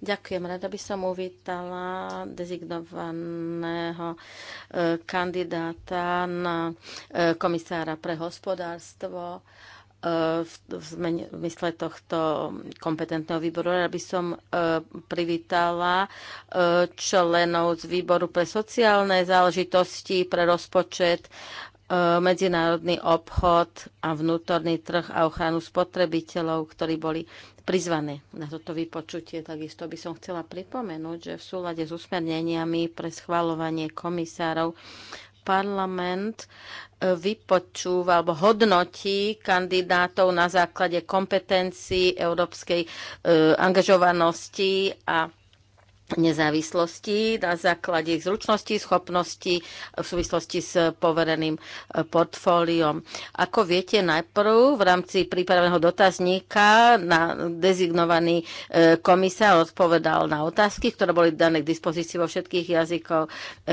Ďakujem, rada by som uvítala dezignovaného e, kandidáta na e, komisára pre hospodárstvo e, v, v mysle tohto kompetentného výboru. rada by som privítala členov z výboru pre sociálne záležitosti, pre rozpočet E, medzinárodný obchod a vnútorný trh a ochranu spotrebiteľov, ktorí boli prizvaní na toto vypočutie. Takisto by som chcela pripomenúť, že v súlade s usmerneniami pre schvalovanie komisárov parlament e, vypočúva alebo hodnotí kandidátov na základe kompetencií, európskej e, angažovanosti a nezávislosti na základe ich zručnosti, schopnosti v súvislosti s povereným e, portfóliom. Ako viete, najprv v rámci prípravného dotazníka na dezignovaný e, komisár odpovedal na otázky, ktoré boli dané k dispozícii vo všetkých jazykoch.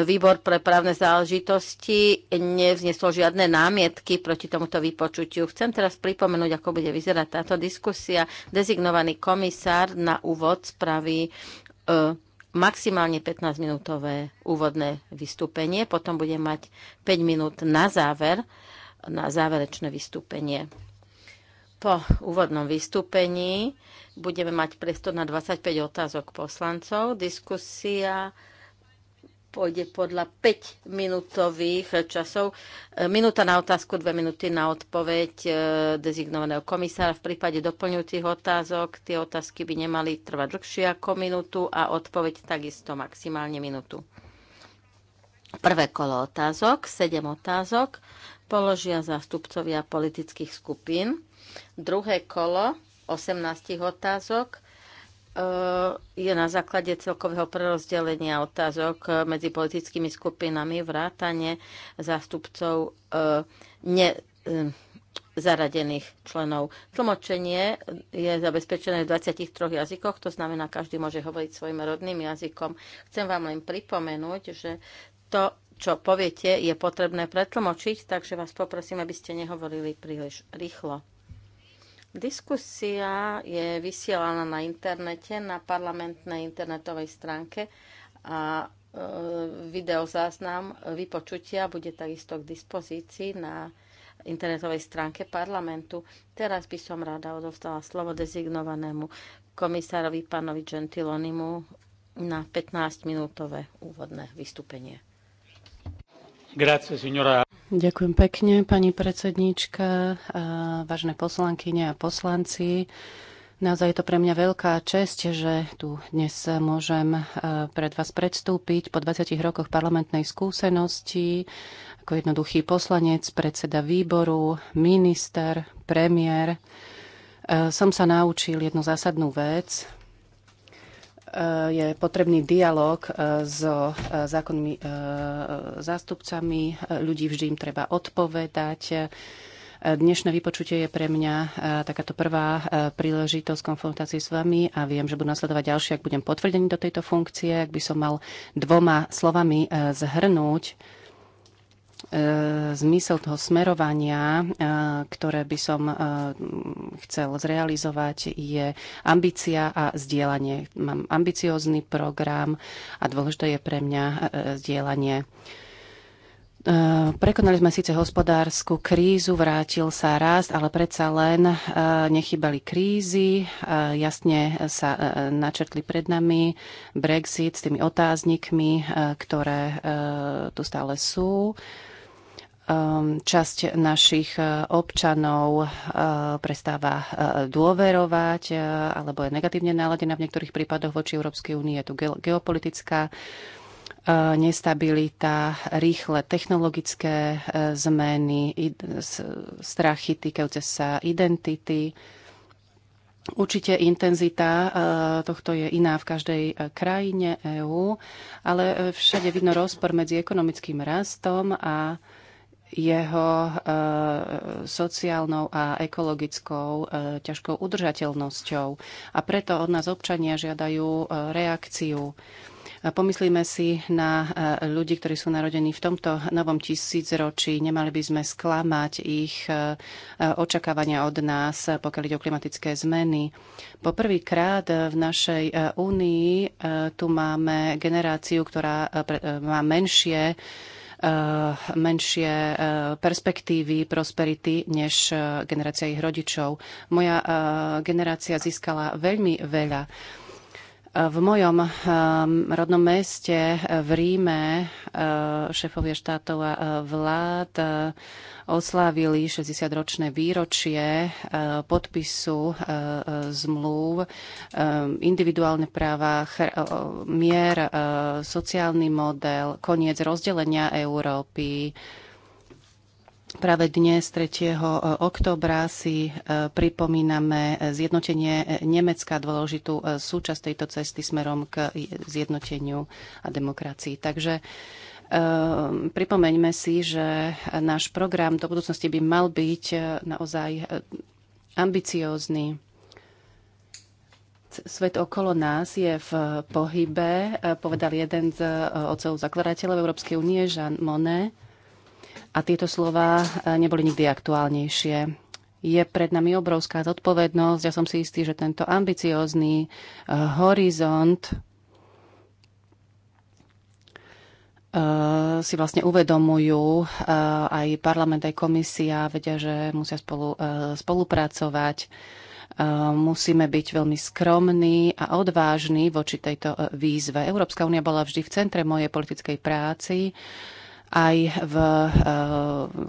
Výbor pre právne záležitosti nevznesol žiadne námietky proti tomuto vypočutiu. Chcem teraz pripomenúť, ako bude vyzerať táto diskusia. Dezignovaný komisár na úvod spraví e, maximálne 15-minútové úvodné vystúpenie, potom bude mať 5 minút na záver, na záverečné vystúpenie. Po úvodnom vystúpení budeme mať priestor na 25 otázok poslancov. Diskusia pôjde podľa 5-minútových časov. E, minúta na otázku, dve minúty na odpoveď e, dezignovaného komisára. V prípade doplňujúcich otázok tie otázky by nemali trvať dlhšie ako minútu a odpoveď takisto maximálne minútu. Prvé kolo otázok, 7 otázok, položia zástupcovia politických skupín. Druhé kolo, 18 otázok, Eh, je na základe celkového prerozdelenia otázok eh, medzi politickými skupinami vrátane zástupcov eh, ne, zaradených členov. Tlmočenie je zabezpečené v 23 jazykoch, to znamená, každý môže hovoriť svojim rodným jazykom. Chcem vám len pripomenúť, že to, čo poviete, je potrebné pretlmočiť, takže vás poprosím, aby ste nehovorili príliš rýchlo. Diskusia je vysielaná na internete, na parlamentnej internetovej stránke a e, videozáznam vypočutia bude takisto k dispozícii na internetovej stránke parlamentu. Teraz by som rada odovzdala slovo dezignovanému komisárovi pánovi Gentilonimu na 15-minútové úvodné vystúpenie. Grazie, signora. Ďakujem pekne, pani predsednička, vážne poslankyne a poslanci. Naozaj je to pre mňa veľká česť, že tu dnes môžem pred vás predstúpiť po 20 rokoch parlamentnej skúsenosti ako jednoduchý poslanec, predseda výboru, minister, premiér. Som sa naučil jednu zásadnú vec, Eh, je potrebný dialog eh, so eh, zákonnými zástupcami. Ľudí vždy im treba odpovedať. Dnešné vypočutie je pre mňa takáto prvá príležitosť konfrontácie s vami a viem, že budú nasledovať ďalšie, ak budem potvrdený do tejto funkcie. Ak by som mal dvoma slovami zhrnúť E, zmysel toho smerovania, e, ktoré by som e, chcel zrealizovať, je ambícia a zdieľanie. Mám ambiciózny program a dôležité je pre mňa zdieľanie. Prekonali sme síce hospodárskú krízu, vrátil sa rast, ale predsa len nechybali krízy. Jasne sa načrtli pred nami Brexit s tými otáznikmi, ktoré tu stále sú. Ehm, časť našich e, občanov e, prestáva e, dôverovať alebo je negatívne náladená v niektorých prípadoch voči Európskej únie. Je tu geopolitická nestabilita, rýchle technologické zmeny, strachy týkajúce sa identity. Určite intenzita tohto je iná v každej krajine EÚ, ale všade vidno rozpor medzi ekonomickým rastom a jeho eh, sociálnou a ekologickou eh, ťažkou udržateľnosťou. A preto od nás občania žiadajú eh, reakciu. Pomyslíme si na ľudí, ktorí sú narodení v tomto novom tisícročí. Nemali by sme sklamať ich očakávania od nás, pokiaľ ide o klimatické zmeny. Poprvýkrát v našej únii tu máme generáciu, ktorá má menšie Eh, menšie eh, perspektívy prosperity než eh, generácia ich rodičov. Moja generácia získala veľmi veľa v mojom ehm, rodnom meste eh, v Ríme eh, šéfovia štátov a eh, vlád oslávili 60-ročné výročie podpisu zmluv, ehm, individuálne práva, mier, sociálny model, koniec rozdelenia Európy, Práve dnes, 3. E, oktobra, si e, pripomíname e, zjednotenie Nemecka, dôležitú súčasť tejto cesty smerom k zjednoteniu a demokracii. Takže pripomeňme si, že náš program do budúcnosti by mal byť naozaj ambiciózny. Svet okolo nás je v pohybe, povedal jeden z otcov zakladateľov Európskej únie, Jean Monnet a tieto slova e, neboli nikdy aktuálnejšie. Je pred nami obrovská zodpovednosť. Ja som si istý, že tento ambiciózny e, horizont e, si vlastne uvedomujú aj parlament, aj komisia, vedia, že musia spolu, spolupracovať. Musíme byť veľmi skromní a odvážni voči tejto výzve. Európska únia bola vždy v centre mojej politickej práci aj v, eh,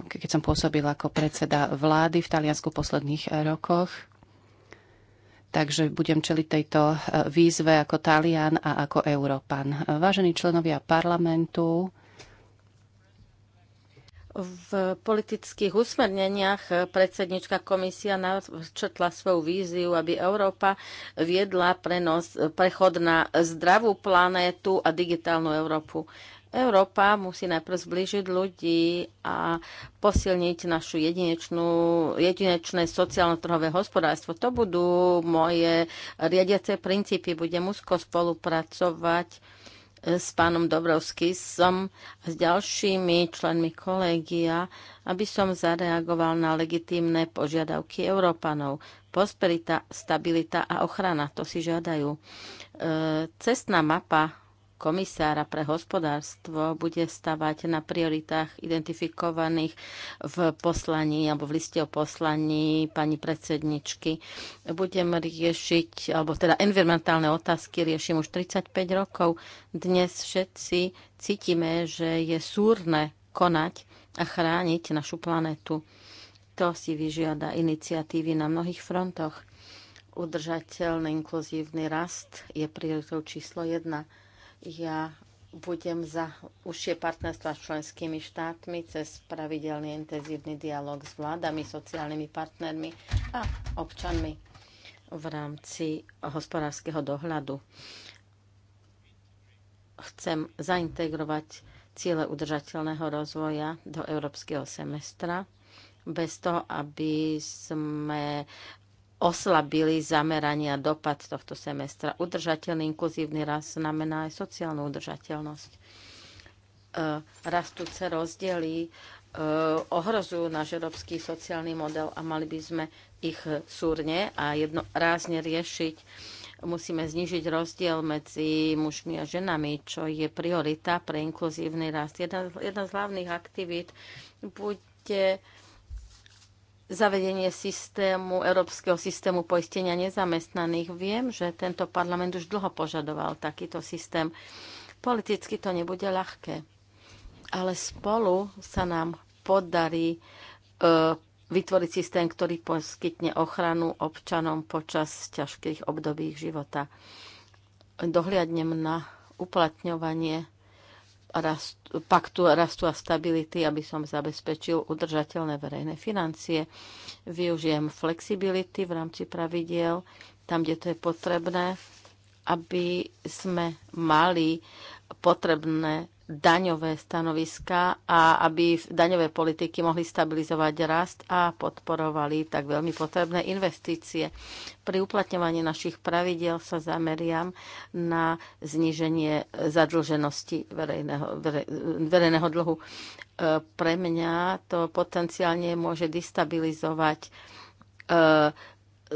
keď som pôsobila ako predseda vlády v Taliansku v posledných eh, rokoch. Takže budem čeliť tejto eh, výzve ako Talian a ako Európan. Vážení členovia parlamentu, v politických usmerneniach predsednička komisia načrtla svoju víziu, aby Európa viedla prenos, prechod na zdravú planétu a digitálnu Európu. Európa musí najprv zblížiť ľudí a posilniť našu jedinečnú, jedinečné sociálno-trhové hospodárstvo. To budú moje riadiace princípy. Budem úzko spolupracovať s pánom Dobrovskisom a s ďalšími členmi kolégia, aby som zareagoval na legitímne požiadavky Európanov. Prosperita, stabilita a ochrana, to si žiadajú. E, cestná mapa komisára pre hospodárstvo bude stavať na prioritách identifikovaných v poslaní alebo v liste o poslaní pani predsedničky. Budem riešiť, alebo teda environmentálne otázky riešim už 35 rokov. Dnes všetci cítime, že je súrne konať a chrániť našu planetu. To si vyžiada iniciatívy na mnohých frontoch. Udržateľný inkluzívny rast je prioritou číslo 1 ja budem za užšie partnerstva s členskými štátmi cez pravidelný intenzívny dialog s vládami, sociálnymi partnermi a občanmi v rámci hospodárskeho dohľadu. Chcem zaintegrovať ciele udržateľného rozvoja do európskeho semestra bez toho, aby sme oslabili zamerania dopad tohto semestra. Udržateľný inkluzívny rast znamená aj sociálnu udržateľnosť. E, rastúce rozdiely e, ohrozujú náš európsky sociálny model a mali by sme ich súrne a jedno, rázne riešiť. Musíme znižiť rozdiel medzi mužmi a ženami, čo je priorita pre inkluzívny rast. Jedna, jedna z hlavných aktivít bude zavedenie systému, európskeho systému poistenia nezamestnaných. Viem, že tento parlament už dlho požadoval takýto systém. Politicky to nebude ľahké, ale spolu sa nám podarí e, vytvoriť systém, ktorý poskytne ochranu občanom počas ťažkých období života. Dohliadnem na uplatňovanie rast, paktu rastu a stability, aby som zabezpečil udržateľné verejné financie. Využijem flexibility v rámci pravidiel, tam, kde to je potrebné, aby sme mali potrebné daňové stanoviska a aby daňové politiky mohli stabilizovať rast a podporovali tak veľmi potrebné investície. Pri uplatňovaní našich pravidiel sa zameriam na zníženie zadlženosti verejného, verej, verejného dlhu. E, pre mňa to potenciálne môže destabilizovať e,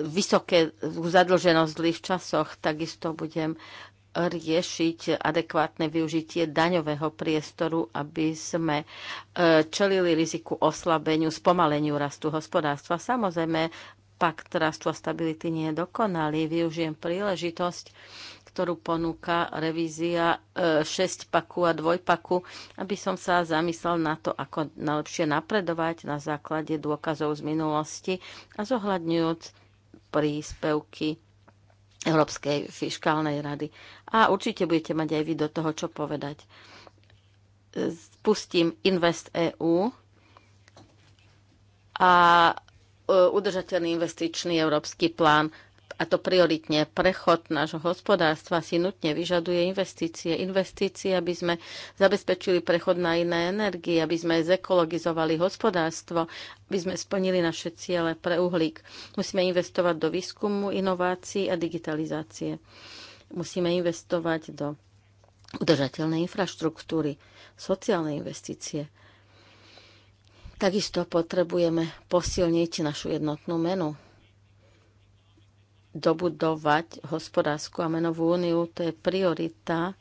vysoké zadlženosť v časoch, takisto budem riešiť adekvátne využitie daňového priestoru, aby sme e, čelili riziku oslabeniu, spomaleniu rastu hospodárstva. Samozrejme, pakt rastu a stability nie je dokonalý. Využijem príležitosť, ktorú ponúka revízia 6 e, paku a dvojpaku, aby som sa zamyslel na to, ako najlepšie napredovať na základe dôkazov z minulosti a zohľadňujúc príspevky Európskej fiskálnej rady. A určite budete mať aj vy do toho, čo povedať. Spustím Invest EU a e, udržateľný investičný európsky plán a to prioritne prechod nášho hospodárstva si nutne vyžaduje investície. Investície, aby sme zabezpečili prechod na iné energie, aby sme zekologizovali hospodárstvo, aby sme splnili naše ciele pre uhlík. Musíme investovať do výskumu, inovácií a digitalizácie. Musíme investovať do udržateľnej infraštruktúry, sociálne investície. Takisto potrebujeme posilniť našu jednotnú menu dobudovať hospodárskú a menovú úniu. To je priorita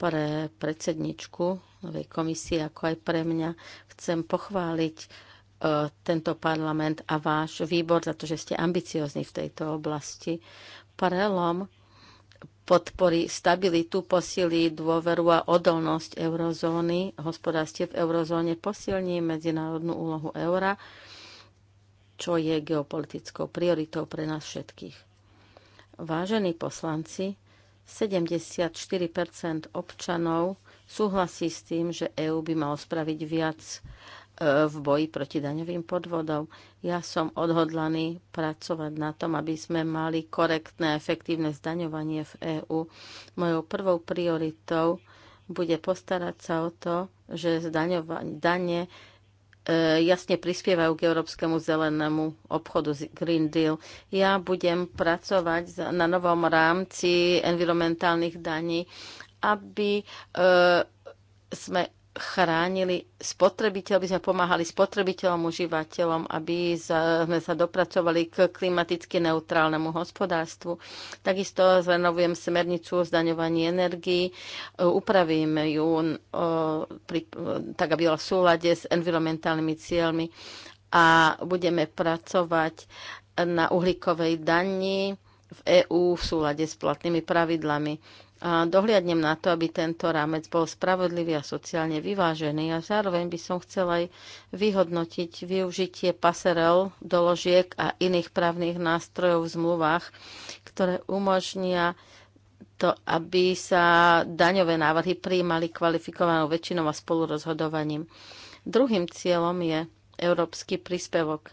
pre predsedničku novej komisie, ako aj pre mňa. Chcem pochváliť e, tento parlament a váš výbor za to, že ste ambiciozni v tejto oblasti. Parelom podporí stabilitu, posilí dôveru a odolnosť eurozóny, hospodárstie v eurozóne posilní medzinárodnú úlohu eura, čo je geopolitickou prioritou pre nás všetkých. Vážení poslanci, 74 občanov súhlasí s tým, že EÚ by mal spraviť viac e, v boji proti daňovým podvodom. Ja som odhodlaný pracovať na tom, aby sme mali korektné a efektívne zdaňovanie v EÚ. Mojou prvou prioritou bude postarať sa o to, že zdaňovanie. dane E, jasne prispievajú k európskemu zelenému obchodu Green Deal. Ja budem pracovať na novom rámci environmentálnych daní, aby e, sme chránili spotrebiteľ, aby sme pomáhali spotrebiteľom, užívateľom, aby sme sa dopracovali k klimaticky neutrálnemu hospodárstvu. Takisto zrenovujem smernicu o zdaňovaní energií, upravíme ju tak, aby bola v súlade s environmentálnymi cieľmi a budeme pracovať na uhlíkovej dani v EÚ v súlade s platnými pravidlami a dohliadnem na to, aby tento rámec bol spravodlivý a sociálne vyvážený. A zároveň by som chcela aj vyhodnotiť využitie paserel, doložiek a iných právnych nástrojov v zmluvách, ktoré umožnia to, aby sa daňové návrhy prijímali kvalifikovanou väčšinou a spolurozhodovaním. Druhým cieľom je európsky príspevok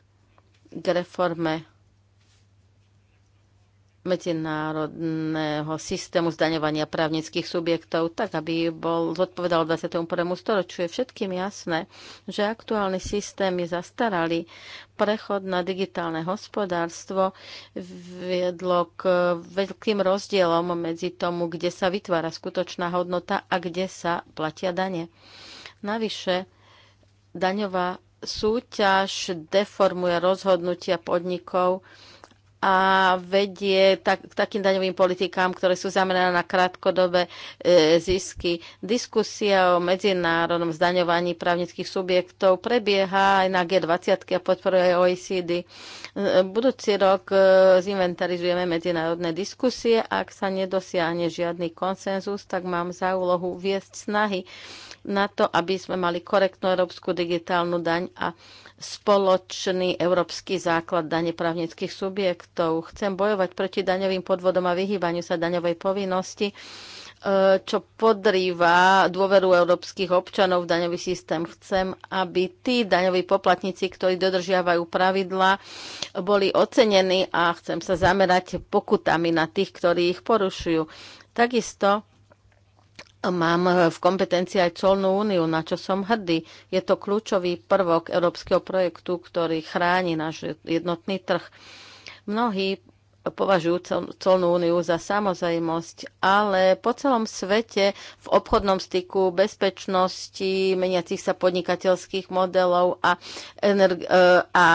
k reforme medzinárodného systému zdaňovania právnických subjektov, tak aby bol zodpovedal 21. storočiu. Je všetkým jasné, že aktuálny systém je zastaralý. Prechod na digitálne hospodárstvo viedlo k veľkým rozdielom medzi tomu, kde sa vytvára skutočná hodnota a kde sa platia dane. Navyše, daňová súťaž deformuje rozhodnutia podnikov, a vedie tak, k takým daňovým politikám, ktoré sú zamerané na krátkodobé e, zisky. Diskusia o medzinárodnom zdaňovaní právnických subjektov prebieha aj na G20 a podporuje OECD. E, budúci rok e, zinventarizujeme medzinárodné diskusie. Ak sa nedosiahne žiadny konsenzus, tak mám za úlohu viesť snahy na to, aby sme mali korektnú európsku digitálnu daň a spoločný európsky základ dane právnických subjektov. Chcem bojovať proti daňovým podvodom a vyhýbaniu sa daňovej povinnosti, e, čo podrýva dôveru európskych občanov v daňový systém. Chcem, aby tí daňoví poplatníci, ktorí dodržiavajú pravidlá, boli ocenení a chcem sa zamerať pokutami na tých, ktorí ich porušujú. Takisto Mám eh, v kompetencii aj colnú úniu, na čo som hrdý. Je to kľúčový prvok európskeho projektu, ktorý chráni náš jednotný trh. Mnohí považujú colnú úniu za samozajmosť, ale po celom svete v obchodnom styku, bezpečnosti, meniacich sa podnikateľských modelov a, eh, a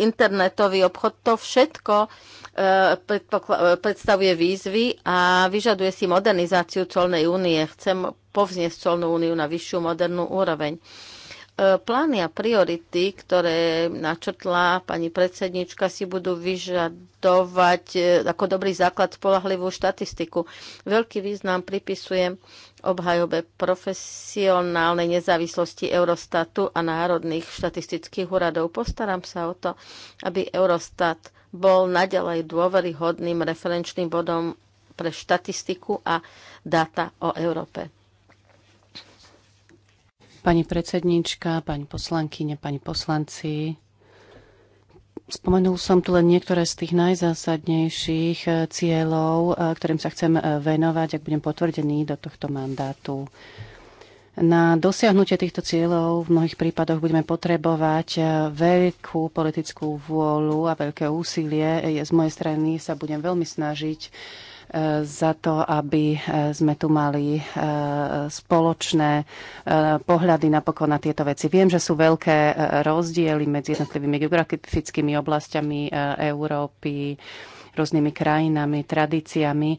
internetový obchod, to všetko e, e, predstavuje výzvy a vyžaduje si modernizáciu colnej únie. Chcem povznieť colnú úniu na vyššiu modernú úroveň. E, plány a priority, ktoré načrtla pani predsednička, si budú vyžadovať e, ako dobrý základ spolahlivú štatistiku. Veľký význam pripisujem obhajobe profesionálnej nezávislosti Eurostatu a národných štatistických úradov. Postaram sa o to, aby Eurostat bol naďalej dôveryhodným referenčným bodom pre štatistiku a dáta o Európe. Pani predsedníčka, pani poslankyne, pani poslanci, spomenul som tu len niektoré z tých najzásadnejších eh, cieľov, eh, ktorým sa chcem eh, venovať, ak budem potvrdený do tohto mandátu. Na dosiahnutie týchto cieľov v mnohých prípadoch budeme potrebovať veľkú politickú vôľu a veľké úsilie. Z mojej strany sa budem veľmi snažiť za to, aby e, sme tu mali e, spoločné e, pohľady napokon na tieto veci. Viem, že sú veľké rozdiely medzi jednotlivými geografickými oblastiami Európy, rôznymi krajinami, tradíciami,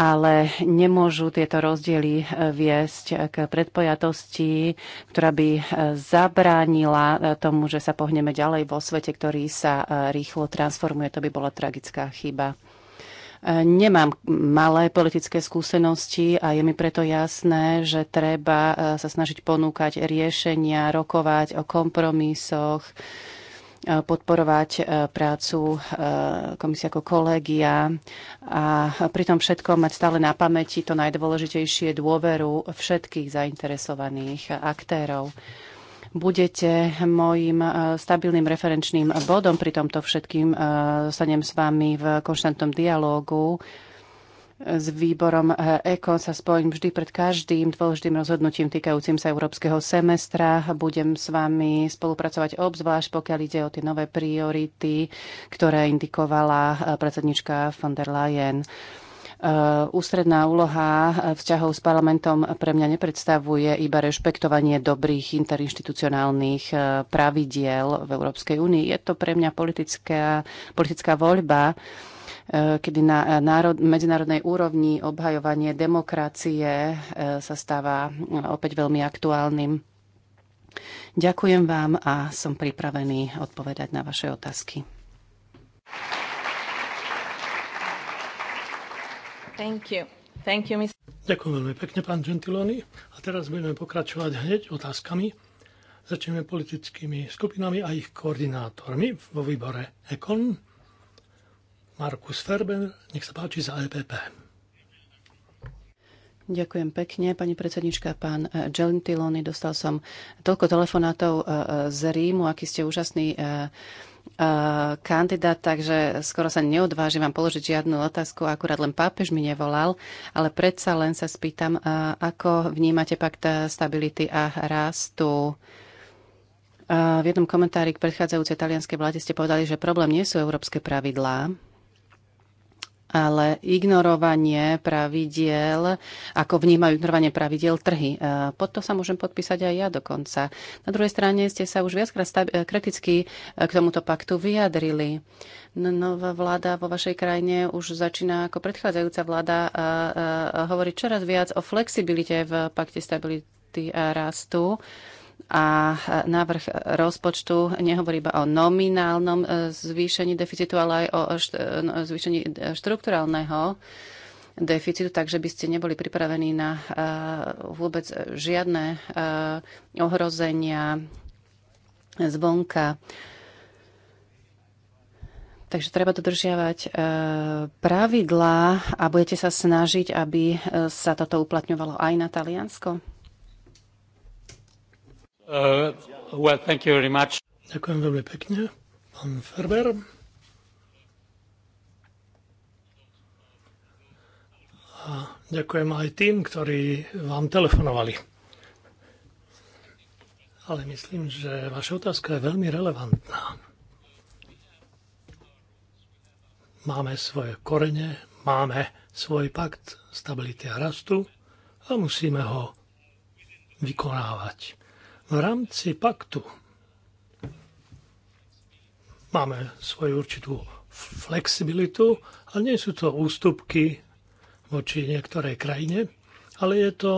ale nemôžu tieto rozdiely viesť k predpojatosti, ktorá by zabránila tomu, že sa pohneme ďalej vo svete, ktorý sa rýchlo transformuje. To by bola tragická chyba. Nemám malé politické skúsenosti a je mi preto jasné, že treba e, sa snažiť ponúkať riešenia, rokovať o kompromisoch, e, podporovať e, prácu komisia ako kolegia a pri tom všetkom mať stále na pamäti to najdôležitejšie dôveru všetkých zainteresovaných aktérov budete mojim e, stabilným referenčným bodom. Pri tomto všetkým e, stanem s vami v konštantnom dialógu s výborom ECO sa spojím vždy pred každým dôležitým rozhodnutím týkajúcim sa európskeho semestra. Budem s vami spolupracovať obzvlášť, pokiaľ ide o tie nové priority, ktoré indikovala e, predsednička von der Leyen. Eh, ústredná úloha eh, vzťahov s parlamentom pre mňa nepredstavuje iba rešpektovanie dobrých interinstitucionálnych eh, pravidiel v Európskej únii. Je to pre mňa politická, politická voľba, kedy na národ, medzinárodnej úrovni obhajovanie demokracie sa stáva opäť veľmi aktuálnym. Ďakujem vám a som pripravený odpovedať na vaše otázky. Thank you. Thank you, Ms. Ďakujem veľmi pekne, pán Gentiloni. A teraz budeme pokračovať hneď otázkami. Začneme politickými skupinami a ich koordinátormi vo výbore EKON. Markus Ferber, nech sa páči za EPP. Ďakujem pekne, pani predsednička, pán eh, Gentiloni. Dostal som toľko telefonátov eh, eh, z Rímu, aký ste úžasný E, kandidát, takže skoro sa neodvážim vám položiť žiadnu otázku, akurát len pápež mi nevolal, ale predsa len sa spýtam, e, ako vnímate pakt stability a rastu. E, v jednom komentári k predchádzajúcej talianskej vláde ste povedali, že problém nie sú európske pravidlá, ale ignorovanie pravidiel, ako vnímajú ignorovanie pravidiel trhy. E, pod to sa môžem podpísať aj ja dokonca. Na druhej strane ste sa už viackrát e, kriticky e, k tomuto paktu vyjadrili. Nová vláda vo vašej krajine už začína ako predchádzajúca vláda hovoriť čoraz viac o flexibilite v pakte stability a rastu a e, návrh rozpočtu nehovorí iba o nominálnom e, zvýšení deficitu, ale aj o e, no, zvýšení štrukturálneho deficitu, takže by ste neboli pripravení na vôbec žiadne ohrozenia zvonka. Takže treba dodržiavať pravidlá a budete sa snažiť, aby sa toto uplatňovalo aj na Taliansko? Uh, well, thank you very much. Ďakujem veľmi pekne. Pán Ferber. A ďakujem aj tým, ktorí vám telefonovali. Ale myslím, že vaša otázka je veľmi relevantná. Máme svoje korene, máme svoj pakt stability a rastu a musíme ho vykonávať. V rámci paktu máme svoju určitú flexibilitu, ale nie sú to ústupky voči niektorej krajine, ale je to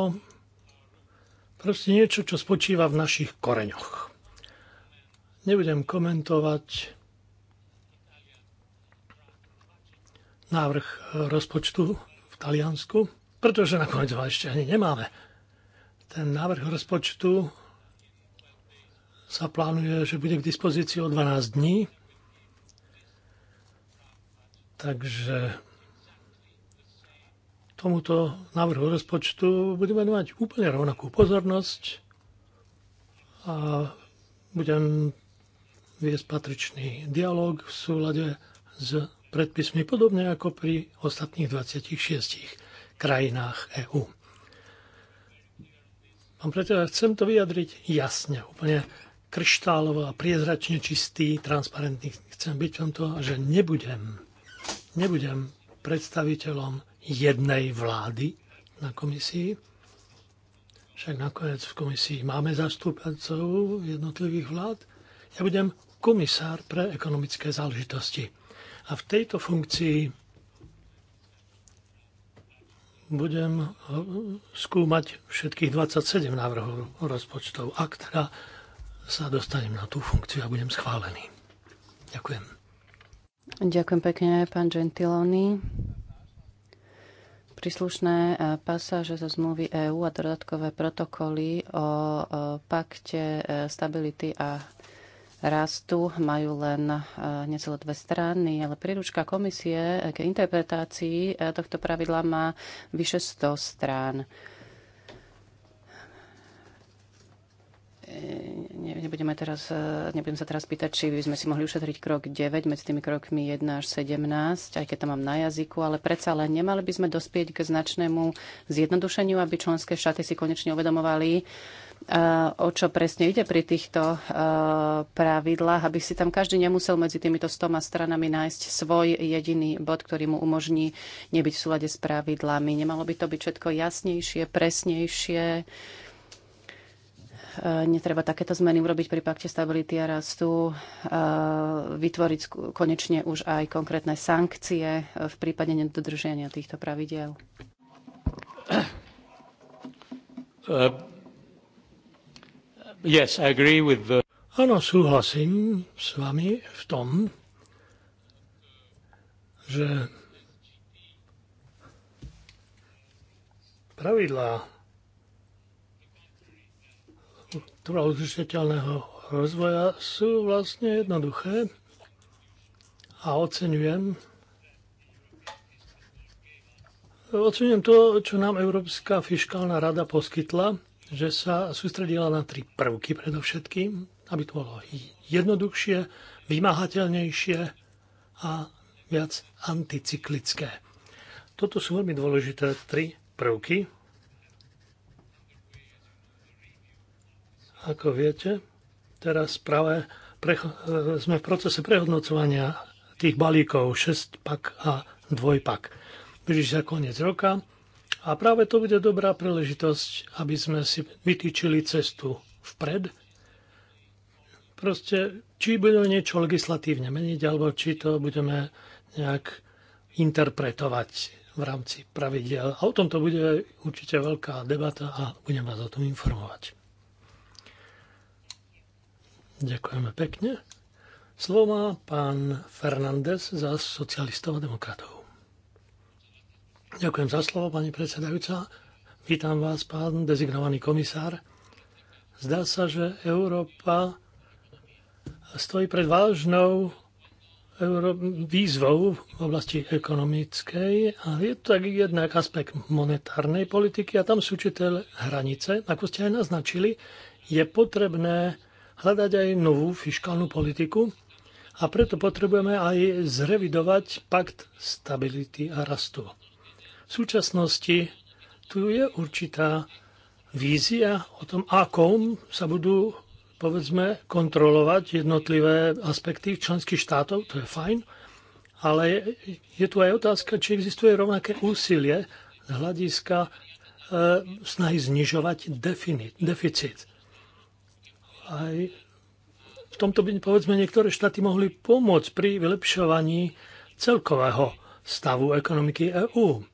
proste niečo, čo spočíva v našich koreňoch. Nebudem komentovať návrh rozpočtu v Taliansku, pretože nakoniec ho ešte ani nemáme. Ten návrh rozpočtu sa plánuje, že bude k dispozícii o 12 dní. Takže tomuto návrhu rozpočtu budem venovať úplne rovnakú pozornosť a budem viesť patričný dialog v súlade s predpismi podobne ako pri ostatných 26 krajinách EÚ. Pán predseda, chcem to vyjadriť jasne, úplne kryštálovo a priezračne čistý, transparentný chcem byť v tomto, že nebudem, nebudem predstaviteľom jednej vlády na komisii. Však nakoniec v komisii máme zastúpencov jednotlivých vlád. Ja budem komisár pre ekonomické záležitosti. A v tejto funkcii budem skúmať všetkých 27 návrhov rozpočtov. Ak teda sa dostanem na tú funkciu a budem schválený. Ďakujem. Ďakujem pekne, pán Gentiloni. Príslušné e, pasáže zo zmluvy EÚ a dodatkové protokoly o e, pakte e, stability a rastu majú len necelé dve strany, ale príručka komisie k interpretácii tohto pravidla má vyše 100 strán. ne, nebudeme teraz, e, nebudem sa teraz pýtať, či by sme si mohli ušetriť krok 9 medzi tými krokmi 1 až 17, aj keď to mám na jazyku, ale predsa len nemali by sme dospieť k značnému zjednodušeniu, aby členské štáty si konečne uvedomovali, e, o čo presne ide pri týchto e, pravidlách, aby si tam každý nemusel medzi týmito stoma stranami nájsť svoj jediný bod, ktorý mu umožní nebyť v súlade s pravidlami. Nemalo by to byť všetko jasnejšie, presnejšie, E, netreba takéto zmeny urobiť pri pakte stability a rastu, e, vytvoriť konečne už aj konkrétne sankcie v prípade nedodržiania týchto pravidiel? Uh, yes, I agree with the... Áno, súhlasím s vami v tom, že pravidlá trvalo udržateľného rozvoja sú vlastne jednoduché a oceňujem Oceňujem to, čo nám Európska fiskálna rada poskytla, že sa sústredila na tri prvky predovšetkým, aby to bolo jednoduchšie, vymahateľnejšie a viac anticyklické. Toto sú veľmi dôležité tri prvky Ako viete, teraz práve eh, sme v procese prehodnocovania tých balíkov 6 pak a 2 pak. Blíži sa koniec roka a práve to bude dobrá príležitosť, aby sme si vytýčili cestu vpred. Proste, či budeme niečo legislatívne meniť, alebo či to budeme nejak interpretovať v rámci pravidel. A o tomto bude určite veľká debata a budem vás o tom informovať. Ďakujeme pekne. Slovo má pán Fernández za socialistov a demokratov. Ďakujem za slovo, pani predsedajúca. Vítam vás, pán dezignovaný komisár. Zdá sa, že Európa stojí pred vážnou výzvou v oblasti ekonomickej, ale je to tak jednak aspekt monetárnej politiky a tam sú určité hranice, ako ste aj naznačili, je potrebné hľadať aj novú fiskálnu politiku a preto potrebujeme aj zrevidovať pakt stability a rastu. V súčasnosti tu je určitá vízia o tom, akom sa budú povedzme, kontrolovať jednotlivé aspekty členských štátov, to je fajn, ale je tu aj otázka, či existuje rovnaké úsilie z hľadiska e, snahy znižovať deficit aj v tomto by, povedzme, niektoré štáty mohli pomôcť pri vylepšovaní celkového stavu ekonomiky EÚ.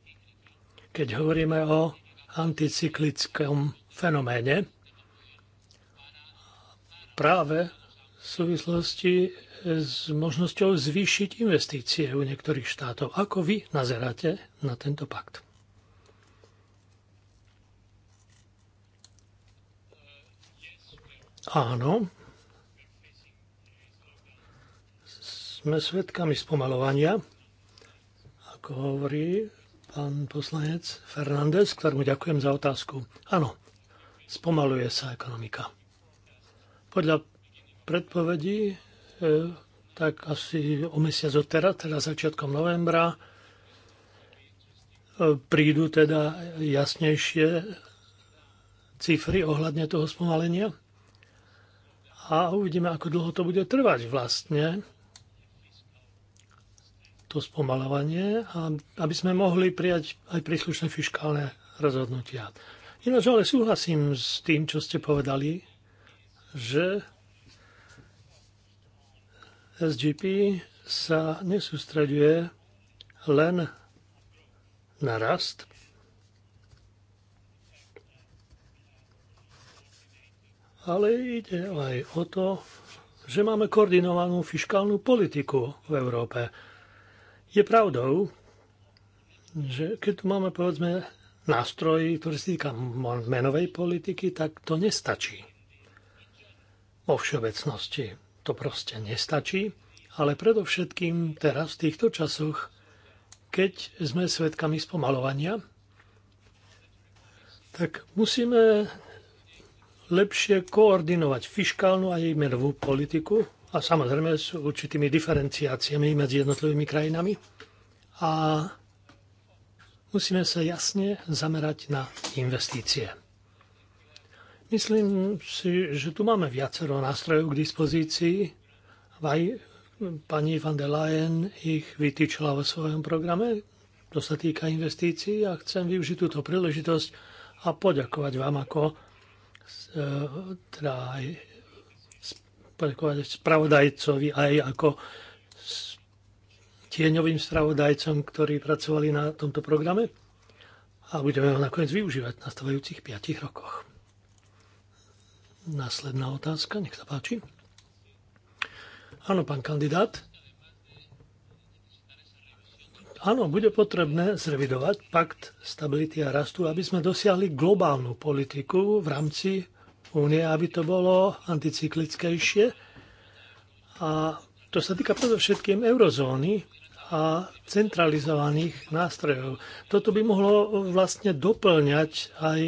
Keď hovoríme o anticyklickom fenoméne, práve v súvislosti s možnosťou zvýšiť investície u niektorých štátov. Ako vy nazeráte na tento pakt? Áno, sme svetkami spomalovania, ako hovorí pán poslanec Fernández, ktorému ďakujem za otázku. Áno, spomaluje sa ekonomika. Podľa predpovedí, e, tak asi o mesiac od teraz, teda začiatkom novembra, e, prídu teda jasnejšie cifry ohľadne toho spomalenia a uvidíme, ako dlho to bude trvať vlastne, to spomalovanie, a aby sme mohli prijať aj príslušné fiskálne rozhodnutia. Ináč ale súhlasím s tým, čo ste povedali, že SGP sa nesústreduje len na rast, ale ide aj o to, že máme koordinovanú fiskálnu politiku v Európe. Je pravdou, že keď tu máme povedzme nástroj, ktorý sa týka menovej politiky, tak to nestačí. Vo všeobecnosti to proste nestačí, ale predovšetkým teraz v týchto časoch, keď sme svedkami spomalovania, tak musíme lepšie koordinovať fiskálnu a jej menovú politiku a samozrejme s určitými diferenciáciami medzi jednotlivými krajinami. A musíme sa jasne zamerať na investície. Myslím si, že tu máme viacero nástrojov k dispozícii. Aj pani van der Leyen ich vytýčila vo svojom programe, to sa týka investícií a chcem využiť túto príležitosť a poďakovať vám ako E, teda aj spravodajcovi, aj ako tieňovým spravodajcom, ktorí pracovali na tomto programe a budeme ho nakoniec využívať v nastavajúcich 5 rokoch. Následná otázka, nech sa páči. Áno, pán kandidát. Áno, bude potrebné zrevidovať pakt stability a rastu, aby sme dosiahli globálnu politiku v rámci únie, aby to bolo anticyklickejšie. A to sa týka predovšetkým eurozóny a centralizovaných nástrojov. Toto by mohlo vlastne doplňať aj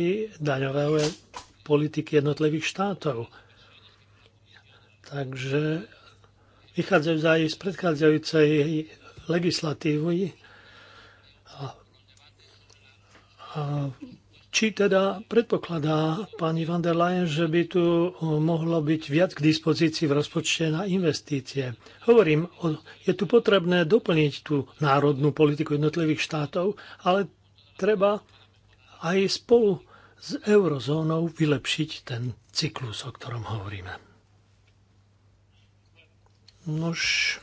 daňové politiky jednotlivých štátov. Takže vychádzajú aj z predchádzajúcej legislatívy Či teda predpokladá pani van der Leyen, že by tu mohlo byť viac k dispozícii v rozpočte na investície? Hovorím, je tu potrebné doplniť tú národnú politiku jednotlivých štátov, ale treba aj spolu s eurozónou vylepšiť ten cyklus, o ktorom hovoríme. Nož,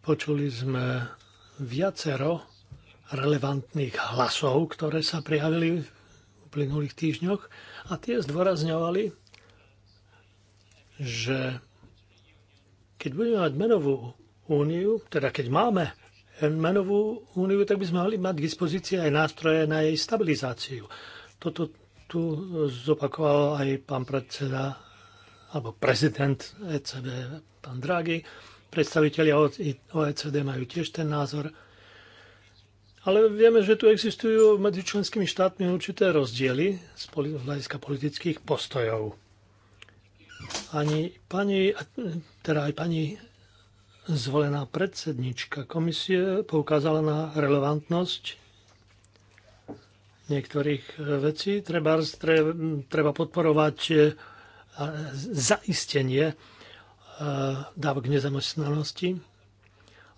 počuli sme viacero relevantných hlasov, ktoré sa prijavili v uplynulých týždňoch a tie zdôrazňovali, že keď budeme mať menovú úniu, teda keď máme menovú úniu, tak by sme mali mať k dispozícii aj nástroje na jej stabilizáciu. Toto tu zopakoval aj pán predseda alebo prezident ECB, pán Draghi predstavitelia OECD majú tiež ten názor. Ale vieme, že tu existujú medzi členskými štátmi určité rozdiely z hľadiska politických postojov. Ani pani, teda aj pani zvolená predsednička komisie poukázala na relevantnosť niektorých e, vecí. Treba, treba podporovať e, zaistenie E, dávok nezamestnanosti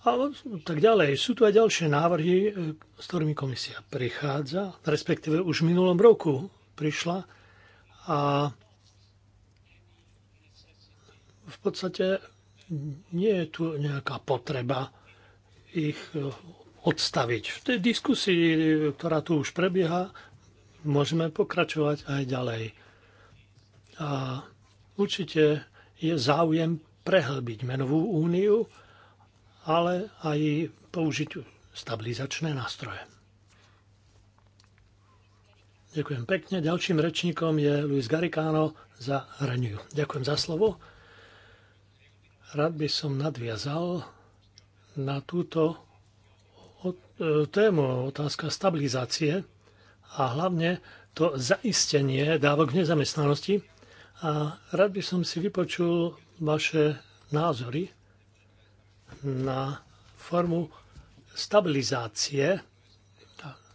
a tak ďalej. Sú tu aj ďalšie návrhy, e, s ktorými komisia prichádza, respektíve už v minulom roku prišla a v podstate nie je tu nejaká potreba ich e, odstaviť. V tej diskusii, ktorá tu už prebieha, môžeme pokračovať aj ďalej. A určite je záujem prehlbiť menovú úniu, ale aj použiť stabilizačné nástroje. Ďakujem pekne. Ďalším rečníkom je Luis Garicano za Renew. Ďakujem za slovo. Rád by som nadviazal na túto e, tému otázka stabilizácie a hlavne to zaistenie dávok v nezamestnanosti a rád by som si vypočul vaše názory na formu stabilizácie.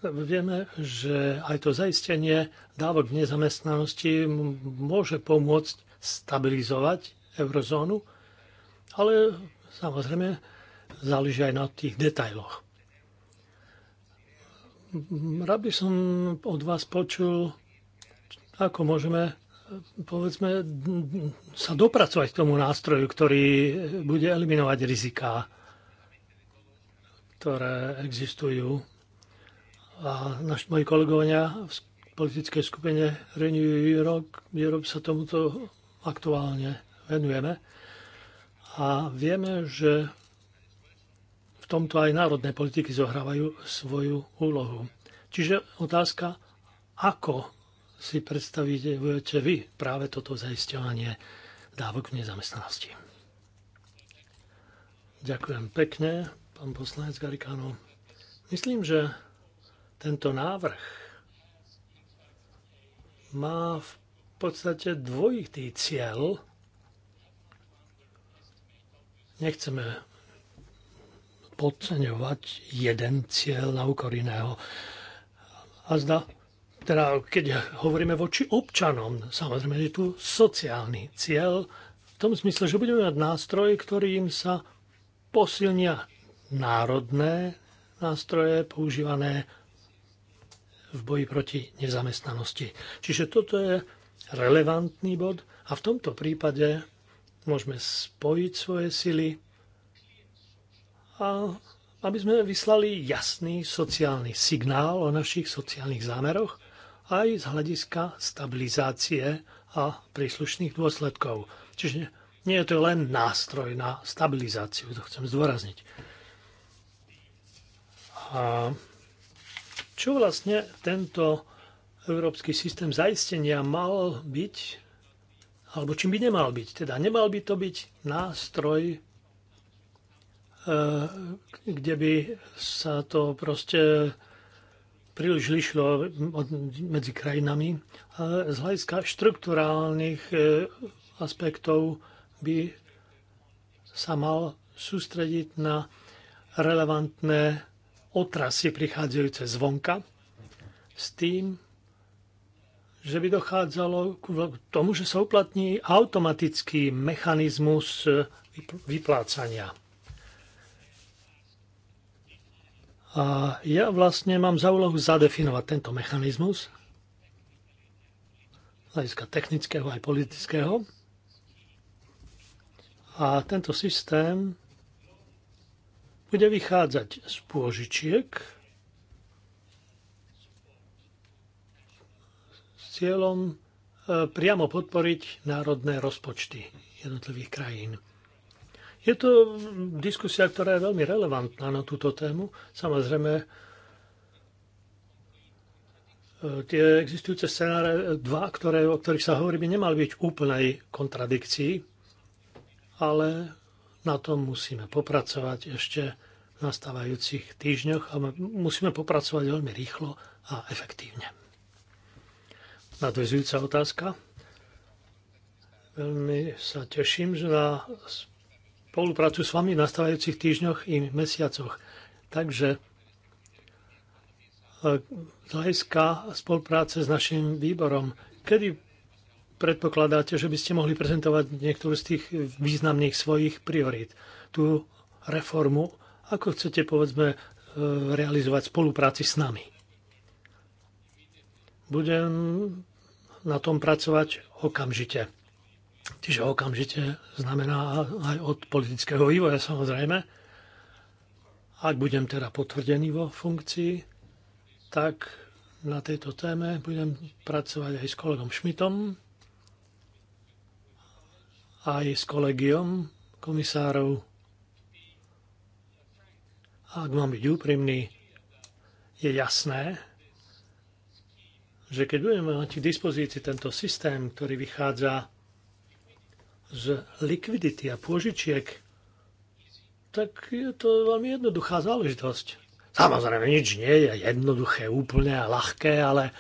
Vieme, že aj to zaistenie dávok nezamestnanosti môže pomôcť stabilizovať eurozónu, ale samozrejme záleží aj na tých detailoch. Rád by som od vás počul, ako môžeme povedzme, sa dopracovať k tomu nástroju, ktorý bude eliminovať riziká, ktoré existujú. A naši moji kolegovia v politickej skupine Renew Europe, Europe sa tomuto aktuálne venujeme. A vieme, že v tomto aj národné politiky zohrávajú svoju úlohu. Čiže otázka, ako si predstavíte vy práve toto zaisťovanie dávok v nezamestnanosti. Ďakujem pekne, pán poslanec Garikano. Myslím, že tento návrh má v podstate dvojitý cieľ. Nechceme podceňovať jeden cieľ na úkor iného. A zda teda keď hovoríme voči občanom, samozrejme je tu sociálny cieľ v tom smysle, že budeme mať nástroj, ktorým sa posilnia národné nástroje používané v boji proti nezamestnanosti. Čiže toto je relevantný bod a v tomto prípade môžeme spojiť svoje sily a aby sme vyslali jasný sociálny signál o našich sociálnych zámeroch aj z hľadiska stabilizácie a príslušných dôsledkov. Čiže nie je to len nástroj na stabilizáciu, to chcem zdôrazniť. A čo vlastne tento európsky systém zaistenia mal byť, alebo čím by nemal byť. Teda nemal by to byť nástroj, eh, kde by sa to proste príliš lišilo medzi krajinami, z hľadiska štruktúrálnych e, aspektov by sa mal sústrediť na relevantné otrasy prichádzajúce zvonka s tým, že by dochádzalo k tomu, že sa uplatní automatický mechanizmus vyplácania. A ja vlastne mám za úlohu zadefinovať tento mechanizmus, hľadiska technického aj politického. A tento systém bude vychádzať z pôžičiek s cieľom e, priamo podporiť národné rozpočty jednotlivých krajín. Je to diskusia, ktorá je veľmi relevantná na túto tému. Samozrejme, e, tie existujúce scenáre, dva, ktoré, o ktorých sa hovorí, by nemali byť úplnej kontradikcii, ale na tom musíme popracovať ešte v nastávajúcich týždňoch a musíme popracovať veľmi rýchlo a efektívne. Nadvezujúca otázka. Veľmi sa teším, že na spoluprácu s vami v nastávajúcich týždňoch i mesiacoch. Takže e, z hľadiska spolupráce s našim výborom, kedy predpokladáte, že by ste mohli prezentovať niektorú z tých významných svojich priorít? Tú reformu, ako chcete, povedzme, e, realizovať spolupráci s nami? Budem na tom pracovať okamžite. Čiže okamžite znamená aj od politického vývoja samozrejme. Ak budem teda potvrdený vo funkcii, tak na tejto téme budem pracovať aj s kolegom Šmitom, aj s kolegiom komisárov. A ak mám byť úprimný, je jasné, že keď budeme mať k dispozícii tento systém, ktorý vychádza z likvidity a pôžičiek, tak je to veľmi jednoduchá záležitosť. Samozrejme, nič nie je jednoduché, úplne a ľahké, ale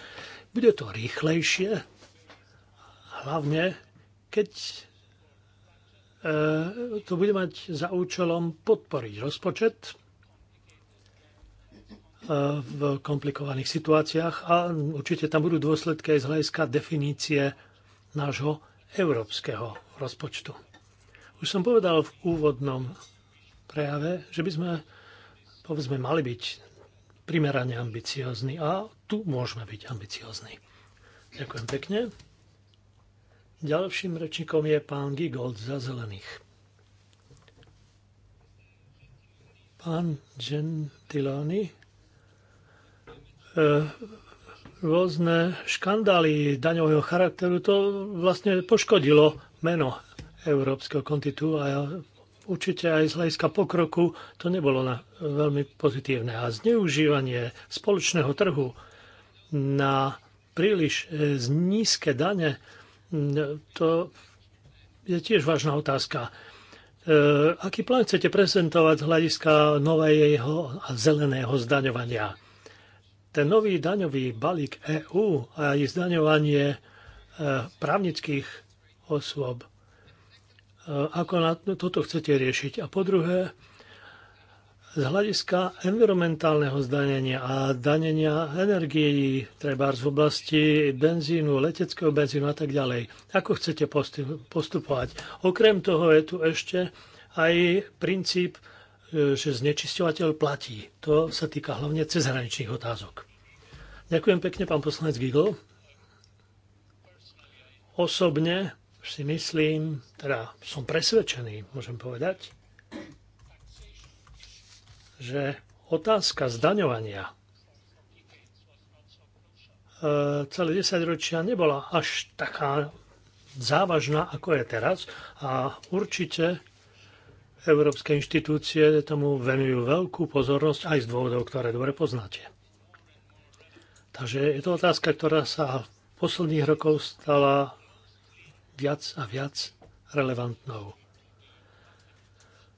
bude to rýchlejšie. Hlavne, keď e, to bude mať za účelom podporiť rozpočet e, v komplikovaných situáciách a určite tam budú dôsledky aj z hľadiska definície nášho európskeho rozpočtu. Už som povedal v úvodnom prejave, že by sme povedzme mali byť primerane ambiciozni a tu môžeme byť ambiciozni. Ďakujem pekne. Ďalším rečníkom je pán Gigold za zelených. Pán Gentiloni, e, rôzne škandály daňového charakteru to vlastne poškodilo meno európskeho kontitu a určite aj z hľadiska pokroku to nebolo na, veľmi pozitívne. A zneužívanie spoločného trhu na príliš e, nízke dane, to je tiež vážna otázka. E, aký plán chcete prezentovať z hľadiska nového a zeleného zdaňovania? Ten nový daňový balík EÚ a aj zdaňovanie e, právnických osôb. E, ako na toto chcete riešiť? A po druhé, z hľadiska environmentálneho zdanenia a danenia energií, treba z oblasti benzínu, leteckého benzínu a tak ďalej. Ako chcete postupovať? Okrem toho je tu ešte aj princíp, e, že znečisťovateľ platí. To sa týka hlavne cezhraničných otázok. Ďakujem pekne, pán poslanec Gigl. Osobne si myslím, teda som presvedčený, môžem povedať, že otázka zdaňovania e, celé 10 ročia nebola až taká závažná, ako je teraz. A určite európske inštitúcie tomu venujú veľkú pozornosť aj z dôvodov, ktoré dobre poznáte. Takže je to otázka, ktorá sa v posledných rokoch stala viac a viac relevantnou.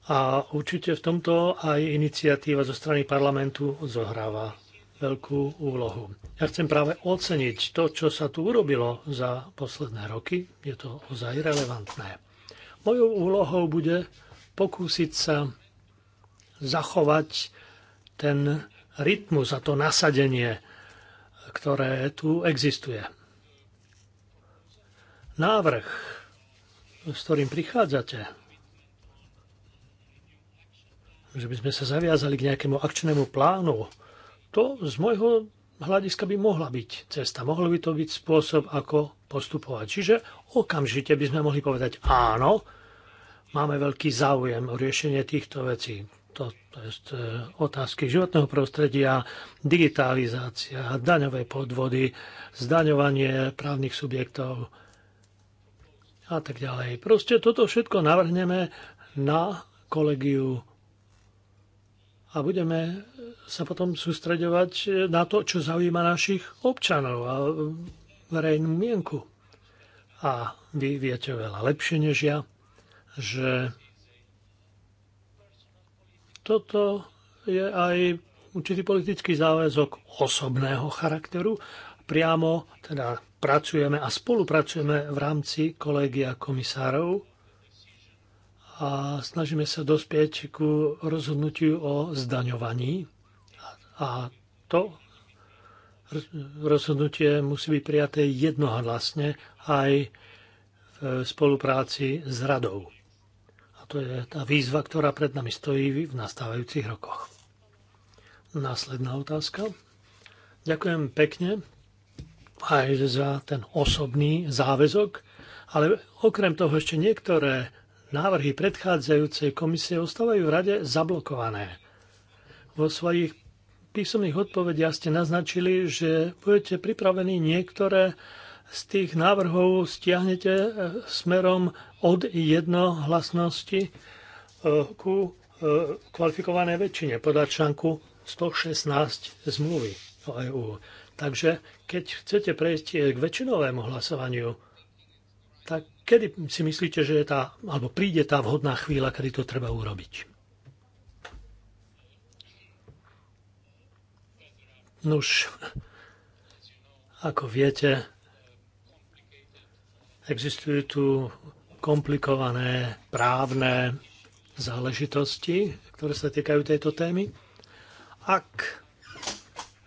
A určite v tomto aj iniciatíva zo strany parlamentu zohráva veľkú úlohu. Ja chcem práve oceniť to, čo sa tu urobilo za posledné roky. Je to ozaj relevantné. Mojou úlohou bude pokúsiť sa zachovať ten rytmus a to nasadenie, ktoré tu existuje návrh, s ktorým prichádzate, že by sme sa zaviazali k nejakému akčnému plánu, to z môjho hľadiska by mohla byť cesta, mohol by to byť spôsob, ako postupovať. Čiže okamžite by sme mohli povedať áno, máme veľký záujem o riešenie týchto vecí. To, to je e, otázky životného prostredia, digitalizácia, daňové podvody, zdaňovanie právnych subjektov, a tak ďalej. Proste toto všetko navrhneme na kolegiu a budeme sa potom sústreďovať na to, čo zaujíma našich občanov a verejnú mienku. A vy viete veľa lepšie než ja, že toto je aj určitý politický záväzok osobného charakteru, priamo teda pracujeme a spolupracujeme v rámci kolegia komisárov a snažíme sa dospieť ku rozhodnutiu o zdaňovaní. A to rozhodnutie musí byť prijaté jednohlasne aj v spolupráci s radou. A to je tá výzva, ktorá pred nami stojí v nastávajúcich rokoch. Následná otázka. Ďakujem pekne, aj za ten osobný záväzok, ale okrem toho ešte niektoré návrhy predchádzajúcej komisie ostávajú v rade zablokované. Vo svojich písomných odpovediach ste naznačili, že budete pripravení niektoré z tých návrhov stiahnete e, smerom od jednohlasnosti e, ku e, kvalifikované väčšine podľa článku 116 zmluvy o EU. Takže keď chcete prejsť eh, k väčšinovému hlasovaniu, tak kedy si myslíte, že je tá, alebo príde tá vhodná chvíľa, kedy to treba urobiť? Nuž, ako viete, existujú tu komplikované právne záležitosti, ktoré sa týkajú tejto témy. Ak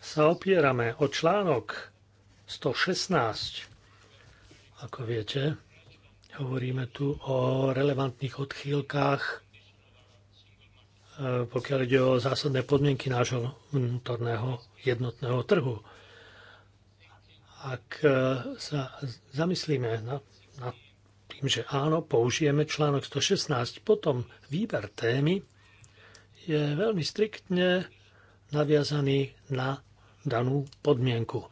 sa opierame o článok 116. Ako viete, hovoríme tu o relevantných odchýlkách, e, pokiaľ ide o zásadné podmienky nášho vnútorného jednotného trhu. Ak e, sa zamyslíme nad na tým, že áno, použijeme článok 116, potom výber témy je veľmi striktne naviazaný na danú podmienku.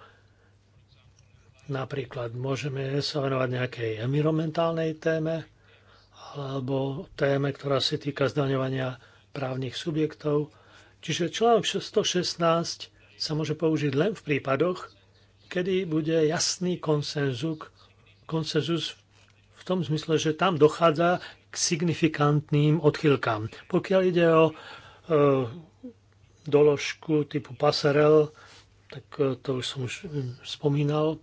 Napríklad môžeme sa venovať nejakej environmentálnej téme alebo téme, ktorá sa týka zdaňovania právnych subjektov. Čiže článok 116 sa môže použiť len v prípadoch, kedy bude jasný konsenzus, konsenzus v tom zmysle, že tam dochádza k signifikantným odchylkám. Pokiaľ ide o e, doložku typu pasarel, tak e, to už som už mm, spomínal,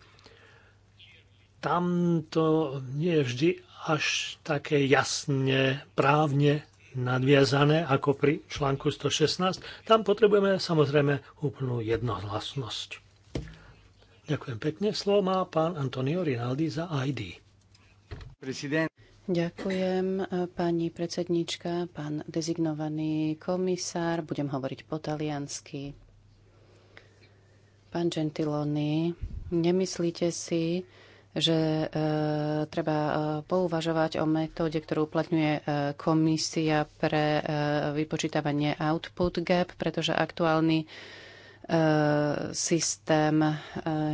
tam to nie je vždy až také jasne právne nadviazané ako pri článku 116. Tam potrebujeme samozrejme úplnú jednohlasnosť. Ďakujem pekne. Slovo má pán Antonio Rinaldi za ID. Prezident. Ďakujem, e, pani predsednička, pán dezignovaný komisár. Budem hovoriť po taliansky. Pán Gentiloni, nemyslíte si, že e, treba e, pouvažovať o metóde, ktorú uplatňuje e, komisia pre e, vypočítavanie output gap, pretože aktuálny e, systém e,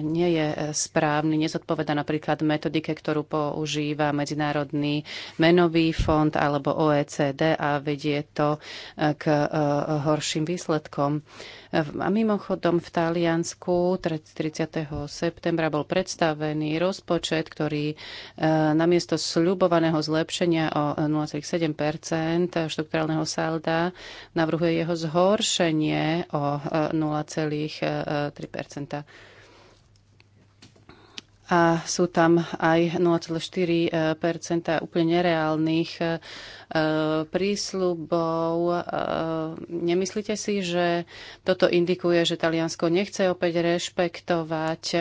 nie je správny, nezodpoveda napríklad metodike, ktorú používa Medzinárodný menový fond alebo OECD a vedie to e, k e, horším výsledkom. E, a mimochodom v Taliansku 30. septembra bol predstavený rozpočet, ktorý e, namiesto sľubovaného zlepšenia o 0,7 štrukturálneho salda navrhuje jeho zhoršenie o 0,3 e, a sú tam aj 0,4 úplne nereálnych e, prísľubov. E, nemyslíte si, že toto indikuje, že Taliansko nechce opäť rešpektovať e,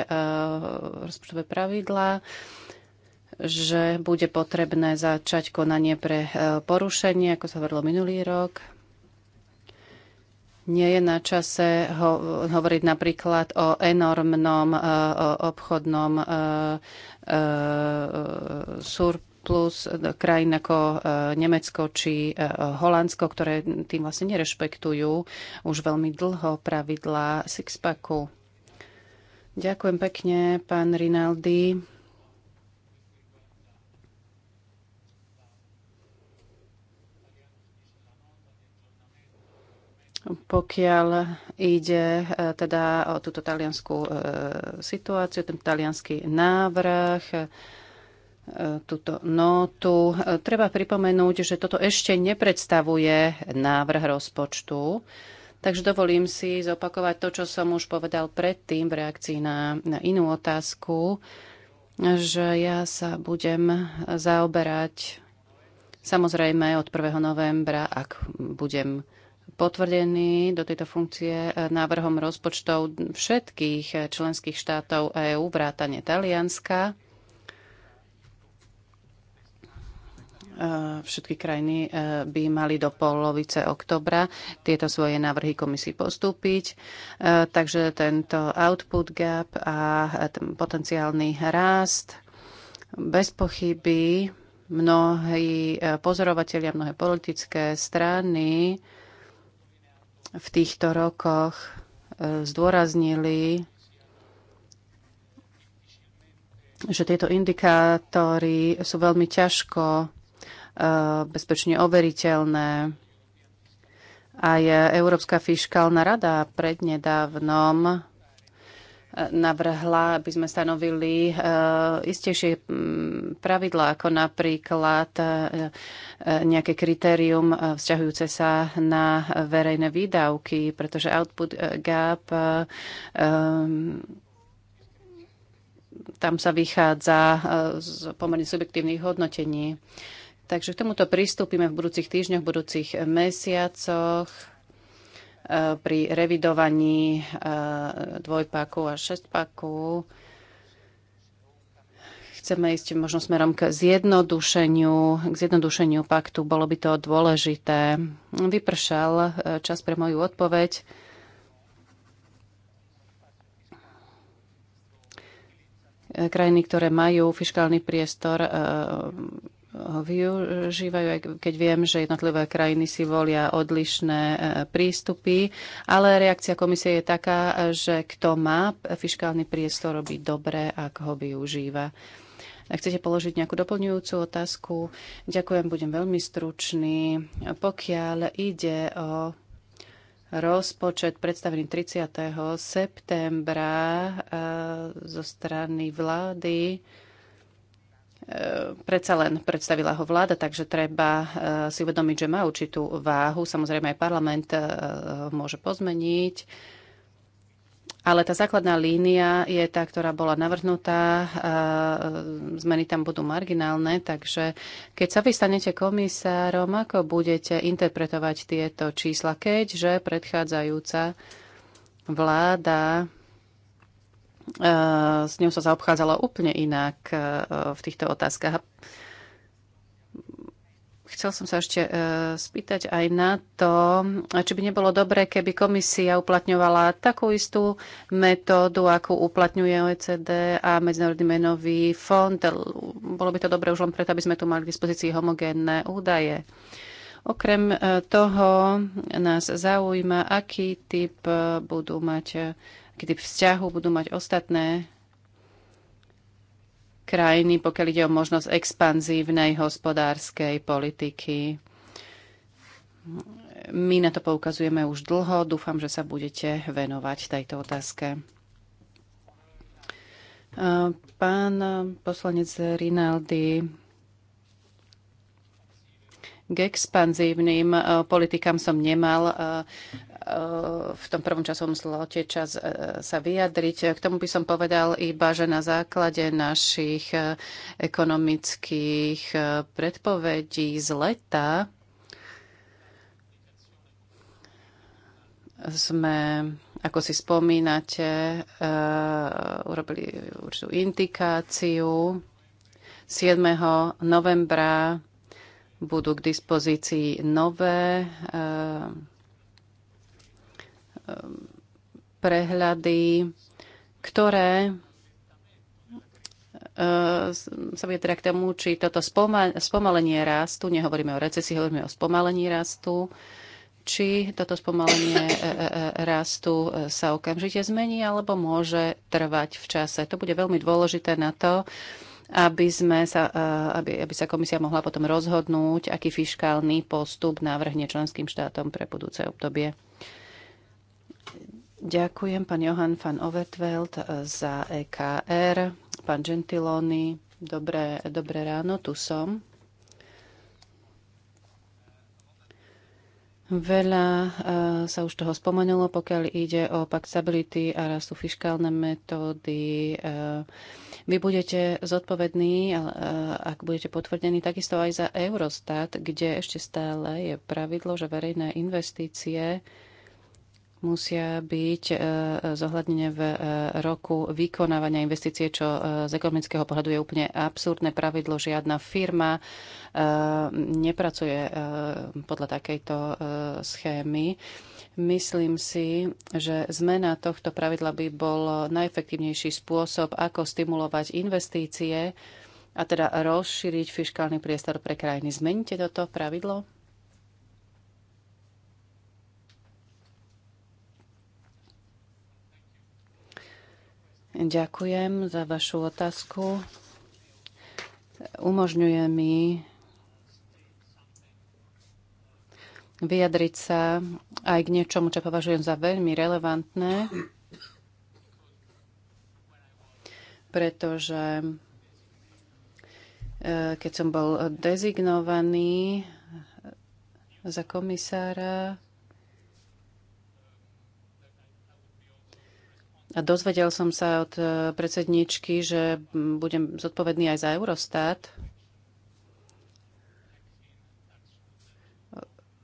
rozpočtové pravidlá? že bude potrebné začať konanie pre porušenie, ako sa hovorilo minulý rok. Nie je na čase ho, hovoriť napríklad o enormnom uh, obchodnom uh, uh, surplus krajín ako Nemecko či Holandsko, ktoré tým vlastne nerešpektujú už veľmi dlho pravidlá Sixpacku. Ďakujem pekne, pán Rinaldi. Pokiaľ ide e, teda o túto talianskú e, situáciu, ten talianský návrh, e, túto notu. Treba pripomenúť, že toto ešte nepredstavuje návrh rozpočtu, takže dovolím si zopakovať to, čo som už povedal predtým v reakcii na, na inú otázku, že ja sa budem zaoberať samozrejme od 1. novembra, ak budem Potvrdený do tejto funkcie e, návrhom rozpočtov všetkých e, členských štátov EÚ, vrátane Talianska, e, všetky krajiny by mali do polovice oktobra tieto svoje návrhy komisii postúpiť. Takže tento output gap a ten potenciálny rast bez pochyby mnohí pozorovatelia, mnohé politické strany v týchto rokoch e, zdôraznili, že tieto indikátory sú veľmi ťažko e, bezpečne overiteľné. Aj Európska fiskálna rada prednedávnom navrhla, aby sme stanovili eh, istejšie mm, pravidlá, ako napríklad eh, eh, nejaké kritérium vzťahujúce sa na verejné výdavky, pretože output gap tam sa vychádza z pomerne subjektívnych hodnotení. Takže k tomuto pristúpime v budúcich týždňoch, v budúcich mesiacoch. Eh, pri revidovaní eh, dvojpaku a šestpaku chceme ísť možno smerom k zjednodušeniu, k zjednodušeniu paktu, bolo by to dôležité. Vypršal eh, čas pre moju odpoveď. Krajiny, ktoré majú fiskálny priestor, ho využívajú, aj keď viem, že jednotlivé krajiny si volia odlišné e, prístupy, ale reakcia komisie je taká, že kto má fiskálny priestor, robí dobre, ak ho využíva. Ak chcete položiť nejakú doplňujúcu otázku, ďakujem, budem veľmi stručný. Pokiaľ ide o rozpočet predstavený 30. septembra e, zo strany vlády, E, predsa len predstavila ho vláda, takže treba e, si uvedomiť, že má určitú váhu. Samozrejme aj parlament e, môže pozmeniť. Ale tá základná línia je tá, ktorá bola navrhnutá. Zmeny tam budú marginálne, takže keď sa vy stanete komisárom, ako budete interpretovať tieto čísla, keďže predchádzajúca vláda Eh, s ňou sa zaobchádzalo úplne inak eh, v týchto otázkach. Chcel som sa ešte eh, spýtať aj na to, či by nebolo dobré, keby komisia uplatňovala takú istú metódu, akú uplatňuje OECD a Medzinárodný menový fond. Bolo by to dobré už len preto, aby sme tu mali k dispozícii homogénne údaje. Okrem toho nás zaujíma, aký typ budú mať kedy vzťahu budú mať ostatné krajiny, pokiaľ ide o možnosť expanzívnej hospodárskej politiky. My na to poukazujeme už dlho. Dúfam, že sa budete venovať tejto otázke. Pán poslanec Rinaldi k expanzívnym e, politikám som nemal e, e, v tom prvom časom slote čas sa vyjadriť. K tomu by som povedal iba, že na základe našich ekonomických predpovedí z leta sme, ako si spomínate, urobili určitú indikáciu 7. novembra budú k dispozícii nové eh, prehľady, ktoré eh, sa vie teda k tomu, či toto spomalenie rastu, nehovoríme o recesii, hovoríme o spomalení rastu, či toto spomalenie eh, rastu sa okamžite zmení, alebo môže trvať v čase. To bude veľmi dôležité na to, aby, sme sa, eh, aby, aby sa komisia mohla potom rozhodnúť, aký fiškálny postup navrhne členským štátom pre budúce obdobie. Ďakujem pán Johan van Overtveld eh, za EKR, pán Gentiloni. Dobré, dobré ráno, tu som. Veľa e, sa už toho spomenulo, pokiaľ ide o pakt stability a rastu fiskálne metódy. E, vy budete zodpovední, e, ak budete potvrdení, takisto aj za Eurostat, kde ešte stále je pravidlo, že verejné investície musia byť e, zohľadnené v e, roku vykonávania investície, čo e, z ekonomického pohľadu je úplne absurdné pravidlo. Žiadna firma nepracuje podľa takejto schémy. Myslím si, že zmena tohto pravidla by bol najefektívnejší spôsob, ako stimulovať investície a teda rozšíriť fiskálny priestor pre krajiny. Zmeníte toto pravidlo? Ďakujem za vašu otázku. Umožňuje mi vyjadriť sa aj k niečomu, čo považujem za veľmi relevantné, pretože e, keď som bol dezignovaný za komisára, A dozvedel som sa od e, predsedničky, že budem zodpovedný aj za Eurostat.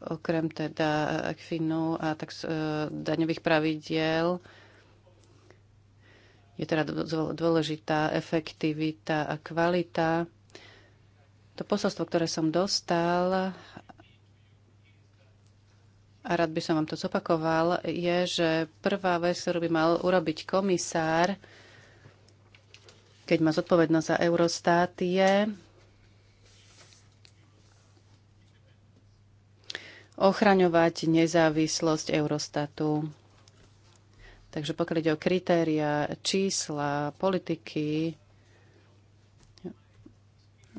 Okrem teda Ekfinu a tak e, daňových pravidiel je teda dôležitá efektivita a kvalita. To posolstvo, ktoré som dostal, a rád by som vám to zopakoval, je, že prvá vec, ktorú by mal urobiť komisár, keď má zodpovednosť za Eurostat, je ochraňovať nezávislosť Eurostatu. Takže pokiaľ ide o kritéria, čísla, politiky,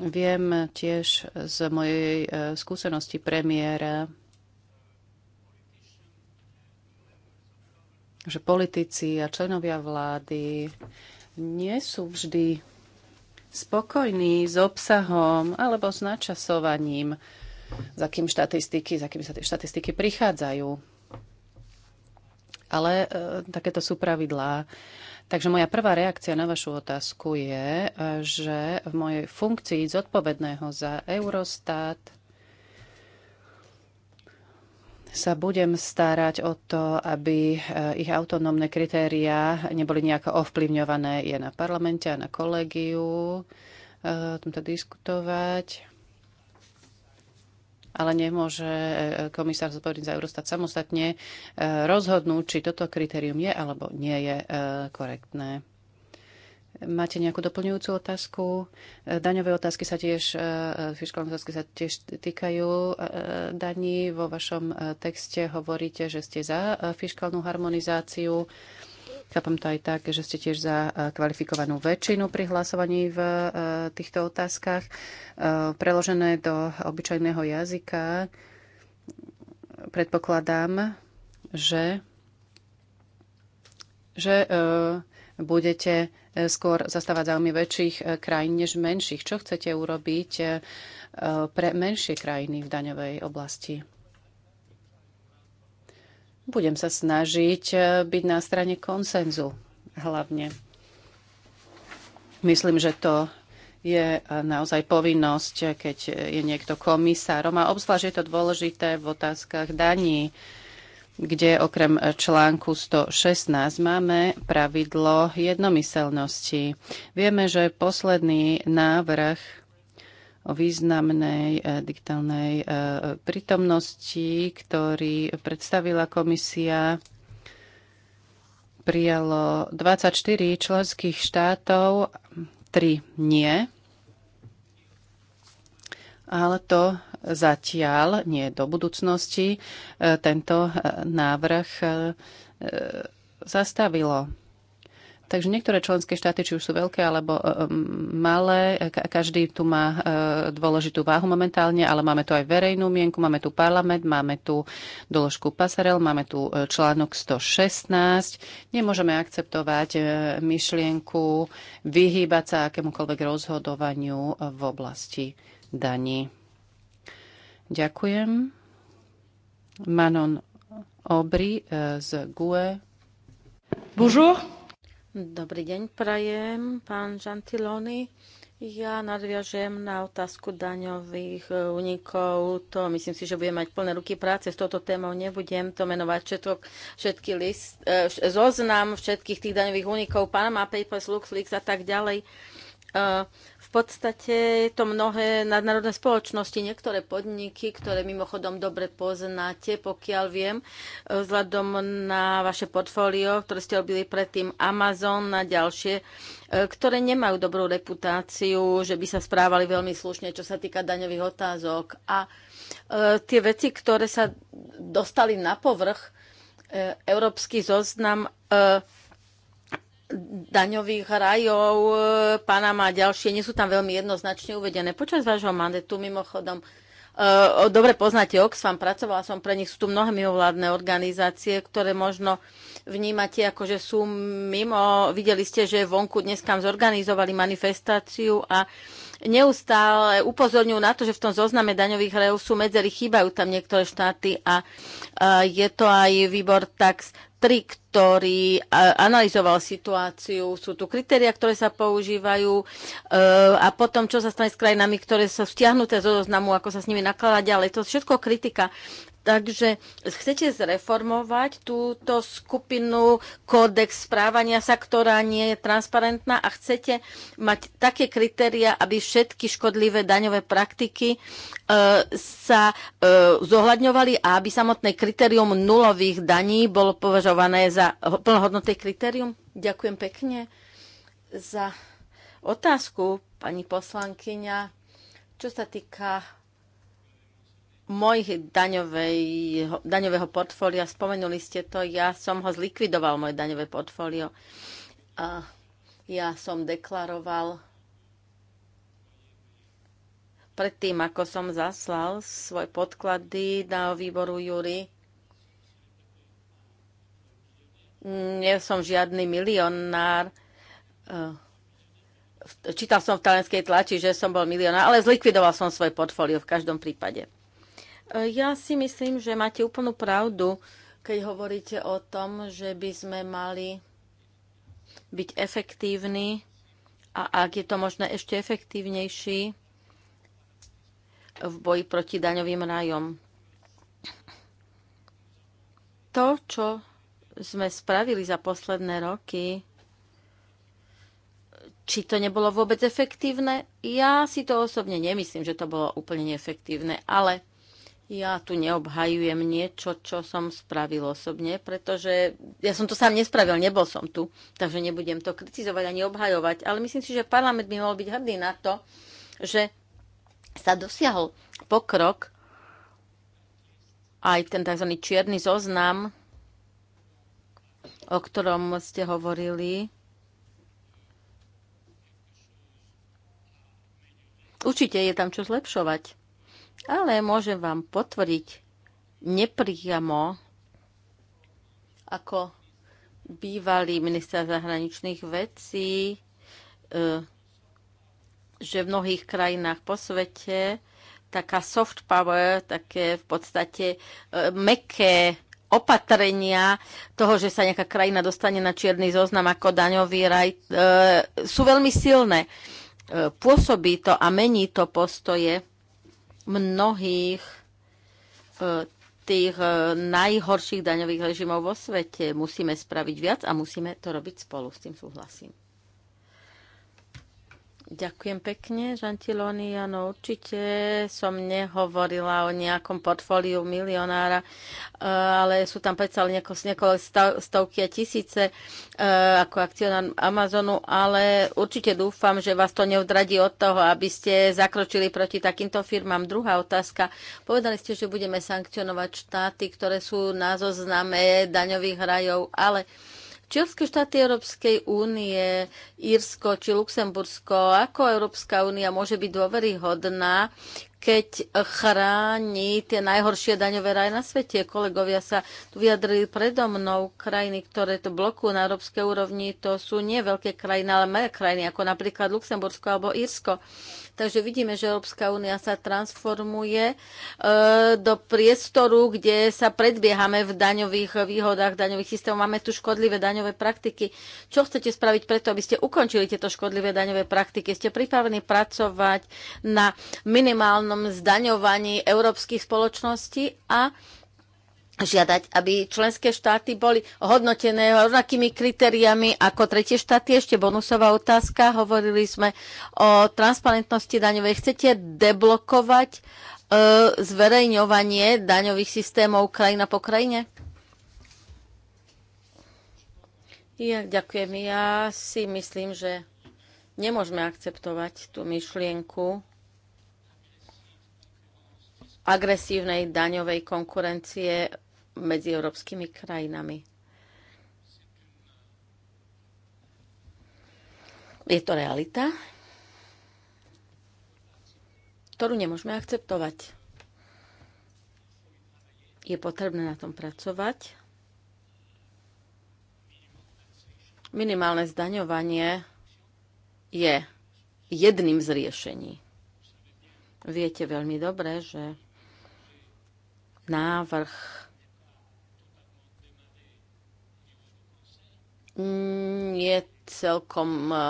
viem tiež z mojej e, skúsenosti premiéra, že politici a členovia vlády nie sú vždy spokojní s obsahom alebo s načasovaním, za kým štatistiky, za kým sa tie štatistiky prichádzajú. Ale e, takéto sú pravidlá. Takže moja prvá reakcia na vašu otázku je, e, že v mojej funkcii zodpovedného za Eurostat sa budem starať o to, aby eh, ich autonómne kritériá neboli nejako ovplyvňované. Je na parlamente a na kolegiu eh, o tomto diskutovať. Ale nemôže eh, komisár zodpovedný za Eurostat samostatne rozhodnúť, či toto kritérium je alebo nie je korektné. Máte nejakú doplňujúcu otázku? E, daňové otázky sa tiež, e, e, fiskálne otázky sa tiež týkajú daní. Vo vašom texte hovoríte, že ste za fiskálnu harmonizáciu. Chápem to aj tak, že ste tiež za kvalifikovanú väčšinu pri hlasovaní v týchto otázkach. Preložené do obyčajného jazyka predpokladám, že, že budete skôr zastávať záujmy väčších eh, krajín než menších. Čo chcete urobiť eh, pre menšie krajiny v daňovej oblasti? Budem sa snažiť eh, byť na strane konsenzu hlavne. Myslím, že to je naozaj povinnosť, keď je niekto komisárom a obzvlášť je to dôležité v otázkach daní kde okrem článku 116 máme pravidlo jednomyselnosti. Vieme, že posledný návrh o významnej eh, digitálnej eh, prítomnosti, ktorý predstavila komisia, prijalo 24 členských štátov, 3 nie. Ale to zatiaľ, nie do budúcnosti, e, tento e, návrh e, zastavilo. Takže niektoré členské štáty, či už sú veľké alebo malé, každý tu má dôležitú váhu momentálne, ale máme tu aj verejnú mienku, máme tu parlament, máme tu doložku pasarel, máme tu článok 116. Nemôžeme akceptovať myšlienku vyhýbať sa akémukoľvek rozhodovaniu v oblasti daní. Ďakujem. Manon Obry eh, z GUE. Bonjour. Dobrý deň, prajem, pán Žantiloni. Ja nadviažem na otázku daňových unikov. Eh, to myslím si, že budem mať plné ruky práce s touto témou. Nebudem to menovať všetok, všetky list, eh, zoznam všetkých tých daňových únikov, Panama Papers, LuxLeaks a tak ďalej podstate je to mnohé nadnárodné spoločnosti, niektoré podniky, ktoré mimochodom dobre poznáte, pokiaľ viem, vzhľadom na vaše portfólio, ktoré ste robili predtým Amazon a ďalšie, e, ktoré nemajú dobrú reputáciu, že by sa správali veľmi slušne, čo sa týka daňových otázok. A e, tie veci, ktoré sa dostali na povrch, e, Európsky zoznam daňových rajov, e, Panama a ďalšie, nie sú tam veľmi jednoznačne uvedené. Počas vášho mandetu, mimochodom, uh, dobre poznáte Oxfam, pracovala som pre nich, sú tu mnohé mimovládne organizácie, ktoré možno vnímate ako, že sú mimo, videli ste, že vonku dnes kam zorganizovali manifestáciu a uh, neustále upozorňujú na to, že v tom zozname daňových rejov sú medzery, chýbajú tam niektoré štáty a je to aj výbor tax 3, ktorý analyzoval situáciu. Sú tu kritéria, ktoré sa používajú e, a potom, čo sa stane s krajinami, ktoré sú stiahnuté zo zoznamu, ako sa s nimi nakladá ďalej. To je všetko kritika Takže chcete zreformovať túto skupinu kódex správania sa, ktorá nie je transparentná a chcete mať také kritéria, aby všetky škodlivé daňové praktiky e, sa e, zohľadňovali a aby samotné kritérium nulových daní bolo považované za plnohodnoté kritérium? Ďakujem pekne za otázku, pani poslankyňa. Čo sa týka mojich daňovej, daňového portfólia, spomenuli ste to, ja som ho zlikvidoval, moje daňové portfólio. A ja som deklaroval predtým, ako som zaslal svoje podklady na výboru júry. Nie som žiadny milionár. E, čítal som v talenskej tlači, že som bol milionár, ale zlikvidoval som svoje portfólio v každom prípade. Ja si myslím, že máte úplnú pravdu, keď hovoríte o tom, že by sme mali byť efektívni a ak je to možné ešte efektívnejší v boji proti daňovým rajom. To, čo sme spravili za posledné roky, či to nebolo vôbec efektívne? Ja si to osobne nemyslím, že to bolo úplne neefektívne, ale ja tu neobhajujem niečo, čo som spravil osobne, pretože ja som to sám nespravil, nebol som tu, takže nebudem to kritizovať ani obhajovať, ale myslím si, že parlament by mal byť hrdý na to, že sa dosiahol pokrok aj ten tzv. čierny zoznam, o ktorom ste hovorili. Určite je tam čo zlepšovať ale môžem vám potvrdiť nepriamo ako bývalý minister zahraničných vecí, e, že v mnohých krajinách po svete taká soft power, také v podstate e, meké opatrenia toho, že sa nejaká krajina dostane na čierny zoznam ako daňový raj, e, sú veľmi silné. Pôsobí to a mení to postoje mnohých e, tých e, najhorších daňových režimov vo svete. Musíme spraviť viac a musíme to robiť spolu. S tým súhlasím. Ďakujem pekne, Žantiloni. Áno, určite som nehovorila o nejakom portfóliu milionára, eh, ale sú tam predsa len niekoľko stovky a tisíce eh, ako akcionár Amazonu, ale určite dúfam, že vás to neodradí od toho, aby ste zakročili proti takýmto firmám. Druhá otázka. Povedali ste, že budeme sankcionovať štáty, ktoré sú na zozname daňových rajov, ale Členské štáty Európskej únie, Írsko či Luxembursko, ako Európska únia môže byť dôveryhodná, keď chráni tie najhoršie daňové raje na svete. Kolegovia sa tu vyjadrili predo mnou. Krajiny, ktoré to blokujú na európskej úrovni, to sú nie veľké krajiny, ale malé krajiny, ako napríklad Luxembursko alebo Írsko. Takže vidíme, že Európska únia sa transformuje e, do priestoru, kde sa predbiehame v daňových výhodách, daňových systémov. Máme tu škodlivé daňové praktiky. Čo chcete spraviť preto, aby ste ukončili tieto škodlivé daňové praktiky? Ste pripravení pracovať na minimálnom zdaňovaní európskych spoločností a žiadať, aby členské štáty boli hodnotené rovnakými kritériami ako tretie štáty. Ešte bonusová otázka. Hovorili sme o transparentnosti daňovej. Chcete deblokovať e, zverejňovanie daňových systémov krajina po krajine? Ja, ďakujem. Ja si myslím, že nemôžeme akceptovať tú myšlienku agresívnej daňovej konkurencie medzi európskymi krajinami. Je to realita, ktorú nemôžeme akceptovať. Je potrebné na tom pracovať. Minimálne zdaňovanie je jedným z riešení. Viete veľmi dobre, že návrh Nie mm, celkom eh,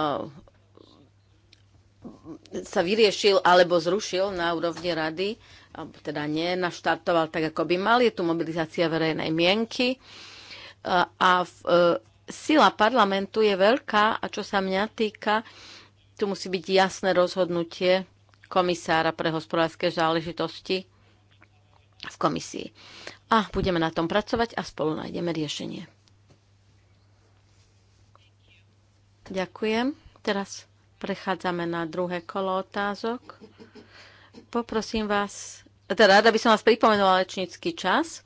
sa vyriešil alebo zrušil na úrovni rady, alebo teda nie, naštartoval tak, ako by mal. Je tu mobilizácia verejnej mienky eh, a v, eh, sila parlamentu je veľká a čo sa mňa týka, tu musí byť jasné rozhodnutie komisára pre hospodárske záležitosti v komisii. A budeme na tom pracovať a spolu nájdeme riešenie. Ďakujem. Teraz prechádzame na druhé kolo otázok. Poprosím vás, teda rada by som vás pripomenula lečnícky čas.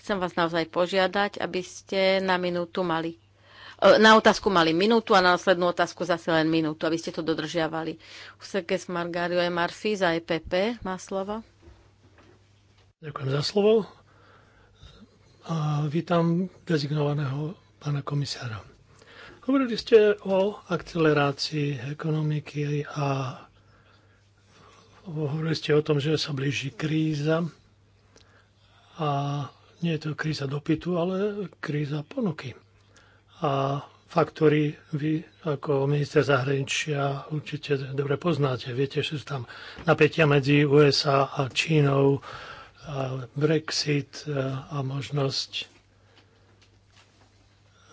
Chcem vás naozaj požiadať, aby ste na minútu mali e, na otázku mali minútu a na následnú otázku zase len minútu, aby ste to dodržiavali. Usekes Margario E. Marfi za EPP má slovo. Ďakujem za slovo. A vítam dezignovaného pána komisára. Hovorili ste o akcelerácii ekonomiky a hovorili ste o tom, že sa blíži kríza a nie je to kríza dopytu, ale kríza ponuky. A faktory vy ako minister zahraničia určite dobre poznáte. Viete, že sú tam napätia medzi USA a Čínou, a Brexit a možnosť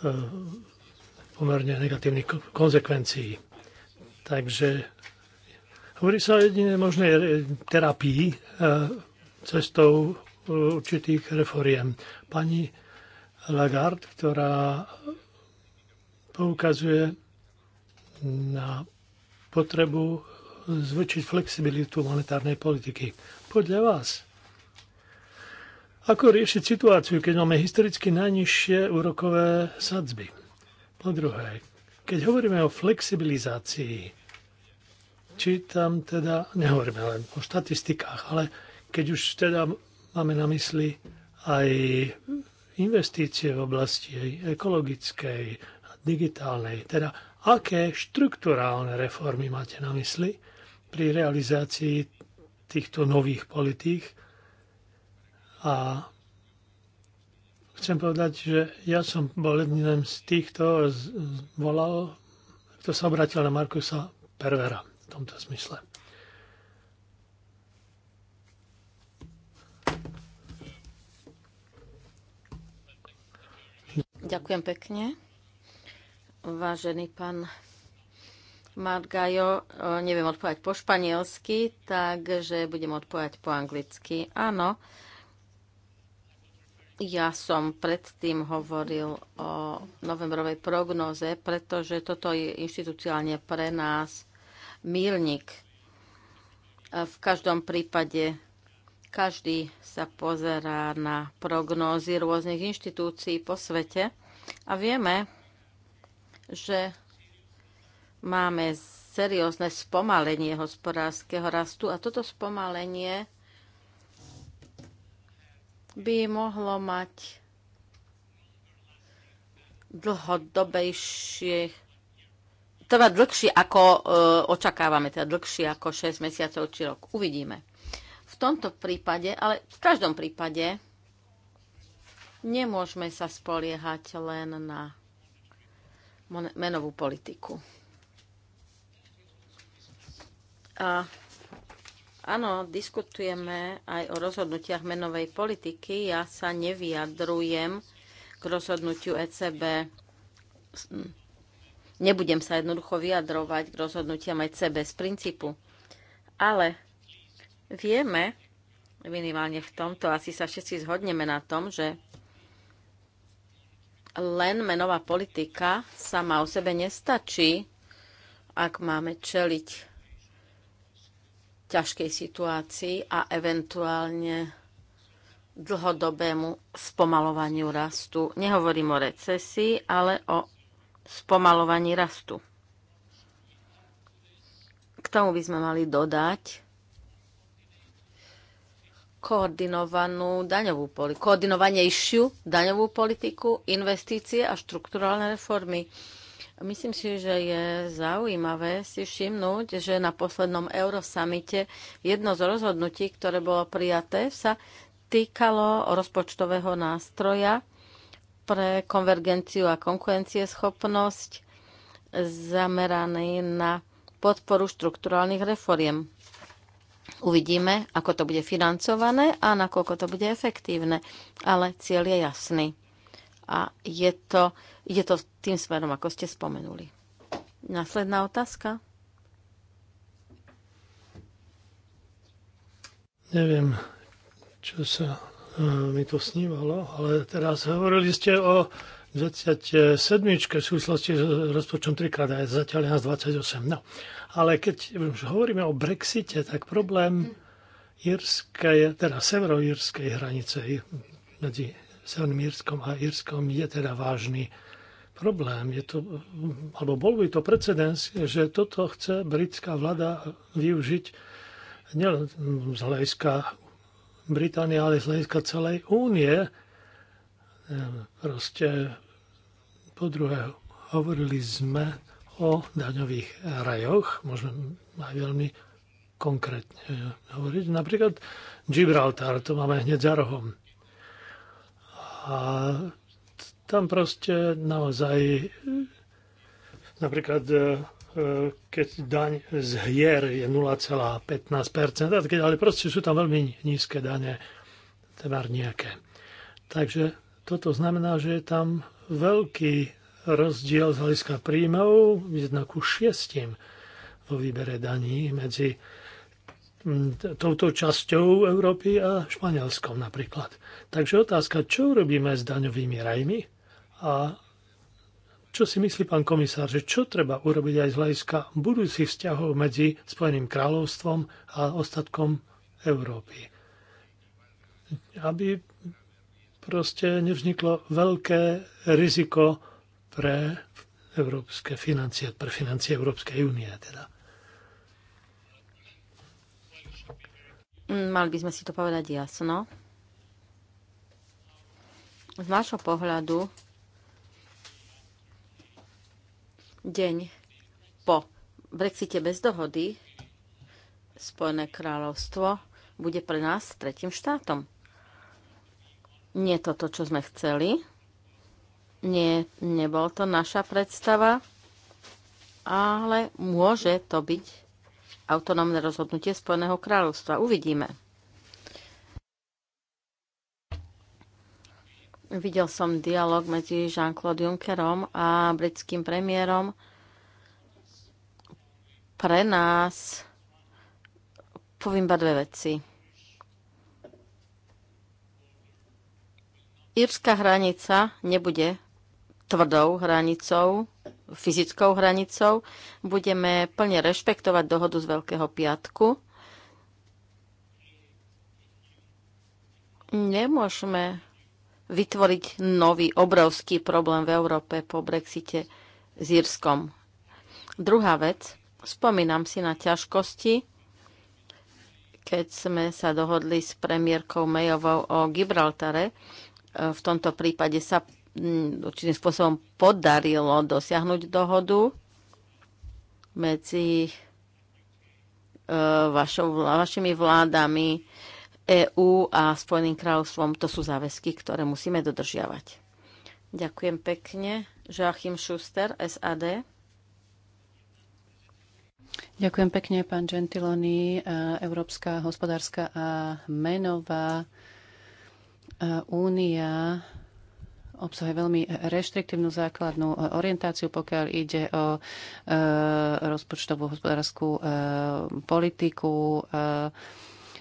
e, pomerne negatívnych konsekvencií. Takže hovorí sa o jedine možnej terapii e, cestou e, určitých reforiem. Pani Lagarde, ktorá poukazuje na potrebu zväčšiť flexibilitu monetárnej politiky. Podľa vás, ako riešiť situáciu, keď máme historicky najnižšie úrokové sadzby? Po druhé, keď hovoríme o flexibilizácii, či tam teda, nehovoríme len o štatistikách, ale keď už teda máme na mysli aj investície v oblasti ekologickej, digitálnej, teda aké štrukturálne reformy máte na mysli pri realizácii týchto nových politík a chcem povedať, že ja som bol jedným z tých, kto volal, kto sa obratil na Markusa Pervera v tomto smysle. Ďakujem pekne. Vážený pán Margajo, neviem odpovedať po španielsky, takže budem odpovedať po anglicky. Áno, ja som predtým hovoril o novembrovej prognoze, pretože toto je inštitúciálne pre nás mírnik. V každom prípade každý sa pozerá na prognózy rôznych inštitúcií po svete a vieme, že máme seriózne spomalenie hospodárskeho rastu a toto spomalenie by mohlo mať dlhodobejšie, teda dlhšie ako e, očakávame, teda dlhšie ako 6 mesiacov či rok. Uvidíme. V tomto prípade, ale v každom prípade nemôžeme sa spoliehať len na menovú politiku. A Áno, diskutujeme aj o rozhodnutiach menovej politiky. Ja sa nevyjadrujem k rozhodnutiu ECB. Nebudem sa jednoducho vyjadrovať k rozhodnutiam ECB z princípu. Ale vieme, minimálne v tomto, asi sa všetci zhodneme na tom, že len menová politika sama o sebe nestačí, ak máme čeliť ťažkej situácii a eventuálne dlhodobému spomalovaniu rastu. Nehovorím o recesii, ale o spomalovaní rastu. K tomu by sme mali dodať koordinovanú daňovú politiku, koordinovanejšiu daňovú politiku, investície a štrukturálne reformy Myslím si, že je zaujímavé si všimnúť, že na poslednom Eurosamite jedno z rozhodnutí, ktoré bolo prijaté, sa týkalo rozpočtového nástroja pre konvergenciu a konkurencieschopnosť zameraný na podporu štrukturálnych reforiem. Uvidíme, ako to bude financované a nakoľko to bude efektívne, ale cieľ je jasný a je to, ide to tým smerom, ako ste spomenuli. Následná otázka. Neviem, čo sa e, mi to snívalo, ale teraz hovorili ste o 27. v súvislosti s rozpočtom 3 krát a zatiaľ je nás 28. No. Ale keď už hovoríme o Brexite, tak problém mm. Jirskej, teda severoírskej hranice medzi Severnom a Írskom je teda vážny problém. Je to, alebo bol by to precedens, že toto chce britská vláda využiť nielen z hľadiska Británie, ale z hľadiska celej únie. Proste po druhé, hovorili sme o daňových rajoch, môžeme aj veľmi konkrétne hovoriť. Napríklad Gibraltar, to máme hneď za rohom. A tam proste naozaj napríklad e, keď daň z hier je 0,15%, ale proste sú tam veľmi nízke dane, tebar nejaké. Takže toto znamená, že je tam veľký rozdiel z hľadiska príjmov jednak ku šiestim vo výbere daní medzi touto časťou Európy a Španielskom napríklad. Takže otázka, čo robíme s daňovými rajmi a čo si myslí pán komisár, že čo treba urobiť aj z hľadiska budúcich vzťahov medzi Spojeným kráľovstvom a ostatkom Európy? Aby proste nevzniklo veľké riziko pre európske financie, pre financie Európskej únie teda. Mm, mali by sme si to povedať jasno. Z nášho pohľadu deň po Brexite bez dohody Spojené kráľovstvo bude pre nás tretím štátom. Nie to to, čo sme chceli. Nie, nebol to naša predstava, ale môže to byť autonómne rozhodnutie Spojeného kráľovstva. Uvidíme. Videl som dialog medzi Jean-Claude Junckerom a britským premiérom. Pre nás poviem iba dve veci. Írska hranica nebude tvrdou hranicou fyzickou hranicou. Budeme plne rešpektovať dohodu z Veľkého piatku. Nemôžeme vytvoriť nový obrovský problém v Európe po Brexite s Írskom. Druhá vec, spomínam si na ťažkosti, keď sme sa dohodli s premiérkou Mayovou o Gibraltare. V tomto prípade sa Mm, určitým spôsobom podarilo dosiahnuť dohodu medzi e, vašou, vašimi vládami EÚ a Spojeným kráľovstvom. To sú záväzky, ktoré musíme dodržiavať. Ďakujem pekne. Joachim Schuster, SAD. Ďakujem pekne, pán Gentiloni. E, Európska hospodárska a menová e, únia obsahuje veľmi reštriktívnu základnú e, orientáciu, pokiaľ ide o e, rozpočtovú hospodárskú e, politiku.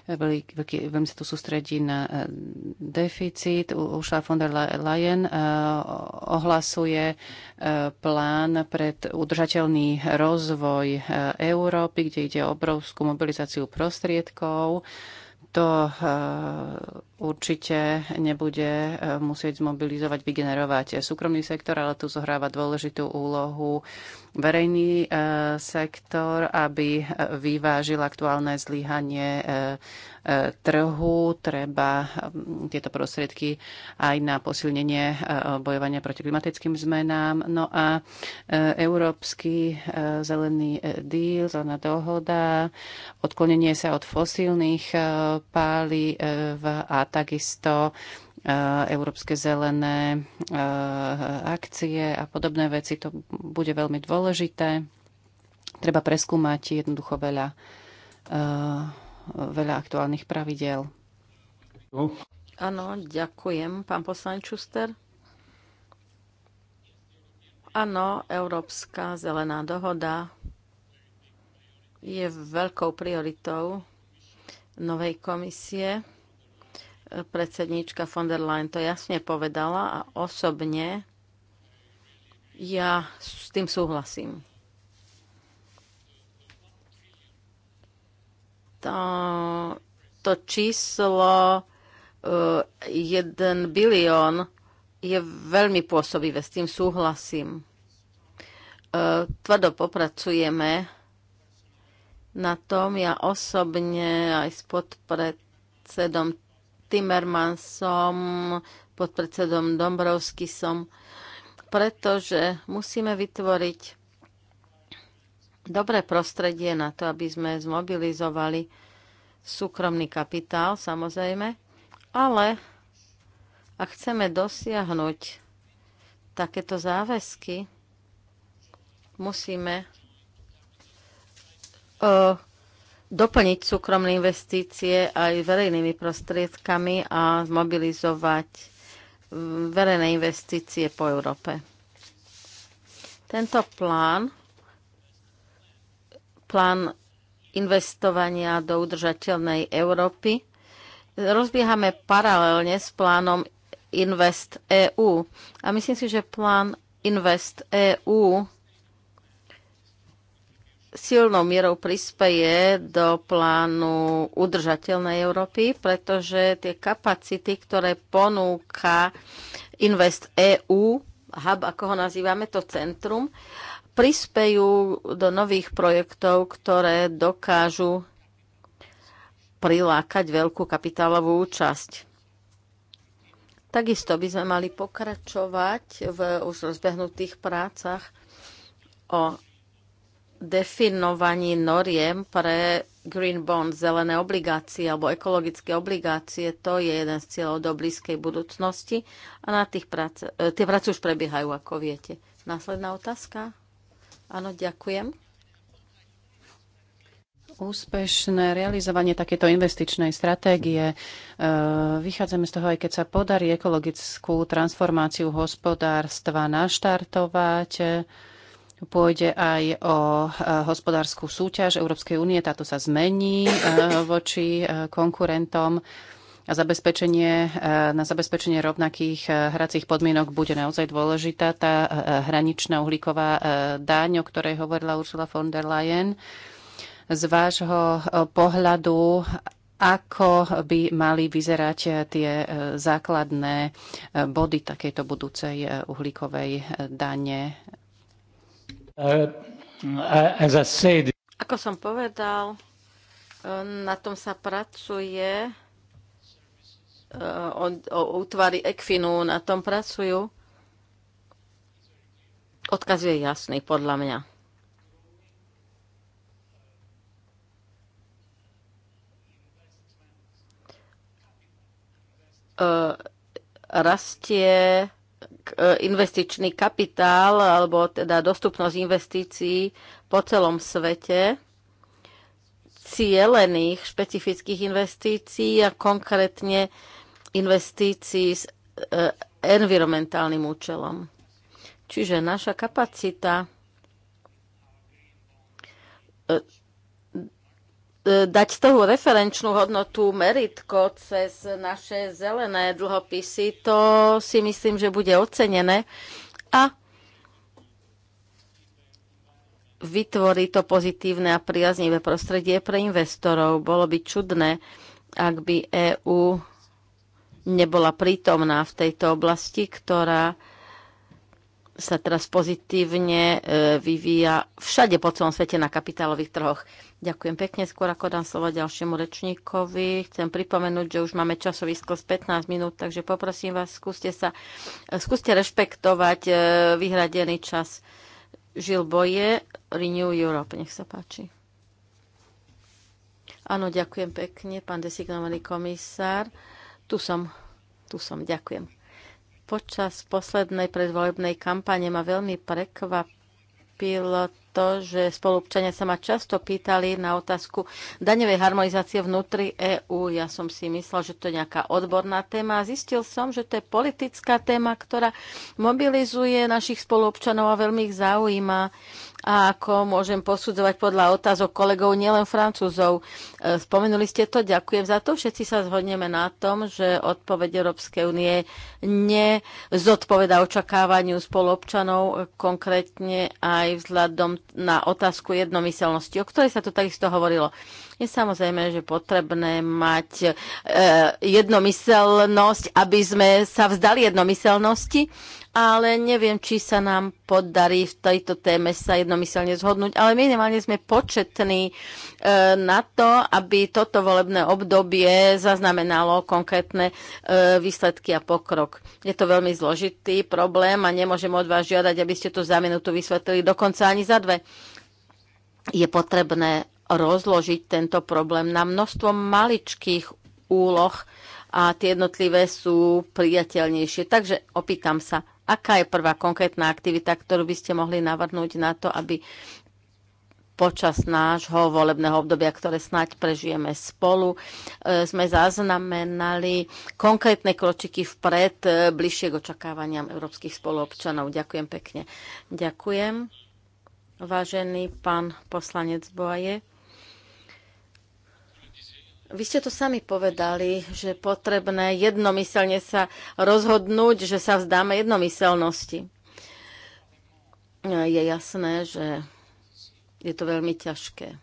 veľký, veľmi sa tu sústredí na deficit. Ušla von der Leyen ohlasuje plán pred udržateľný rozvoj Európy, kde ide o obrovskú mobilizáciu prostriedkov. To určite nebude e, musieť zmobilizovať, vygenerovať súkromný sektor, ale tu zohráva dôležitú úlohu verejný e, sektor, aby e, vyvážil aktuálne zlyhanie trhu. Treba mm, tieto prostriedky aj na posilnenie bojovania proti klimatickým zmenám. No a Európsky zelený díl, zelená dohoda, odklonenie sa od fosílnych páliv a a takisto eh, európske zelené eh, akcie a podobné veci. To bude veľmi dôležité. Treba preskúmať jednoducho veľa, eh, veľa aktuálnych pravidel. Áno, ďakujem, pán poslanec Čuster. Áno, Európska zelená dohoda je veľkou prioritou novej komisie Predsedníčka von der Leyen to jasne povedala a osobne ja s tým súhlasím. To, to číslo 1 eh, bilión je veľmi pôsobivé, s tým súhlasím. Eh, tvrdo popracujeme na tom, ja osobne aj s podpredsedom Timmermansom, Dombrovsky Dombrovskisom, pretože musíme vytvoriť dobré prostredie na to, aby sme zmobilizovali súkromný kapitál, samozrejme, ale ak chceme dosiahnuť takéto záväzky, musíme eh, doplniť súkromné investície aj verejnými prostriedkami a zmobilizovať mm, verejné investície po Európe. Tento plán, plán investovania do udržateľnej Európy, rozbiehame paralelne s plánom Invest EU. A myslím si, že plán Invest EU silnou mierou prispeje do plánu udržateľnej Európy, pretože tie kapacity, ktoré ponúka Invest EU, hub, ako ho nazývame, to centrum, prispejú do nových projektov, ktoré dokážu prilákať veľkú kapitálovú účasť. Takisto by sme mali pokračovať v už rozbehnutých prácach o definovaní noriem pre green bond, zelené obligácie alebo ekologické obligácie, to je jeden z cieľov do blízkej budúcnosti a na tých práce, tie práce už prebiehajú, ako viete. Následná otázka? Áno, ďakujem. Úspešné realizovanie takéto investičnej stratégie. E, vychádzame z toho, aj keď sa podarí ekologickú transformáciu hospodárstva naštartovať, Pôjde aj o e, hospodárskú súťaž Európskej únie. Táto sa zmení e, voči e, konkurentom a zabezpečenie, na zabezpečenie rovnakých hracích podmienok bude naozaj dôležitá tá hraničná uhlíková daň, o ktorej hovorila Ursula von der Leyen. Z vášho pohľadu, ako by mali vyzerať tie základné body takejto budúcej uhlíkovej dane Uh, uh, Ako som povedal, uh, na tom sa pracuje. O, útvary Ekfinu na tom pracujú. Odkaz je jasný, podľa mňa. rastie E, investičný kapitál alebo teda dostupnosť investícií po celom svete, cielených špecifických investícií a konkrétne investícií s e, environmentálnym účelom. Čiže naša kapacita e, E, dať tú toho referenčnú hodnotu meritko cez naše zelené dlhopisy, to si myslím, že bude ocenené a vytvorí to pozitívne a priaznivé prostredie pre investorov. Bolo by čudné, ak by EÚ nebola prítomná v tejto oblasti, ktorá sa teraz pozitívne e, vyvíja všade po celom svete na kapitálových trhoch. Ďakujem pekne. Skôr ako dám slovo ďalšiemu rečníkovi, chcem pripomenúť, že už máme časovisko z 15 minút, takže poprosím vás, skúste, sa, e, skúste rešpektovať e, vyhradený čas. Žil Boje, Renew Europe, nech sa páči. Áno, ďakujem pekne, pán designovaný komisár. Tu som, tu som, ďakujem. Počas poslednej predvolebnej kampane ma veľmi prekvapilo to, že spolupčania sa ma často pýtali na otázku daňovej harmonizácie vnútri EÚ. Ja som si myslel, že to je nejaká odborná téma a zistil som, že to je politická téma, ktorá mobilizuje našich spolupčanov a veľmi ich zaujíma a ako môžem posudzovať podľa otázok kolegov, nielen francúzov. E, spomenuli ste to, ďakujem za to. Všetci sa zhodneme na tom, že odpoveď Európskej únie nezodpoveda očakávaniu spoluobčanov, konkrétne aj vzhľadom na otázku jednomyselnosti, o ktorej sa tu takisto hovorilo. Je samozrejme, že potrebné mať e, jednomyselnosť, aby sme sa vzdali jednomyselnosti, ale neviem, či sa nám podarí v tejto téme sa jednomyselne zhodnúť, ale minimálne sme početní e, na to, aby toto volebné obdobie zaznamenalo konkrétne e, výsledky a pokrok. Je to veľmi zložitý problém a nemôžem od vás žiadať, aby ste to za minútu vysvetlili, dokonca ani za dve je potrebné rozložiť tento problém na množstvo maličkých úloh a tie jednotlivé sú priateľnejšie. Takže opýtam sa, aká je prvá konkrétna aktivita, ktorú by ste mohli navrhnúť na to, aby počas nášho volebného obdobia, ktoré snáď prežijeme spolu, e, sme zaznamenali konkrétne kročiky vpred e, bližšie k očakávaniam európskych spoluobčanov. Ďakujem pekne. Ďakujem, vážený pán poslanec Boaje. Vy ste to sami povedali, že je potrebné jednomyselne sa rozhodnúť, že sa vzdáme jednomyselnosti. Je jasné, že je to veľmi ťažké.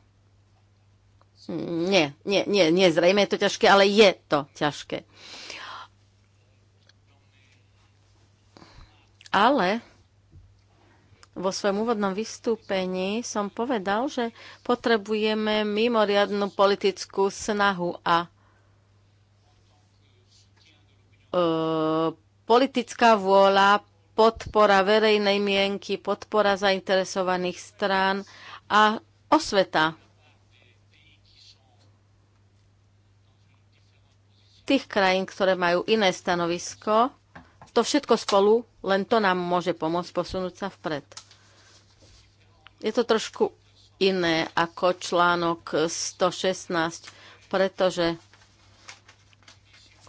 Nie, nie, nie, nie, zrejme je to ťažké, ale je to ťažké. Ale vo svojom úvodnom vystúpení som povedal, že potrebujeme mimoriadnú politickú snahu a e, politická vôľa, podpora verejnej mienky, podpora zainteresovaných strán a osveta. Tých krajín, ktoré majú iné stanovisko, to všetko spolu, len to nám môže pomôcť posunúť sa vpred. Je to trošku iné ako článok 116, pretože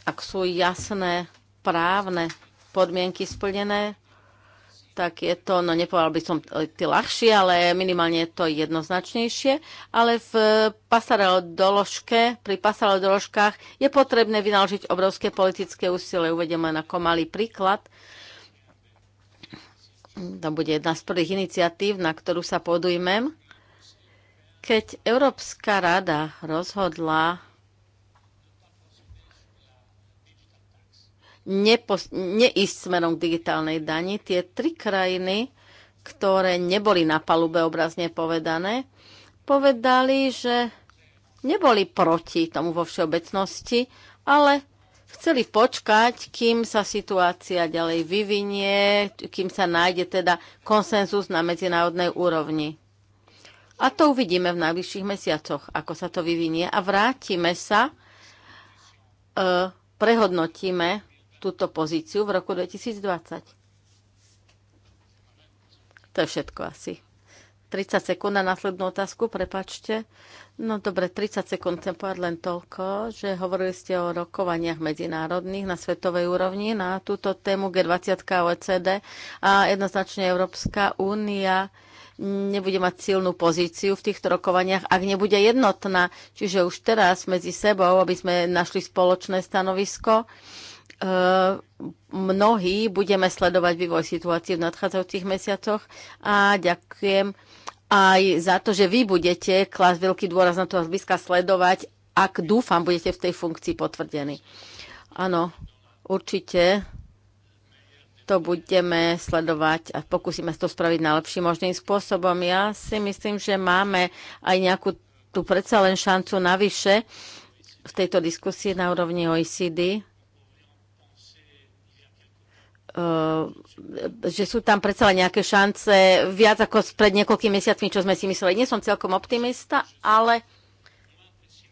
ak sú jasné právne podmienky splnené, tak je to, no nepovedal by som e, ty ľahšie, ale minimálne je to jednoznačnejšie. Ale v pasarelo doložke, pri pasarelo doložkách je potrebné vynaložiť obrovské politické úsilie. Uvediem len ako malý príklad to bude jedna z prvých iniciatív, na ktorú sa podujmem. Keď Európska rada rozhodla nepos- neísť smerom k digitálnej dani, tie tri krajiny, ktoré neboli na palube obrazne povedané, povedali, že neboli proti tomu vo všeobecnosti, ale chceli počkať, kým sa situácia ďalej vyvinie, kým sa nájde teda konsenzus na medzinárodnej úrovni. A to uvidíme v najbližších mesiacoch, ako sa to vyvinie. A vrátime sa, e, prehodnotíme túto pozíciu v roku 2020. To je všetko asi. 30 sekúnd na následnú otázku, prepačte. No dobre, 30 sekúnd chcem povedať len toľko, že hovorili ste o rokovaniach medzinárodných na svetovej úrovni na túto tému G20 OECD a jednoznačne Európska únia nebude mať silnú pozíciu v týchto rokovaniach, ak nebude jednotná. Čiže už teraz medzi sebou, aby sme našli spoločné stanovisko, e, mnohí budeme sledovať vývoj situácie v nadchádzajúcich mesiacoch a ďakujem aj za to, že vy budete klásť veľký dôraz na to a zblízka sledovať, ak dúfam, budete v tej funkcii potvrdení. Áno, určite to budeme sledovať a pokúsime sa to spraviť najlepším možným spôsobom. Ja si myslím, že máme aj nejakú tú predsa len šancu navyše v tejto diskusii na úrovni OECD. E, že sú tam predsa nejaké šance viac ako pred niekoľkými mesiacmi, čo sme si mysleli. Nie som celkom optimista, ale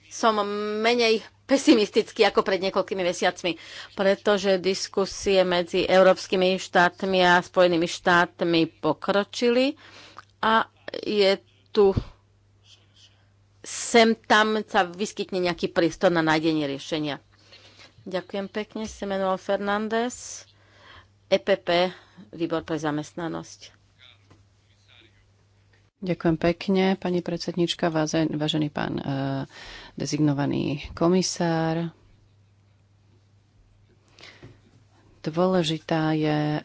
som menej pesimistický ako pred niekoľkými mesiacmi, pretože diskusie medzi európskymi štátmi a Spojenými štátmi pokročili a je tu sem tam sa vyskytne nejaký prístor na nájdenie riešenia. Ďakujem pekne, Semenuel Fernández. EPP, výbor pre zamestnanosť. Ďakujem pekne, pani predsednička, vážený pán e, dezignovaný komisár. Dôležitá je e,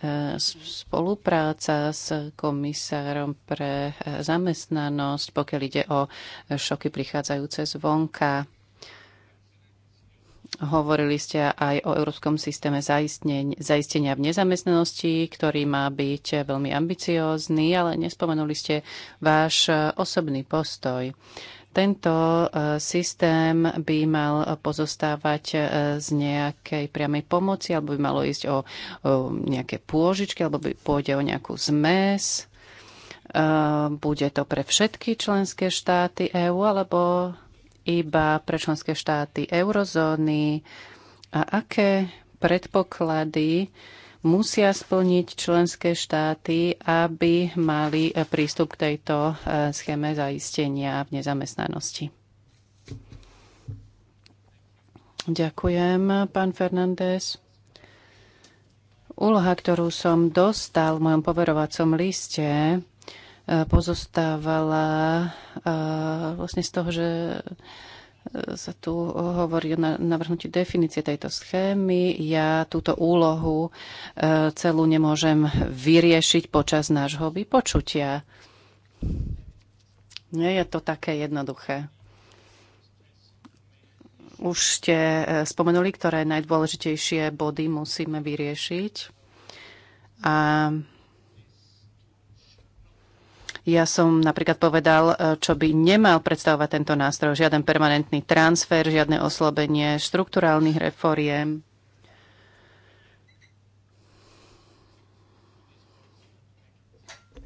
spolupráca s komisárom pre e, zamestnanosť, pokiaľ ide o šoky prichádzajúce zvonka. Hovorili ste aj o Európskom systéme zaistenia v nezamestnanosti, ktorý má byť veľmi ambiciózny, ale nespomenuli ste váš osobný postoj. Tento e, systém by mal pozostávať e, z nejakej priamej pomoci, alebo by malo ísť o, nejaké pôžičky, alebo by pôjde o nejakú zmes. E, bude to pre všetky členské štáty EÚ, alebo iba pre členské štáty eurozóny a aké predpoklady musia splniť členské štáty, aby mali prístup k tejto e, schéme zaistenia v nezamestnanosti. Ďakujem, pán Fernández. Úloha, ktorú som dostal v mojom poverovacom liste, pozostávala vlastne z toho, že e, sa tu hovorí o navrhnutí definície tejto schémy. Ja túto úlohu e, celú nemôžem vyriešiť počas nášho vypočutia. Nie je to také jednoduché. Už ste e, spomenuli, ktoré najdôležitejšie body musíme vyriešiť. A ja som napríklad povedal, e, čo by nemal predstavovať tento nástroj. Žiaden permanentný transfer, žiadne oslobenie štrukturálnych reforiem.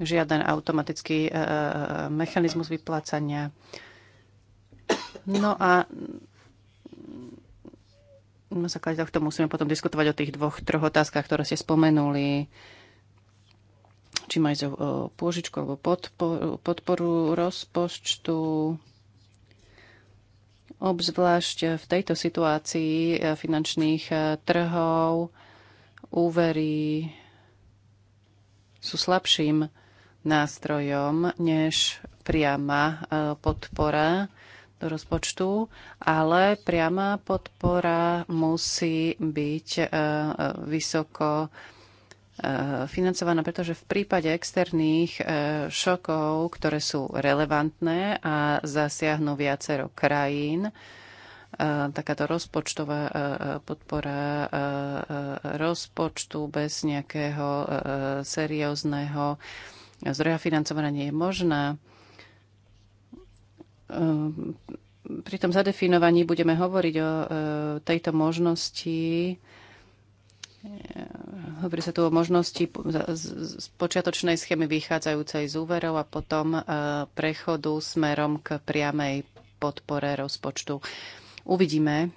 Žiaden automatický uh, mechanizmus vyplácania. No a na základe tohto musíme potom diskutovať o tých dvoch, troch otázkach, ktoré ste spomenuli. Uh, či majú so pôžičku alebo podporu, podporu rozpočtu. Obzvlášť v tejto situácii e, finančných e, trhov úvery sú slabším nástrojom než priama e, podpora do rozpočtu, ale priama podpora musí byť vysoko Eh, financovaná, pretože v prípade externých eh, šokov, ktoré sú relevantné a zasiahnu viacero krajín, eh, takáto rozpočtová podpora rozpočtu bez nejakého seriózneho zdroja financovania nie je možná. Ehm, pri tom zadefinovaní budeme hovoriť o tejto možnosti Hovorí sa tu o možnosti z počiatočnej schémy vychádzajúcej z úverov a potom e, prechodu smerom k priamej podpore rozpočtu. Uvidíme.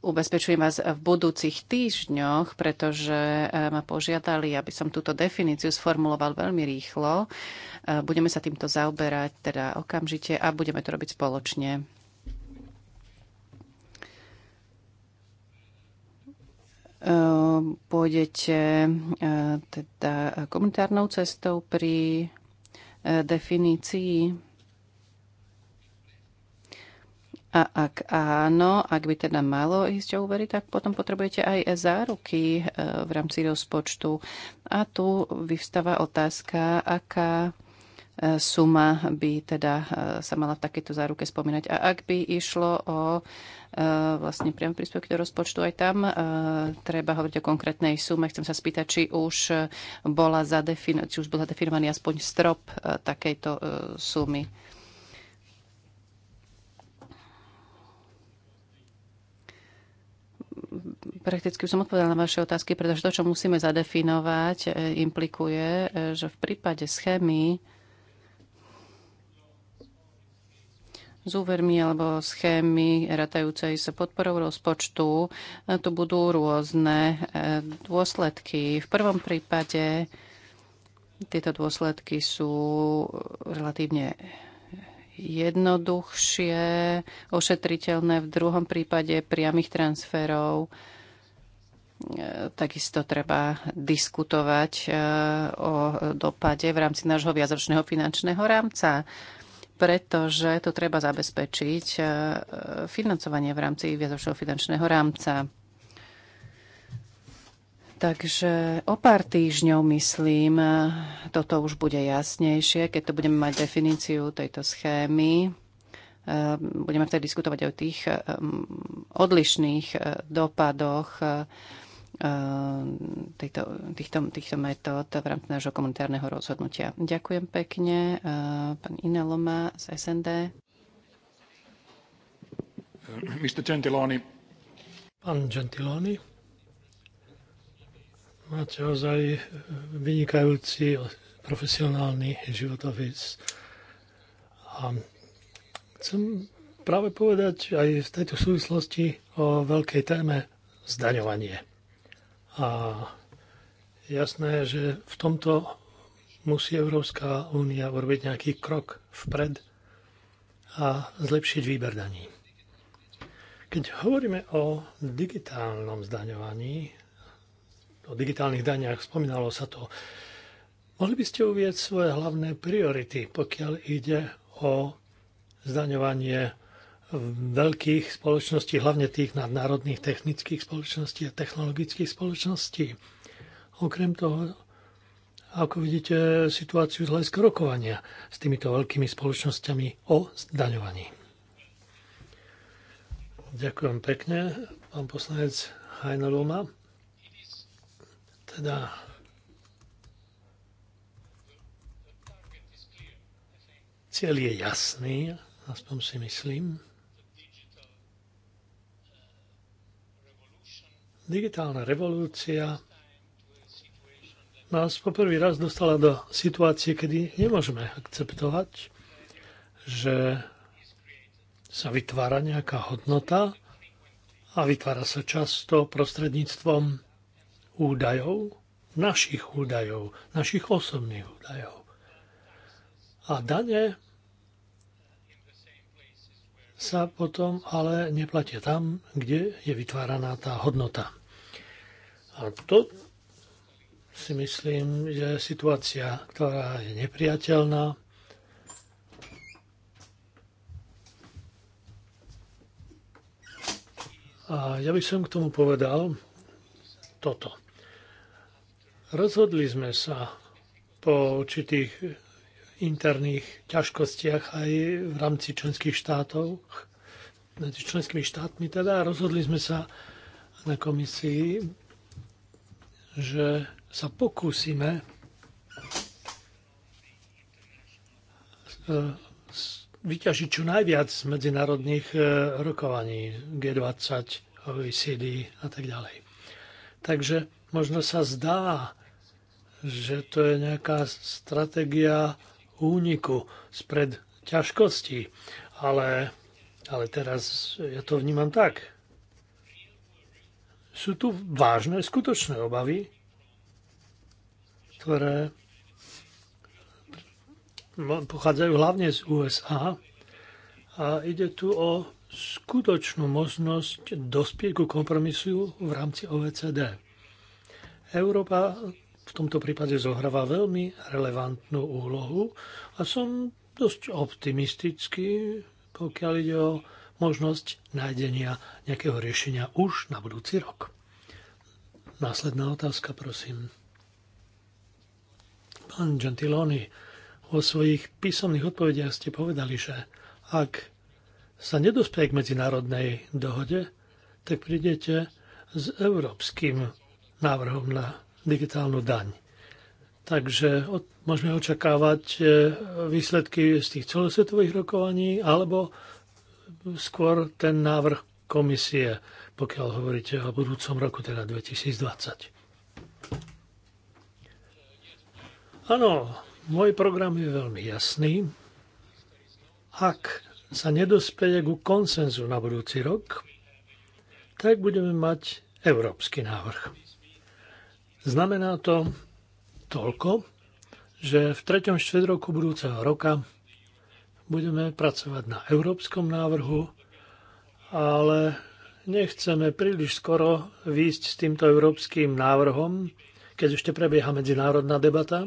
Ubezpečujem vás v budúcich týždňoch, pretože e, ma požiadali, aby som túto definíciu sformuloval veľmi rýchlo. E, budeme sa týmto zaoberať teda okamžite a budeme to robiť spoločne. Ehm, pôjdete eh, teda komunitárnou cestou pri eh, definícii? A ak áno, ak by teda malo ísť o úvery, tak potom potrebujete aj záruky eh, v rámci rozpočtu. A tu vyvstáva otázka, aká suma by teda sa mala v takejto záruke spomínať. A ak by išlo o Eh, vlastne priamo príspevky do rozpočtu. Aj tam eh, treba hovoriť o konkrétnej sume. Chcem sa spýtať, či už, eh, bola zadefin- či už bol zadefinovaný aspoň strop takejto sumy. prakticky už som odpovedala na vaše otázky, pretože to, čo musíme zadefinovať, implikuje, že v prípade schémy s úvermi alebo schémy ratajúcej sa podporou rozpočtu, e, tu budú rôzne e, dôsledky. V prvom prípade tieto dôsledky sú relatívne jednoduchšie, ošetriteľné. V druhom prípade priamých transferov e, takisto treba diskutovať o dopade v rámci nášho viacročného finančného rámca pretože to treba zabezpečiť e, financovanie v rámci viacročného finančného rámca. Takže o pár týždňov, myslím, toto už bude jasnejšie, keď to budeme mať definíciu tejto schémy. E, budeme vtedy diskutovať o tých e, odlišných dopadoch Ehm, týchto, týchto, týchto metód v rámci nášho komunitárneho rozhodnutia. Ďakujem pekne. Eh, pán Ineloma z SND. Eh, Mr. Gentiloni. Pán Gentiloni, máte ozaj eh, vynikajúci profesionálny životopis. A chcem práve povedať aj v tejto súvislosti o veľkej téme zdaňovanie. A jasné, že v tomto musí Európska únia urobiť nejaký krok vpred a zlepšiť výber daní. Keď hovoríme o digitálnom zdaňovaní, o digitálnych daniach, spomínalo sa to, mohli by ste uvieť svoje hlavné priority, pokiaľ ide o zdaňovanie veľkých spoločností, hlavne tých nadnárodných technických spoločností a technologických spoločností. Okrem toho, ako vidíte situáciu z hľadiska rokovania s týmito veľkými spoločnosťami o zdaňovaní. Ďakujem pekne, pán poslanec Heineloma. Teda cieľ je jasný, aspoň si myslím. Digitálna revolúcia nás poprvý raz dostala do situácie, kedy nemôžeme akceptovať, že sa vytvára nejaká hodnota a vytvára sa často prostredníctvom údajov, našich údajov, našich osobných údajov. A dane sa potom ale neplatia tam, kde je vytváraná tá hodnota. A to si myslím, že je situácia, ktorá je nepriateľná. A ja by som k tomu povedal toto. Rozhodli sme sa po určitých interných ťažkostiach aj v rámci členských štátov, medzi členskými štátmi teda, rozhodli sme sa na komisii že sa pokúsime e, vyťažiť čo najviac medzinárodných e, rokovaní G20, OECD a tak ďalej. Takže možno sa zdá, že to je nejaká stratégia úniku spred ťažkostí, ale, ale teraz ja to vnímam tak, sú tu vážne, skutočné obavy, ktoré pochádzajú hlavne z USA a ide tu o skutočnú možnosť dospieť ku kompromisu v rámci OECD. Európa v tomto prípade zohráva veľmi relevantnú úlohu a som dosť optimistický, pokiaľ ide o možnosť nájdenia nejakého riešenia už na budúci rok. Následná otázka, prosím. Pán Gentiloni, vo svojich písomných odpovediach ste povedali, že ak sa nedospie k medzinárodnej dohode, tak prídete s európskym návrhom na digitálnu daň. Takže od, môžeme očakávať e, výsledky z tých celosvetových rokovaní alebo skôr ten návrh komisie, pokiaľ hovoríte o budúcom roku, teda 2020. Áno, môj program je veľmi jasný. Ak sa nedospeje ku konsenzu na budúci rok, tak budeme mať európsky návrh. Znamená to toľko, že v 3. štvrť roku budúceho roka Budeme pracovať na európskom návrhu, ale nechceme príliš skoro výjsť s týmto európskym návrhom, keď ešte prebieha medzinárodná debata.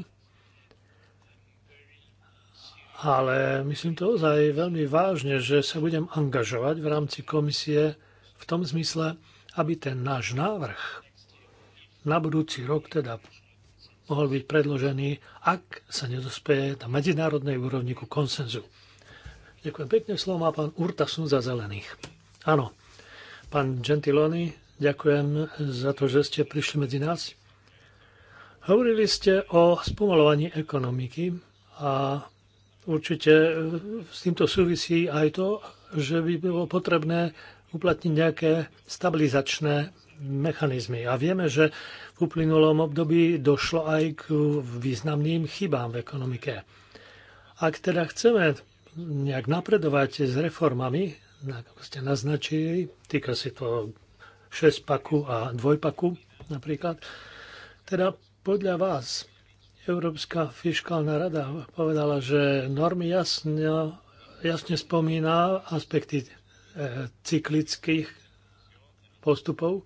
Ale myslím to ozaj veľmi vážne, že sa budem angažovať v rámci komisie v tom zmysle, aby ten náš návrh na budúci rok teda mohol byť predložený, ak sa nedospeje na medzinárodnej úrovni ku konsenzu. Ďakujem pekne, slovo má pán Urta Sunza zelených. Áno, pán Gentiloni, ďakujem za to, že ste prišli medzi nás. Hovorili ste o spomalovaní ekonomiky a určite s týmto súvisí aj to, že by bolo potrebné uplatniť nejaké stabilizačné mechanizmy. A vieme, že v uplynulom období došlo aj k významným chybám v ekonomike. Ak teda chceme nejak napredovať s reformami, ako ste naznačili, týka si to šestpaku a dvojpaku napríklad. Teda podľa vás Európska fiskálna rada povedala, že normy jasne, jasne spomína aspekty e, cyklických postupov.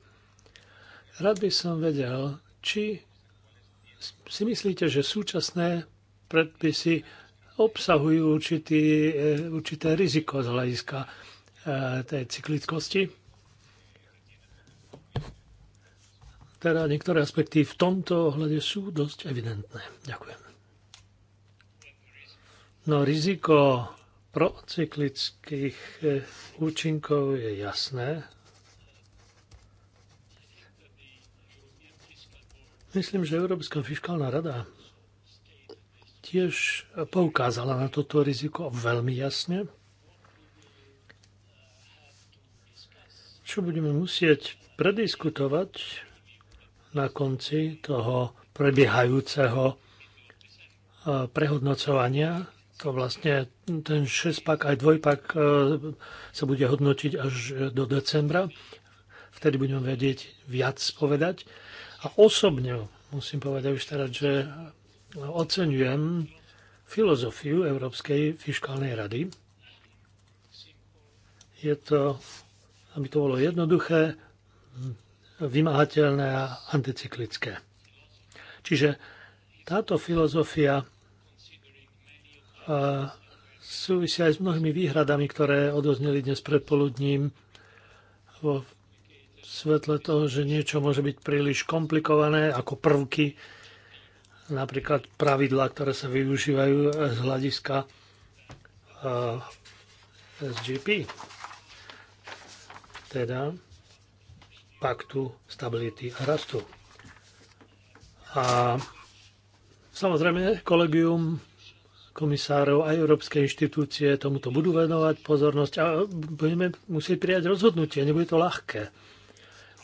Rád by som vedel, či si myslíte, že súčasné predpisy obsahujú určitý, e, určité riziko z hľadiska e, tej cyklickosti. Teda niektoré aspekty v tomto ohľade sú dosť evidentné. Ďakujem. No riziko procyklických e, účinkov je jasné, Myslím, že Európska fiskálna rada tiež poukázala na toto riziko veľmi jasne. Čo budeme musieť prediskutovať na konci toho prebiehajúceho e, prehodnocovania. To vlastne ten 6-pak aj dvojpak e, sa bude hodnotiť až do decembra. Vtedy budeme vedieť viac povedať. A osobne musím povedať už teraz, že oceňujem filozofiu Európskej fiskálnej rady. Je to, aby to bolo jednoduché, vymahateľné a anticyklické. Čiže táto filozofia e, súvisia aj s mnohými výhradami, ktoré odozneli dnes predpoludním vo svetle toho, že niečo môže byť príliš komplikované ako prvky napríklad pravidlá, ktoré sa využívajú z hľadiska SGP, teda paktu stability a rastu. A samozrejme, kolegium komisárov a európske inštitúcie tomuto budú venovať pozornosť a budeme musieť prijať rozhodnutie, nebude to ľahké.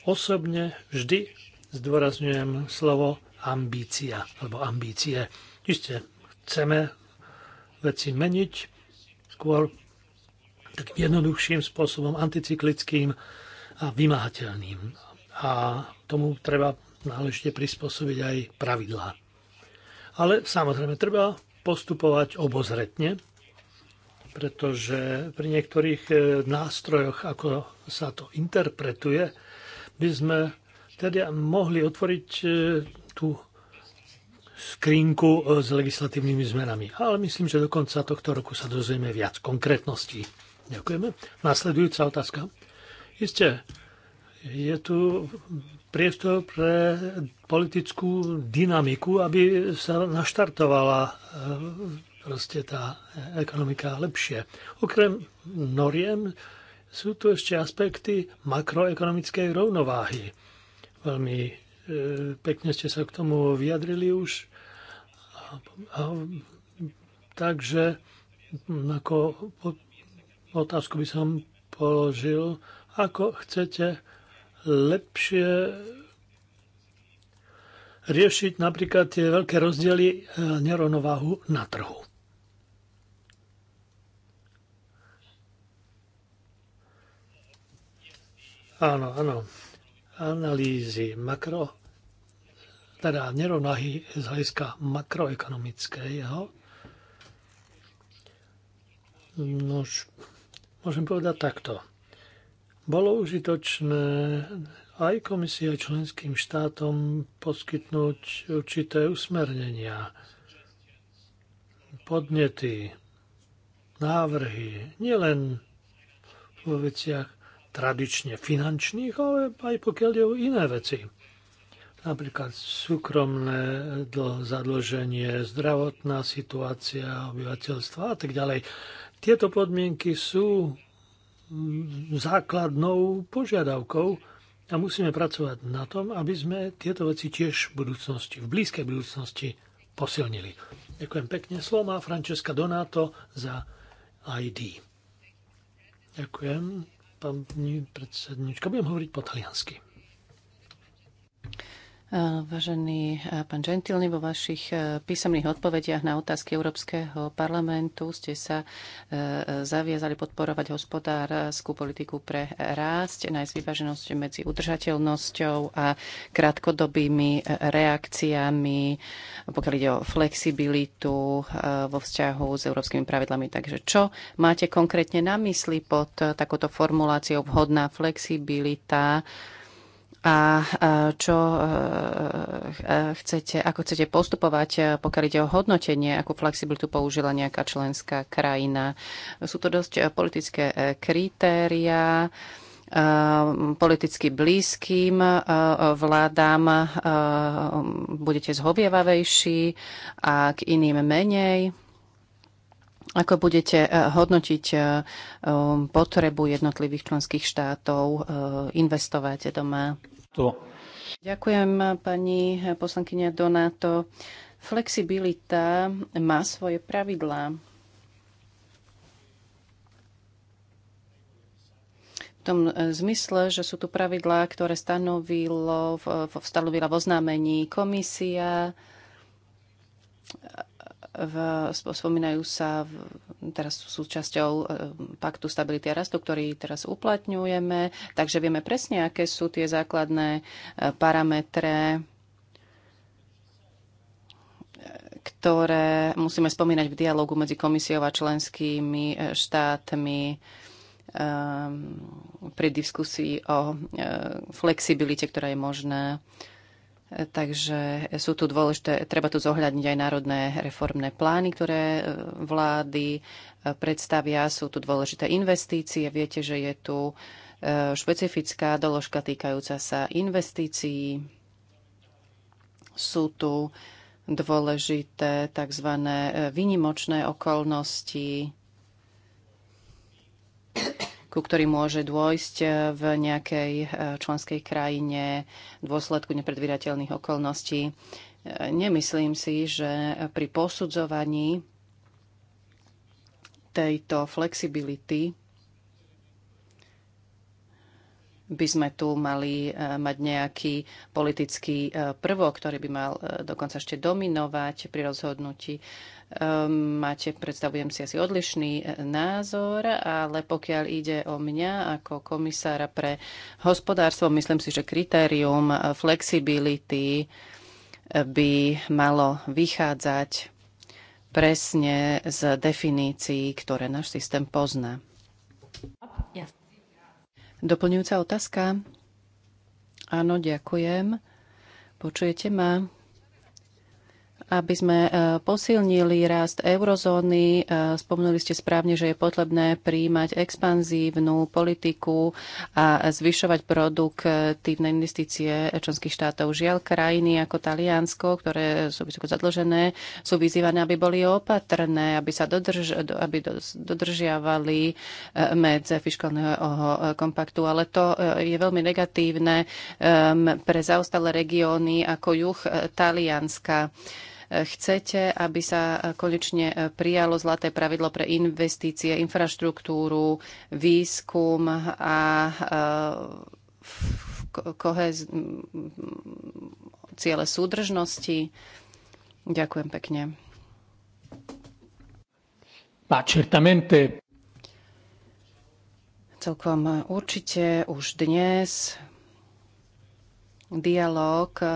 Osobne vždy zdôrazňujem slovo ambícia alebo ambície. Isté, chceme veci meniť skôr takým jednoduchším spôsobom, anticyklickým a vymáhateľným. A tomu treba náležite prispôsobiť aj pravidlá. Ale samozrejme treba postupovať obozretne, pretože pri niektorých e, nástrojoch, ako sa to interpretuje, by sme teda mohli otvoriť e, tú skrinku e, s legislatívnymi zmenami. Ale myslím, že do konca tohto roku sa dozvieme viac konkrétností. Ďakujeme. Nasledujúca otázka. Isté, je tu priestor pre politickú dynamiku, aby sa naštartovala e, proste tá ekonomika lepšie. Okrem noriem sú tu ešte aspekty makroekonomickej rovnováhy. Veľmi E, pekne ste sa k tomu vyjadrili už. A, a, takže hm, ako otázku by som položil, ako chcete lepšie riešiť napríklad tie veľké rozdiely e, nerovnováhu na trhu. Áno, áno analýzy makro, teda nerovnahy z hľadiska makroekonomického. Nož, môžem povedať takto. Bolo užitočné aj komisie členským štátom poskytnúť určité usmernenia, podnety, návrhy, nielen vo veciach tradične finančných, ale aj pokiaľ je o iné veci. Napríklad súkromné zadlženie, zdravotná situácia obyvateľstva a tak ďalej. Tieto podmienky sú základnou požiadavkou a musíme pracovať na tom, aby sme tieto veci tiež v budúcnosti, v blízkej budúcnosti posilnili. Ďakujem pekne. Slovo má Francesca Donato za ID. Ďakujem, pani predsednička. Budem hovoriť po taliansky. E, vážený e, pán Gentilny, vo vašich e, písomných odpovediach na otázky Európskeho parlamentu ste sa zaviazali podporovať hospodárskú politiku pre rásť, nájsť vyváženosť medzi udržateľnosťou a krátkodobými reakciami, pokiaľ ide o flexibilitu vo vzťahu s európskymi pravidlami. Takže čo máte konkrétne na mysli pod takouto formuláciou vhodná flexibilita? a čo e, e, chcete, ako chcete postupovať, e, pokiaľ ide o hodnotenie, akú flexibilitu použila nejaká členská krajina. Sú to dosť politické kritéria politicky blízkym vládám budete zhovievavejší a k iným menej. Ako budete hodnotiť potrebu jednotlivých členských štátov investovať doma? Ďakujem pani poslankyňa Donato. Flexibilita má svoje pravidlá. V tom zmysle, že sú tu pravidlá, ktoré stanovilo, stanovila v oznámení komisia v, spomínajú sa v, teraz sú súčasťou e, paktu stability a rastu, ktorý teraz uplatňujeme, takže vieme presne, aké sú tie základné e, parametre, ktoré musíme spomínať v dialogu medzi komisiou a členskými e, štátmi pri diskusii o flexibilite, ktorá je možná Takže sú tu dôležité, treba tu zohľadniť aj národné reformné plány, ktoré e, vlády e, predstavia. Sú tu dôležité investície. Viete, že je tu e, špecifická doložka týkajúca sa investícií. Sú tu dôležité tzv. vynimočné okolnosti, ku ktorým môže dôjsť e, v nejakej e, členskej krajine v dôsledku nepredvídateľných okolností. E, nemyslím si, že pri posudzovaní tejto flexibility by sme tu mali mať nejaký politický prvok, ktorý by mal dokonca ešte dominovať pri rozhodnutí Ehm, máte, predstavujem si asi odlišný e, názor, ale pokiaľ ide o mňa ako komisára pre hospodárstvo, myslím si, že kritérium e, flexibility e, by malo vychádzať presne z definícií, ktoré náš systém pozná. Doplňujúca otázka? Áno, ďakujem. Počujete ma? aby sme e, posilnili rast eurozóny. E, Spomnuli ste správne, že je potrebné príjmať expanzívnu politiku a zvyšovať produktívne investície členských štátov. Žiaľ, krajiny ako Taliansko, ktoré sú vysoko zadlžené, sú vyzývané, aby boli opatrné, aby sa dodrž, aby dodržiavali e, medze fiskálneho kompaktu. Ale to je veľmi negatívne pre zaostalé regióny ako juh Talianska. Chcete, aby sa konečne prijalo zlaté pravidlo pre investície, infraštruktúru, výskum a e, ciele súdržnosti. Ďakujem pekne. Ma certamente. Celkom určite už dnes dialog e, e,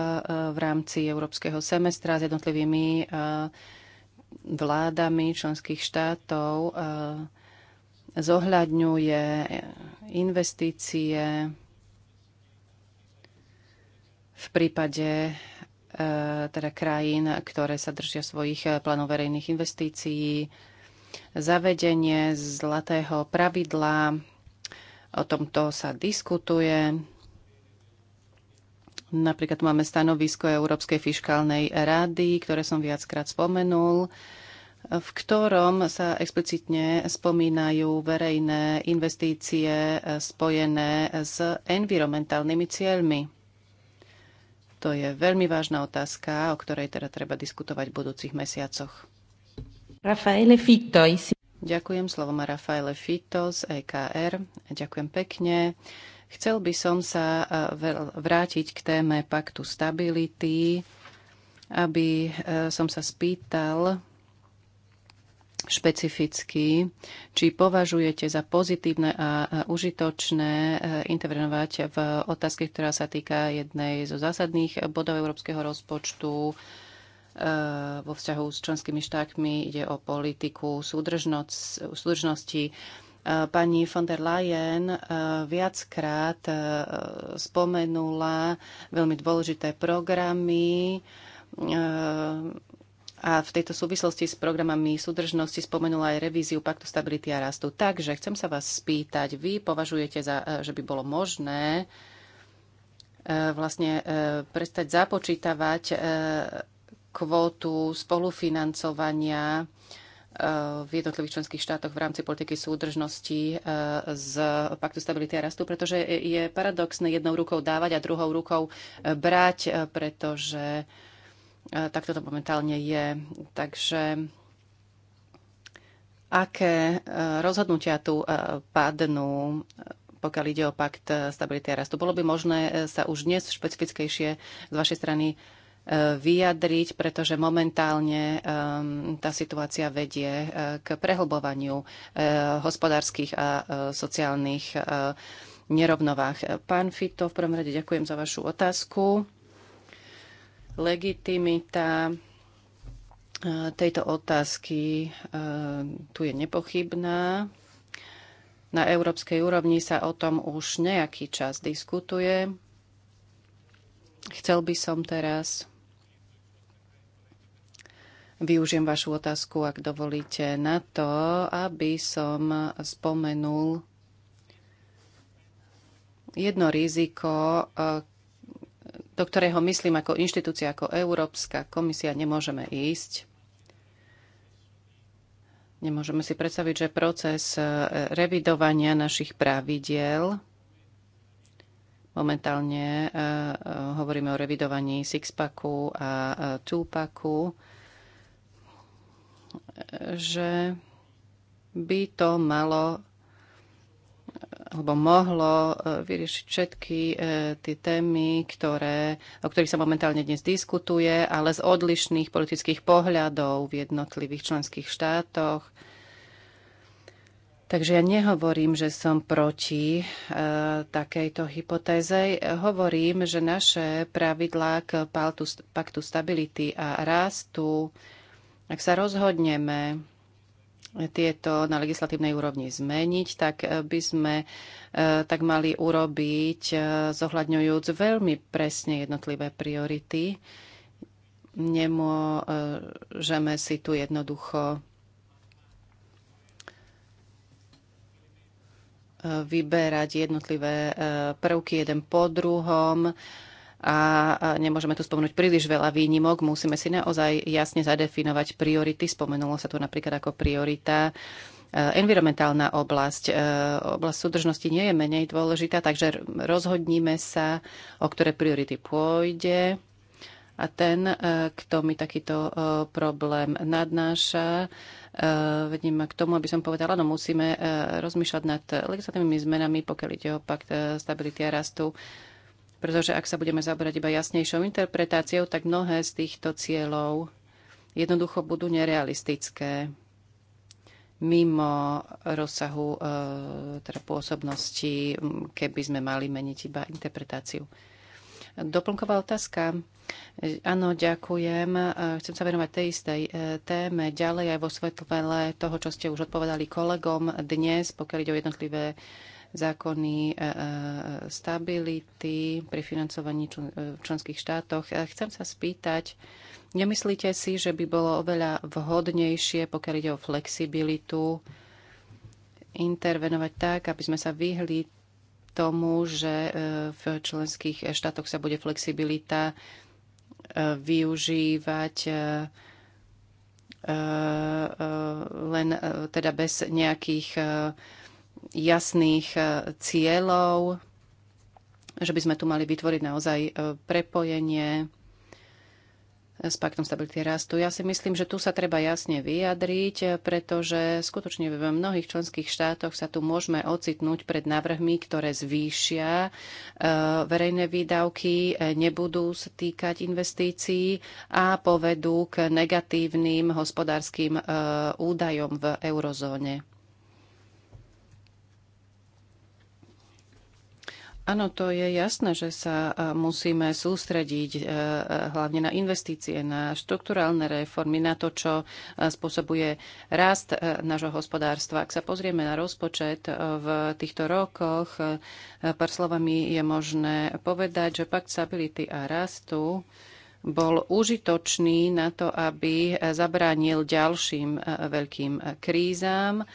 v rámci európskeho semestra s jednotlivými e, vládami členských štátov zohľadňuje investície v prípade teda krajín, ktoré sa držia svojich plánov verejných investícií, zavedenie zlatého pravidla, o tomto sa diskutuje Napríklad máme stanovisko Európskej fiškálnej rady, ktoré som viackrát spomenul, v ktorom sa explicitne spomínajú verejné investície spojené s environmentálnymi cieľmi. To je veľmi vážna otázka, o ktorej teda treba diskutovať v budúcich mesiacoch. Rafaele Fito. Ďakujem, slovo má Rafaele Fito z EKR. Ďakujem pekne. Chcel by som sa e, vrátiť k téme paktu stability, aby e, som sa spýtal špecificky, či považujete za pozitívne a e, užitočné intervenovať v otázke, ktorá sa týka jednej zo zásadných bodov európskeho rozpočtu, vo vzťahu s členskými štátmi, ide o politiku súdržnosti, Pani von der Leyen eh, viackrát eh, spomenula veľmi dôležité programy eh, a v tejto súvislosti s programami súdržnosti spomenula aj revíziu Paktu stability a rastu. Takže chcem sa vás spýtať, vy považujete, za, že by bolo možné vlastne prestať započítavať kvótu spolufinancovania Eh, v jednotlivých členských štátoch v rámci politiky súdržnosti eh, z Paktu stability a rastu, pretože je paradoxné jednou rukou dávať a druhou rukou eh, brať, pretože takto to momentálne je. Takže aké rozhodnutia tu padnú, pokiaľ ide o pakt stability a rastu. Bolo by možné sa už dnes špecifickejšie z vašej strany vyjadriť, pretože momentálne ehm, tá situácia vedie e, k prehlbovaniu e, hospodárskych a e, sociálnych nerovnovách. Pán Fito, v prvom rade ďakujem za vašu otázku. Legitimita tejto otázky tu je nepochybná. Na európskej úrovni sa o tom už nejaký čas diskutuje. Chcel by som teraz Využijem vašu otázku, ak dovolíte, na to, aby som spomenul jedno riziko, eh, do ktorého myslím ako inštitúcia, ako Európska komisia nemôžeme ísť. Nemôžeme si predstaviť, že proces eh, revidovania našich pravidiel momentálne eh, hovoríme o revidovaní sixpacku a tupacku že by to malo alebo mohlo e, vyriešiť všetky e, tie témy, ktoré, o ktorých sa momentálne dnes diskutuje, ale z odlišných politických pohľadov v jednotlivých členských štátoch. Takže ja nehovorím, že som proti e, takejto hypotéze. Hovorím, že naše pravidlá k paktu stability a rastu e, ak sa rozhodneme tieto na legislatívnej úrovni zmeniť, tak eh, by sme eh, tak mali urobiť, eh, zohľadňujúc veľmi presne jednotlivé priority. Nemôžeme si tu jednoducho vyberať jednotlivé prvky jeden po druhom a nemôžeme tu spomenúť príliš veľa výnimok. Musíme si naozaj jasne zadefinovať priority. Spomenulo sa tu napríklad ako priorita e, environmentálna oblasť. E, oblasť súdržnosti nie je menej dôležitá, takže rozhodníme sa, o ktoré priority pôjde. A ten, e, kto mi takýto problém nadnáša, vedím k tomu, aby som povedala, no musíme rozmýšľať nad legislatívnymi zmenami, pokiaľ ide o pakt stability a rastu pretože ak sa budeme zabrať iba jasnejšou interpretáciou, tak mnohé z týchto cieľov jednoducho budú nerealistické mimo rozsahu e, teda pôsobnosti, keby sme mali meniť iba interpretáciu. Doplnková otázka. Áno, ďakujem. E, chcem sa venovať tej istej e, téme ďalej aj vo svetle toho, čo ste už odpovedali kolegom dnes, pokiaľ ide o jednotlivé zákony e, e, stability pri financovaní e, v členských štátoch. Chcem sa spýtať, nemyslíte si, že by bolo oveľa vhodnejšie, pokiaľ ide o flexibilitu, intervenovať tak, aby sme sa vyhli tomu, že v členských štátoch sa bude flexibilita využívať len teda bez nejakých jasných e, cieľov, že by sme tu mali vytvoriť naozaj e, prepojenie e, s paktom stability rastu. Ja si myslím, že tu sa treba jasne vyjadriť, pretože skutočne v mnohých členských štátoch sa tu môžeme ocitnúť pred návrhmi, ktoré zvýšia verejné výdavky, nebudú sa týkať investícií a povedú k negatívnym hospodárskym údajom v eurozóne. Áno, to je jasné, že sa e, musíme sústrediť e, e, hlavne na investície, na štrukturálne reformy, na to, čo spôsobuje rast nášho hospodárstva. Ak sa pozrieme na rozpočet v týchto rokoch, pár slovami je možné povedať, že pakt stability a rastu bol užitočný na to, aby zabránil ďalším e, veľkým krízam,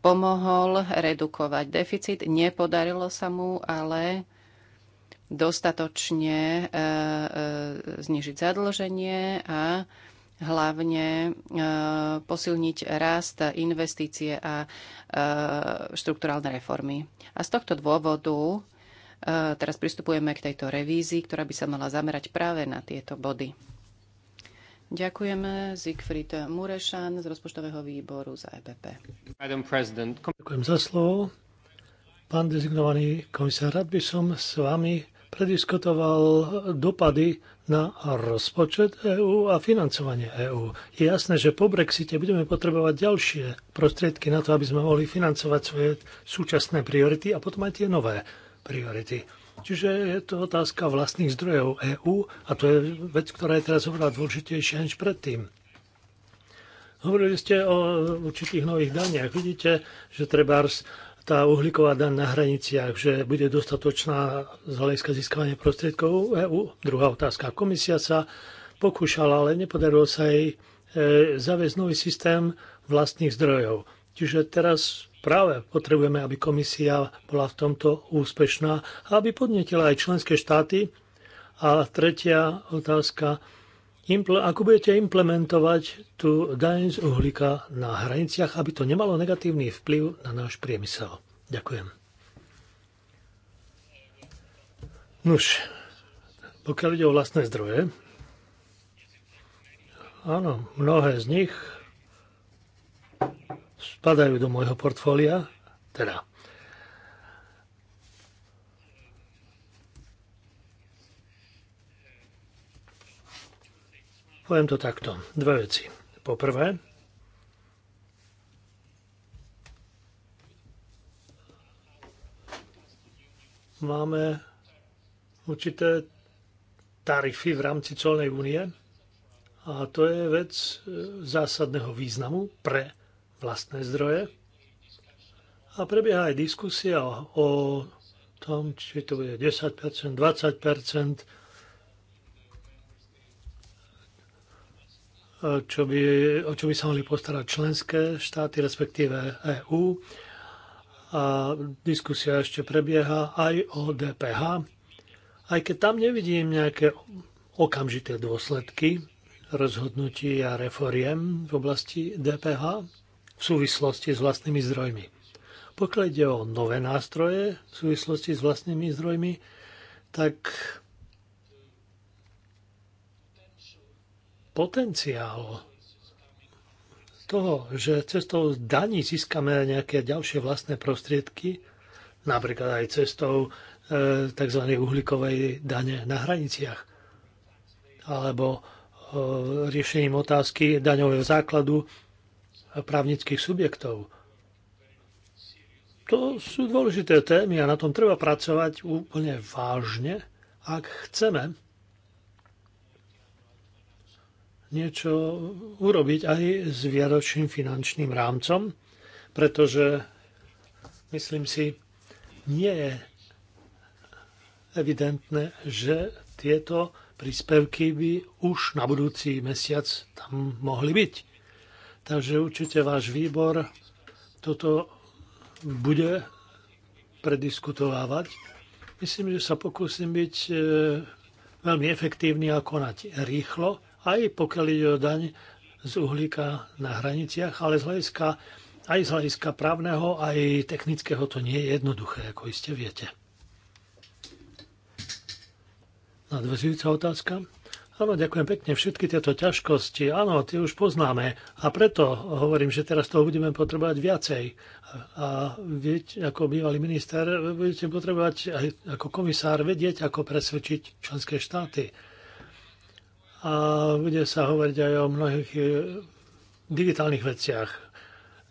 pomohol redukovať deficit. Nepodarilo sa mu, ale dostatočne e, e, znižiť zadlženie a hlavne posilniť rast investície a štrukturálne reformy. A z tohto dôvodu E, teraz pristupujeme k tejto revízii, ktorá by sa mala zamerať práve na tieto body. Ďakujeme Siegfried Murešan z rozpočtového výboru za EPP. Ďakujem za slovo. Pán dezignovaný komisár, rád by som s vami prediskutoval dopady na rozpočet EÚ a financovanie EÚ. Je jasné, že po Brexite budeme potrebovať ďalšie prostriedky na to, aby sme mohli financovať svoje súčasné priority a potom aj tie nové priority. Čiže je to otázka vlastných zdrojov EÚ a to je vec, ktorá je teraz oveľa dôležitejšia než predtým. Hovorili ste o určitých nových daniach. Vidíte, že trebárs tá uhlíková daň na hraniciach, že bude dostatočná z hľadiska získavania prostriedkov EÚ? Druhá otázka. Komisia sa pokúšala, ale nepodarilo sa jej e, zaviesť nový systém vlastných zdrojov. Čiže teraz Práve potrebujeme, aby komisia bola v tomto úspešná a aby podnetila aj členské štáty. A tretia otázka, ako budete implementovať tú daň z uhlíka na hraniciach, aby to nemalo negatívny vplyv na náš priemysel. Ďakujem. Nuž, pokiaľ ide o vlastné zdroje, áno, mnohé z nich spadajú do môjho portfólia, teda Poviem to takto. Dve veci. Po prvé, máme určité tarify v rámci colnej únie a to je vec e, zásadného významu pre vlastné zdroje. A prebieha aj diskusia o tom, či to bude 10%, 20%. Čo by, o čo by sa mohli postarať členské štáty, respektíve EÚ. A diskusia ešte prebieha aj o DPH. Aj keď tam nevidím nejaké okamžité dôsledky rozhodnutí a reforiem v oblasti DPH, v súvislosti s vlastnými zdrojmi. Pokiaľ ide o nové nástroje v súvislosti s vlastnými zdrojmi, tak potenciál toho, že cestou daní získame nejaké ďalšie vlastné prostriedky, napríklad aj cestou e, tzv. uhlíkovej dane na hraniciach, alebo e, riešením otázky daňového základu právnických subjektov. To sú dôležité témy a na tom treba pracovať úplne vážne, ak chceme niečo urobiť aj s viadočným finančným rámcom, pretože myslím si, nie je evidentné, že tieto príspevky by už na budúci mesiac tam mohli byť. Takže určite váš výbor toto bude prediskutovávať. Myslím, že sa pokúsim byť e, veľmi efektívny a konať rýchlo, aj pokiaľ ide o daň z uhlíka na hraniciach, ale z hľadiska, aj z hľadiska právneho, aj technického to nie je jednoduché, ako iste viete. Nadvezujúca otázka. Áno, ďakujem pekne. Všetky tieto ťažkosti, áno, tie už poznáme. A preto hovorím, že teraz toho budeme potrebovať viacej. A vieť, ako bývalý minister, budete potrebovať aj ako komisár vedieť, ako presvedčiť členské štáty. A bude sa hovoriť aj o mnohých e, digitálnych veciach.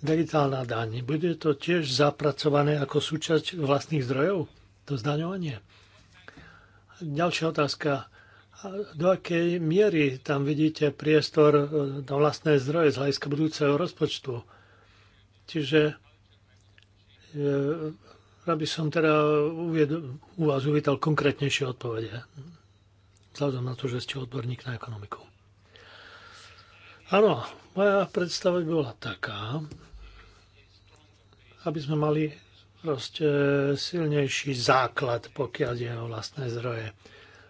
Digitálna daň. Bude to tiež zapracované ako súčasť vlastných zdrojov? To zdaňovanie. Ďalšia otázka do akej miery tam vidíte priestor e, na vlastné zdroje z hľadiska budúceho rozpočtu. Čiže e, aby som teda uvied, u vás uvítal konkrétnejšie odpovede. Vzhľadom na to, že ste odborník na ekonomiku. Áno, moja predstava bola taká, aby sme mali proste silnejší základ, pokiaľ je o vlastné zdroje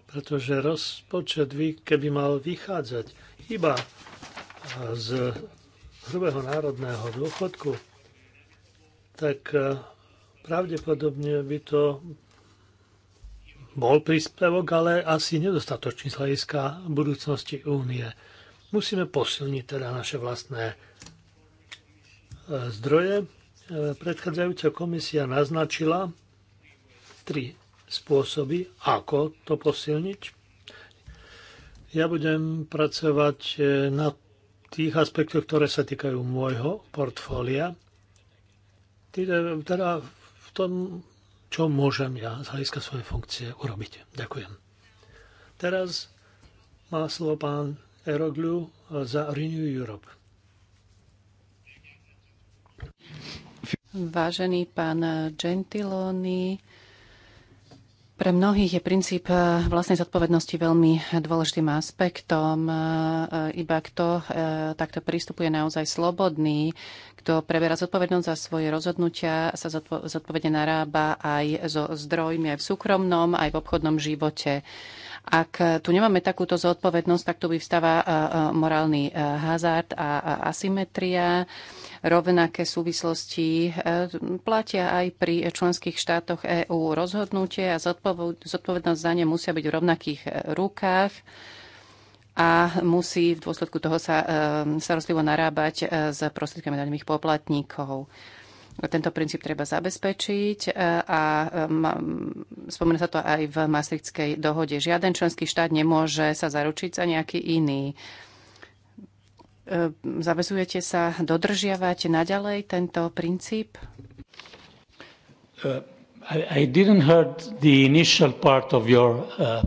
pretože rozpočet, keby mal vychádzať iba z hrubého národného dôchodku, tak pravdepodobne by to bol príspevok, ale asi nedostatočný z hľadiska budúcnosti únie. Musíme posilniť teda naše vlastné e, zdroje. E, predchádzajúca komisia naznačila tri spôsoby, ako to posilniť. Ja budem pracovať e, na tých aspektoch, ktoré sa týkajú môjho portfólia, teda, teda v tom, čo môžem ja z hľadiska svojej funkcie urobiť. Ďakujem. Teraz má slovo pán Eroglu za Renew Europe. Vážený pán Gentiloni, pre mnohých je princíp e, vlastnej zodpovednosti veľmi dôležitým aspektom. E, e, iba kto takto prístupuje naozaj slobodný, kto preberá zodpovednosť za svoje rozhodnutia, sa zodpovedne narába aj so zdrojmi, aj v súkromnom, aj v obchodnom živote. Ak tu nemáme takúto zodpovednosť, tak tu vyvstáva e, e, morálny e, hazard a asymetria. Rovnaké súvislosti platia aj pri členských štátoch EÚ rozhodnutie a zodpovednosť za ne musia byť v rovnakých rukách a musí v dôsledku toho sa starostlivo narábať s prostriedkami daňových poplatníkov. Tento princíp treba zabezpečiť e, a e, spomína sa to aj v Maastrichtskej dohode. Žiaden členský štát nemôže sa zaručiť za nejaký iný. E, zavezujete sa dodržiavať naďalej tento princíp? Uh, I, I didn't heard the initial part of your uh...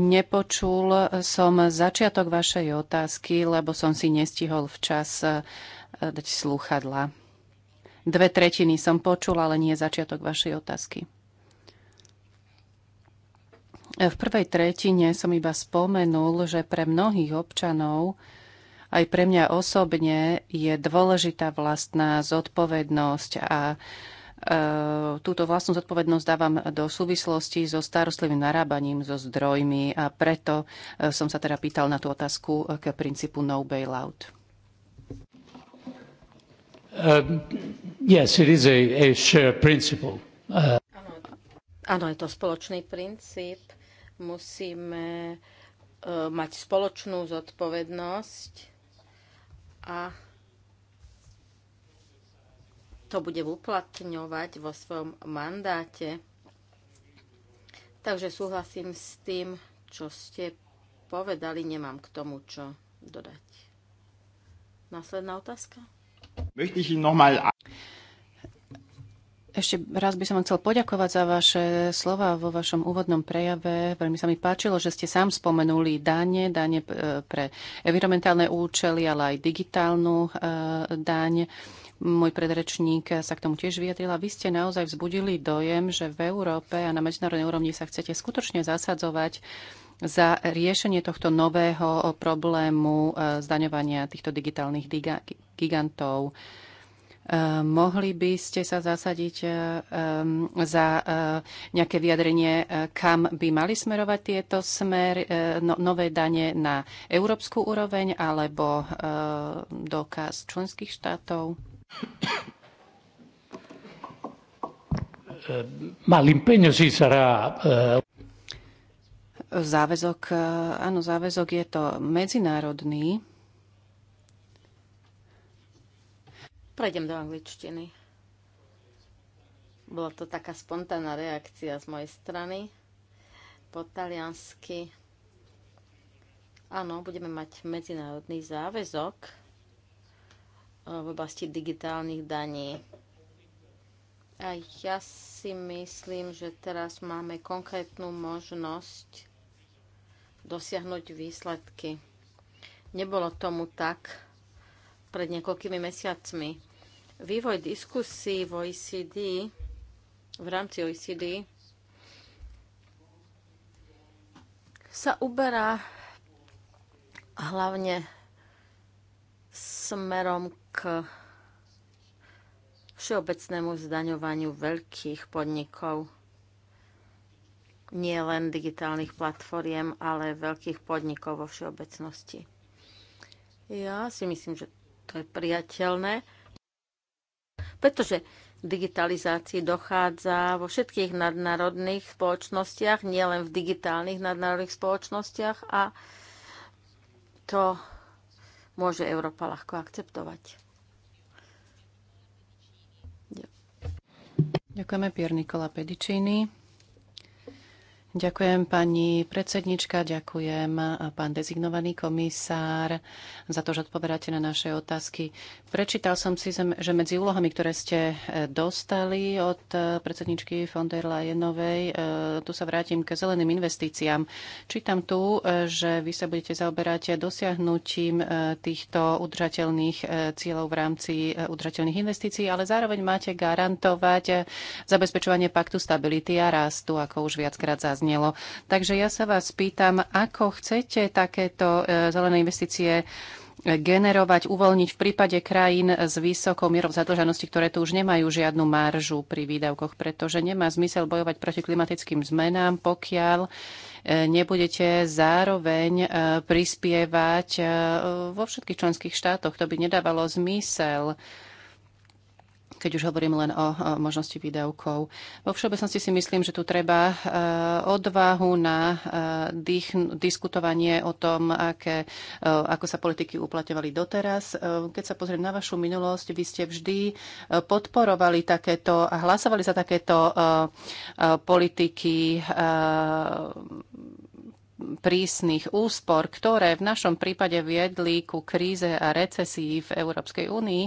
Nepočul som začiatok vašej otázky, lebo som si nestihol včas uh, E, dať slúchadla. Dve tretiny som počul, ale nie začiatok vašej otázky. E, v prvej tretine som iba spomenul, že pre mnohých občanov, aj pre mňa osobne, je dôležitá vlastná zodpovednosť a e, túto vlastnú zodpovednosť dávam do súvislosti so starostlivým narábaním, so zdrojmi a preto som sa teda pýtal na tú otázku k princípu no bailout. Um, yes, it is a, a shared principle. Uh... Áno, áno, je to spoločný princíp. Musíme uh, mať spoločnú zodpovednosť a to bude uplatňovať vo svojom mandáte. Takže súhlasím s tým, čo ste povedali, nemám k tomu čo dodať. Následná otázka? Ešte raz by som vám chcel poďakovať za vaše slova vo vašom úvodnom prejave. Veľmi sa mi páčilo, že ste sám spomenuli dane, dane e, pre environmentálne účely, ale aj digitálnu e, daň. Môj predrečník sa k tomu tiež vyjadrila. vy ste naozaj vzbudili dojem, že v Európe a na medzinárodnej úrovni sa chcete skutočne zasadzovať za riešenie tohto nového problému e, zdaňovania týchto digitálnych gigantov. E, mohli by ste sa zasadiť e, za nejaké vyjadrenie, kam by mali smerovať tieto smer, no, nové dane na európsku úroveň alebo dokaz členských štátov? Ma l'impegno sì sarà... Záväzok, e, áno, záväzok je to medzinárodný. Prejdem do angličtiny. Bola to taká spontánna reakcia z mojej strany. Po taliansky. Áno, budeme mať medzinárodný záväzok e, v oblasti digitálnych daní. A ja si myslím, že teraz máme konkrétnu možnosť dosiahnuť výsledky. Nebolo tomu tak pred niekoľkými mesiacmi. Vývoj diskusí v OECD, v rámci OECD, sa uberá hlavne smerom k všeobecnému zdaňovaniu veľkých podnikov nie len digitálnych platformiem, ale veľkých podnikov vo všeobecnosti. Ja si myslím, že to je priateľné, pretože digitalizácii dochádza vo všetkých nadnárodných spoločnostiach, nielen v digitálnych nadnárodných spoločnostiach a to môže Európa ľahko akceptovať. Ďakujeme Pier Nikola Pedicini. Ďakujem pani predsednička, ďakujem pán dezignovaný komisár za to, že odpoveráte na naše otázky. Prečítal som si, že medzi úlohami, ktoré ste e, dostali od e, predsedničky von der Leyenovej, e, tu sa vrátim k zeleným investíciám. Čítam tu, že vy sa budete zaoberať dosiahnutím týchto udržateľných cieľov v rámci udržateľných investícií, ale zároveň máte garantovať zabezpečovanie paktu stability a rastu, ako už viackrát zaznelo. Takže ja sa vás pýtam, ako chcete takéto zelené investície generovať, uvoľniť v prípade krajín s vysokou mierou zadlžanosti, ktoré tu už nemajú žiadnu maržu pri výdavkoch, pretože nemá zmysel bojovať proti klimatickým zmenám, pokiaľ e, nebudete zároveň e, prispievať e, vo všetkých členských štátoch. To by nedávalo zmysel keď už hovorím len o možnosti výdavkov. Vo všeobecnosti si myslím, že tu treba e, odvahu na e, diskutovanie o tom, aké, e, ako sa politiky uplatňovali doteraz. Keď sa pozriem na vašu minulosť, vy ste vždy podporovali takéto a hlasovali za takéto politiky prísnych úspor, ktoré v našom prípade viedli ku kríze a recesii v Európskej únii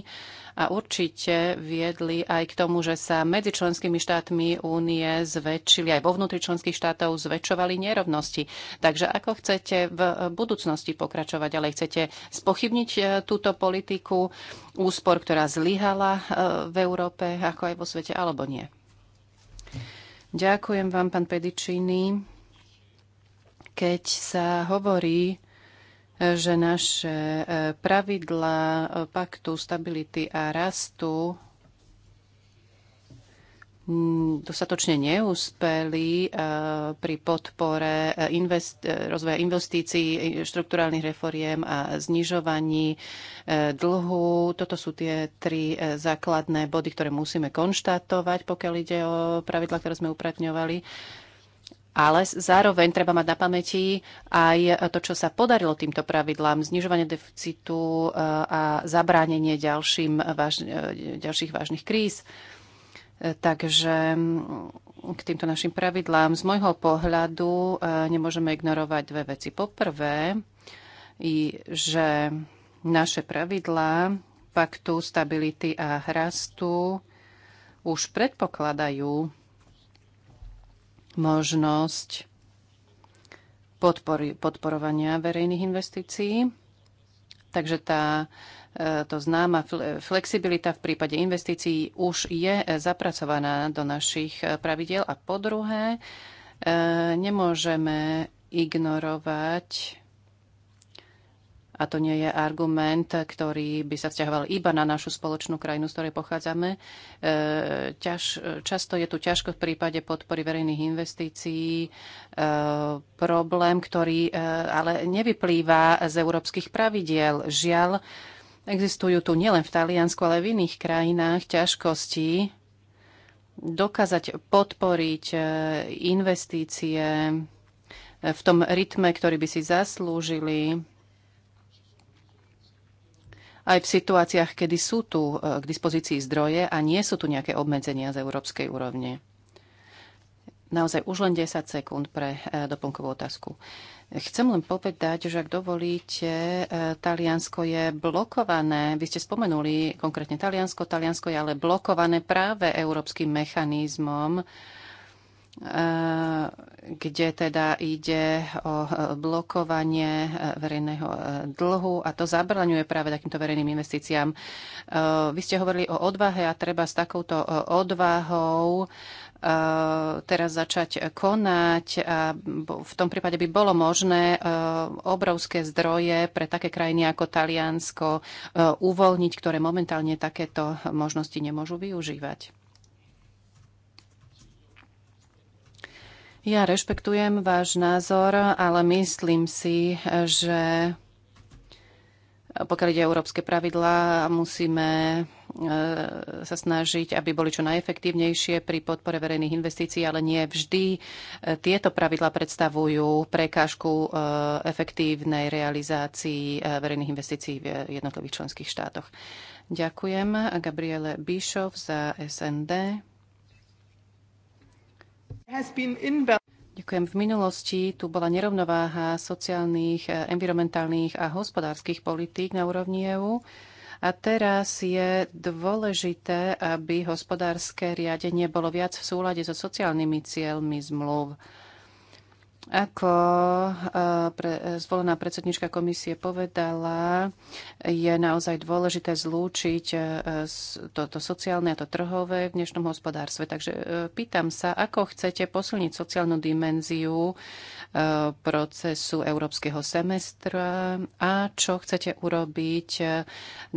a určite viedli aj k tomu, že sa medzi členskými štátmi únie zväčšili, aj vo vnútri členských štátov zväčšovali nerovnosti. Takže ako chcete v budúcnosti pokračovať, ale chcete spochybniť e, túto politiku úspor, ktorá zlyhala e, v Európe, ako aj vo svete, alebo nie? Ďakujem vám, pán Pedičiny keď sa hovorí, že naše e, pravidlá e, paktu stability a rastu dostatočne neúspeli e, pri podpore invest- rozvoja investícií, štrukturálnych reforiem a znižovaní dlhu. Toto sú tie tri základné body, ktoré musíme konštatovať, pokiaľ ide o pravidla, ktoré sme upratňovali ale zároveň treba mať na pamäti aj to, čo sa podarilo týmto pravidlám, znižovanie deficitu eh, a zabránenie ďalším, váž, eh, ďalších vážnych kríz. Eh, takže mm, k týmto našim pravidlám z môjho pohľadu nemôžeme ignorovať dve veci. Poprvé, že naše pravidlá paktu stability a rastu už predpokladajú možnosť podpory, podporovania verejných investícií. Takže tá e, to známa flexibilita v prípade investícií už je e, zapracovaná do našich e, pravidiel. A po druhé, nemôžeme ignorovať a to nie je argument, ktorý by sa vzťahoval iba na našu spoločnú krajinu, z ktorej pochádzame. E, ťaž, často je tu ťažko v prípade podpory verejných investícií. E, problém, ktorý e, ale nevyplýva z európskych pravidiel. Žiaľ, existujú tu nielen v Taliansku, ale v iných krajinách ťažkosti dokázať podporiť e, investície v tom rytme, ktorý by si zaslúžili aj v situáciách, kedy sú tu e, k dispozícii zdroje a nie sú tu nejaké obmedzenia z európskej úrovne. Naozaj už len 10 sekúnd pre e, doplnkovú otázku. Chcem len povedať, že ak dovolíte, e, Taliansko je blokované. Vy ste spomenuli konkrétne Taliansko. Taliansko je ale blokované práve európskym mechanizmom, Eh, kde teda ide o eh, blokovanie eh, verejného dlhu a to zabraňuje práve takýmto verejným investíciám. Vy ste hovorili o odvahe a treba s takouto odvahou teraz začať konať a v tom prípade by bolo možné obrovské zdroje pre také krajiny ako Taliansko uvoľniť, ktoré momentálne takéto možnosti nemôžu využívať. Ja rešpektujem váš názor, ale myslím si, že pokiaľ ide európske pravidlá, musíme e, sa snažiť, aby boli čo najefektívnejšie pri podpore verejných investícií, ale nie vždy e, tieto pravidlá predstavujú prekážku e, efektívnej realizácii verejných investícií v jednotlivých členských štátoch. Ďakujem Gabriele Bíšov za SND. Ďakujem. V minulosti tu bola nerovnováha sociálnych, eh, environmentálnych a hospodárskych politík na úrovni EÚ. A teraz je dôležité, aby hospodárske riadenie bolo viac v súlade so sociálnymi cieľmi zmluv. Ako e, pre, e, zvolená predsednička komisie povedala, je naozaj dôležité zlúčiť e, toto sociálne a to trhové v dnešnom hospodárstve. Takže pýtam sa, ako chcete posilniť sociálnu dimenziu procesu európskeho semestra a čo chcete urobiť e,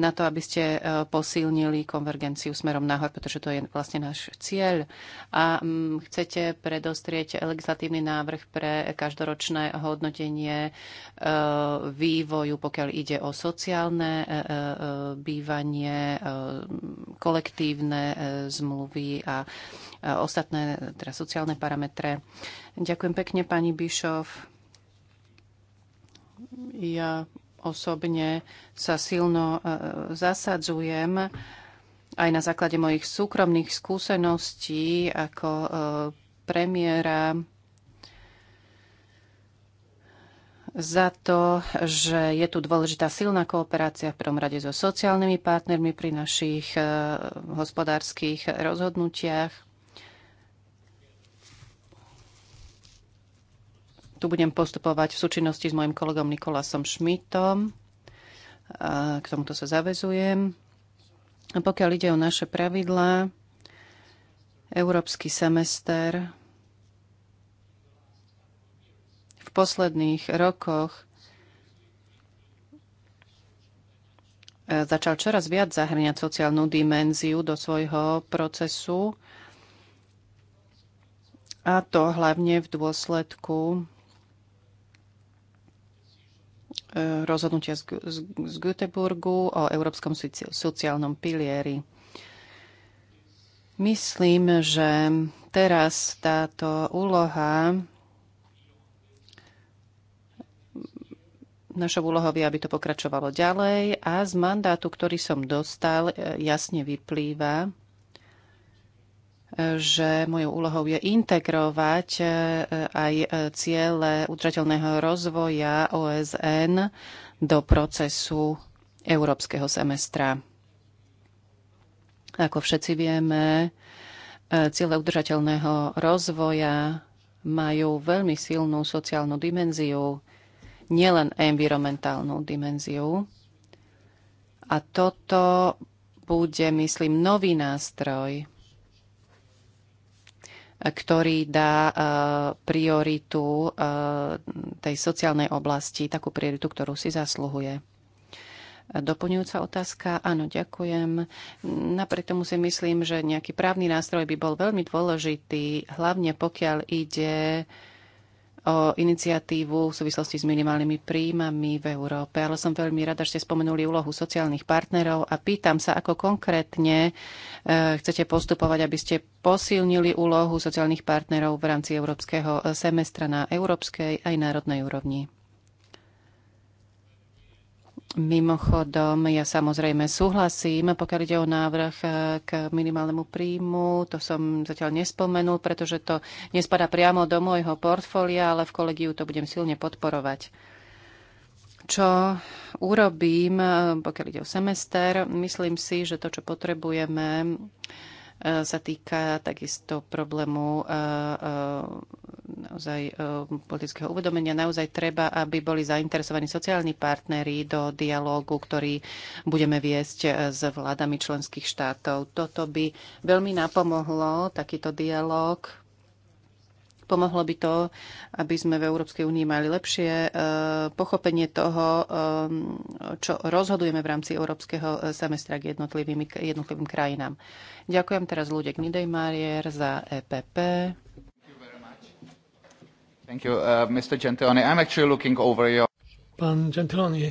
na to, aby ste e, posilnili konvergenciu smerom nahor, pretože to je vlastne náš cieľ. A mm, chcete predostrieť legislatívny návrh pre každoročné hodnotenie e, vývoju, pokiaľ ide o sociálne bývanie, kolektívne zmluvy a ostatné teda sociálne parametre. Ďakujem pekne, pani Bišov. Ja osobne sa silno e, zasadzujem aj na základe mojich súkromných skúseností ako e, premiéra za to, že je tu dôležitá silná kooperácia v prvom rade so sociálnymi partnermi pri našich e, hospodárskych rozhodnutiach. Tu budem postupovať v súčinnosti s mojim kolegom Nikolasom Šmitom. K tomuto sa zavezujem. A pokiaľ ide o naše pravidlá, európsky semester v posledných rokoch e, začal čoraz viac zahrňať sociálnu dimenziu do svojho procesu, a to hlavne v dôsledku rozhodnutia z, z, z Göteborgu o Európskom sociálnom pilieri. Myslím, že teraz táto úloha Našou úlohou je, aby to pokračovalo ďalej a z mandátu, ktorý som dostal, e, jasne vyplýva, že mojou úlohou je integrovať e, aj e, ciele udržateľného rozvoja OSN do procesu európskeho semestra. Ako všetci vieme, e, ciele udržateľného rozvoja majú veľmi silnú sociálnu dimenziu, nielen environmentálnu dimenziu. A toto bude, myslím, nový nástroj ktorý dá eh, prioritu eh, tej sociálnej oblasti, takú prioritu, ktorú si zasluhuje. Doplňujúca otázka. Áno, ďakujem. Napriek tomu si myslím, že nejaký právny nástroj by bol veľmi dôležitý, hlavne pokiaľ ide o iniciatívu v súvislosti s minimálnymi príjmami v Európe, ale som veľmi rada, že ste spomenuli úlohu sociálnych partnerov a pýtam sa, ako konkrétne e, chcete postupovať, aby ste posilnili úlohu sociálnych partnerov v rámci európskeho semestra na európskej aj národnej úrovni. Mimochodom, ja samozrejme súhlasím, pokiaľ ide o návrh eh, k minimálnemu príjmu. To som zatiaľ nespomenul, pretože to nespada priamo do môjho portfólia, ale v kolegiu to budem silne podporovať. Čo urobím, eh, pokiaľ ide o semester, myslím si, že to, čo potrebujeme, E, sa týka takisto problému e, e, naozaj politického uvedomenia. Naozaj treba, aby boli zainteresovaní sociálni partnery do dialógu, ktorý budeme viesť s vládami členských štátov. Toto by veľmi napomohlo, takýto dialóg Pomohlo by to, aby sme v Európskej únii mali lepšie eh, pochopenie toho, eh, čo rozhodujeme v rámci európskeho eh, semestra k jednotlivým, jednotlivým krajinám. Ďakujem teraz Ludek Nidejmarier za EPP. Thank you, uh, Mr. Gentiloni. I'm actually looking over your... Pán Gentiloni,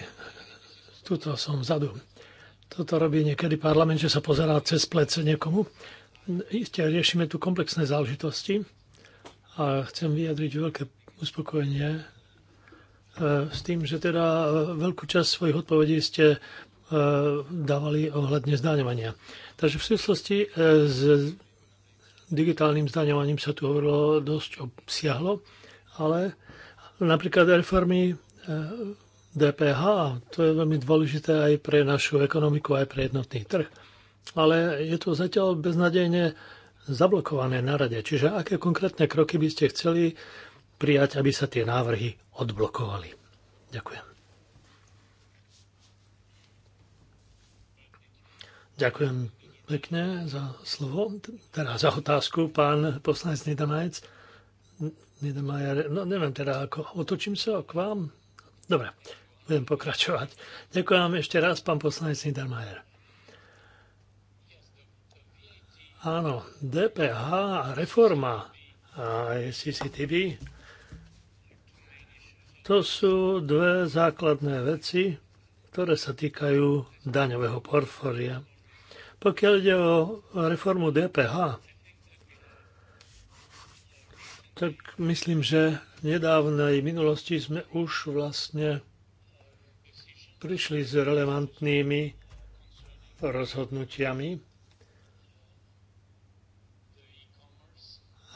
tuto som vzadu. Toto robí niekedy parlament, že sa pozerá cez plece niekomu. Isté, riešime tu komplexné záležitosti a chcem vyjadriť veľké uspokojenie e, s tým, že teda e, veľkú časť svojich odpovedí ste e, dávali ohľadne zdaňovania. Takže v súvislosti s digitálnym zdaňovaním sa tu hovorilo dosť obsiahlo, ale napríklad reformy DPH, to je veľmi dôležité aj pre našu ekonomiku, aj pre jednotný trh. Ale je to zatiaľ beznadejne zablokované na rade. Čiže aké konkrétne kroky by ste chceli prijať, aby sa tie návrhy odblokovali? Ďakujem. Ďakujem pekne za slovo, teda za otázku, pán poslanec Nidamajec. Nidamajer, no neviem teda, ako otočím sa k vám. Dobre, budem pokračovať. Ďakujem ešte raz, pán poslanec Niedermayer. Áno, DPH a reforma a CCTV to sú dve základné veci, ktoré sa týkajú daňového portfólia. Pokiaľ ide o reformu DPH, tak myslím, že v nedávnej minulosti sme už vlastne prišli s relevantnými rozhodnutiami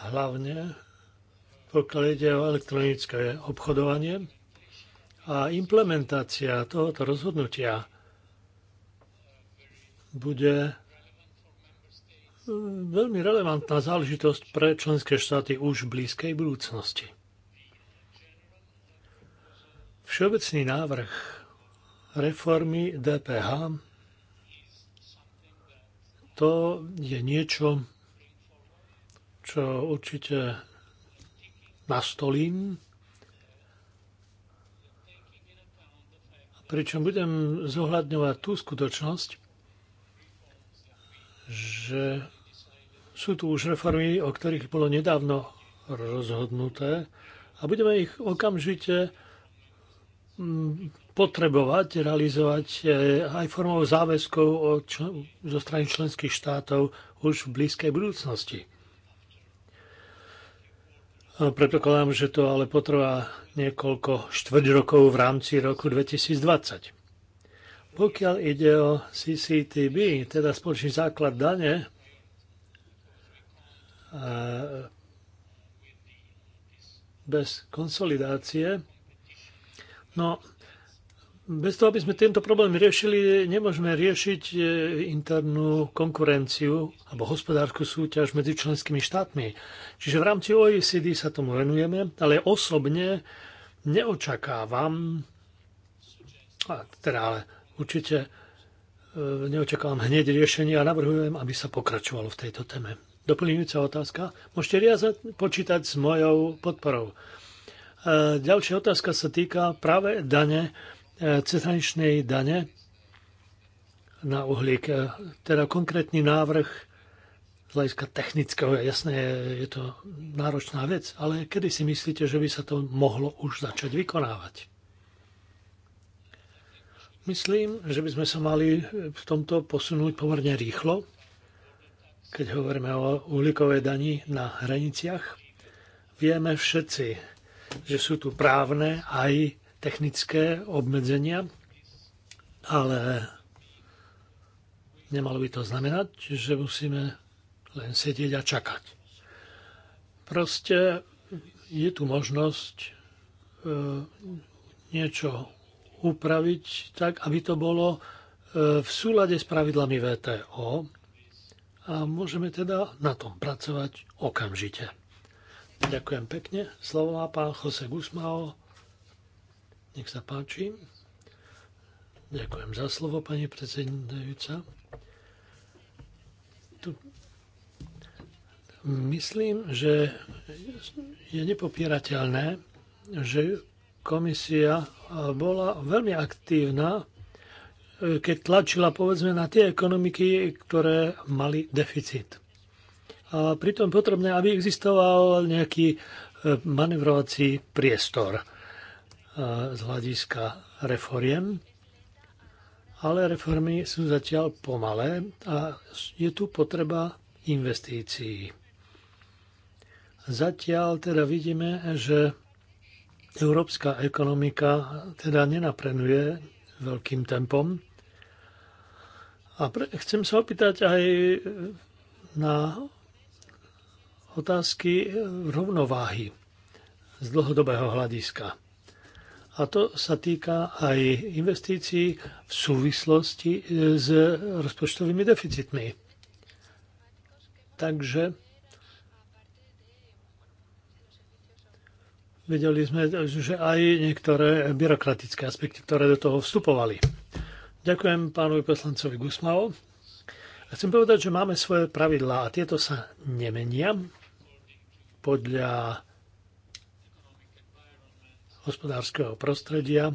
hlavne pokiaľ ide o elektronické obchodovanie a implementácia tohoto rozhodnutia bude hm, veľmi relevantná záležitosť pre členské štáty už v blízkej budúcnosti. Všeobecný návrh reformy DPH to je niečo, čo určite nastolím. Pričom budem zohľadňovať tú skutočnosť, že sú tu už reformy, o ktorých bolo nedávno rozhodnuté a budeme ich okamžite mm, potrebovať, realizovať e, aj formou záväzkov zo strany členských štátov už v blízkej budúcnosti. Predpokladám, že to ale potrvá niekoľko štvrť rokov v rámci roku 2020. Pokiaľ ide o CCTB, teda spoločný základ dane, e, bez konsolidácie, no bez toho, aby sme tento problém riešili, nemôžeme riešiť e, internú konkurenciu alebo hospodárskú súťaž medzi členskými štátmi. Čiže v rámci OECD sa tomu venujeme, ale osobne neočakávam, a teda ale určite e, neočakávam hneď riešenie a navrhujem, aby sa pokračovalo v tejto téme. Doplňujúca otázka. Môžete riazať, počítať s mojou podporou. E, ďalšia otázka sa týka práve dane cezhraničnej dane na uhlík. Teda konkrétny návrh z hľadiska technického, jasné, je to náročná vec, ale kedy si myslíte, že by sa to mohlo už začať vykonávať? Myslím, že by sme sa mali v tomto posunúť pomerne rýchlo, keď hovoríme o uhlíkovej dani na hraniciach. Vieme všetci, že sú tu právne aj technické obmedzenia, ale nemalo by to znamenať, že musíme len sedieť a čakať. Proste je tu možnosť e, niečo upraviť tak, aby to bolo e, v súlade s pravidlami VTO a môžeme teda na tom pracovať okamžite. Ďakujem pekne. Slovo má pán Jose Gusmao nech sa páči. Ďakujem za slovo, pani predsedajúca. Tu myslím, že je nepopierateľné, že komisia bola veľmi aktívna, keď tlačila povedzme na tie ekonomiky, ktoré mali deficit. A pritom potrebné, aby existoval nejaký eh, manevrovací priestor z hľadiska reforiem, ale reformy sú zatiaľ pomalé a je tu potreba investícií. Zatiaľ teda vidíme, že európska ekonomika teda nenaprenuje veľkým tempom. A pre, chcem sa opýtať aj na otázky rovnováhy z dlhodobého hľadiska a to sa týka aj investícií v súvislosti e, s rozpočtovými deficitmi. Takže vedeli sme, že aj niektoré byrokratické aspekty, ktoré do toho vstupovali. Ďakujem pánovi poslancovi Gusmao. chcem povedať, že máme svoje pravidlá a tieto sa nemenia podľa hospodárskeho prostredia,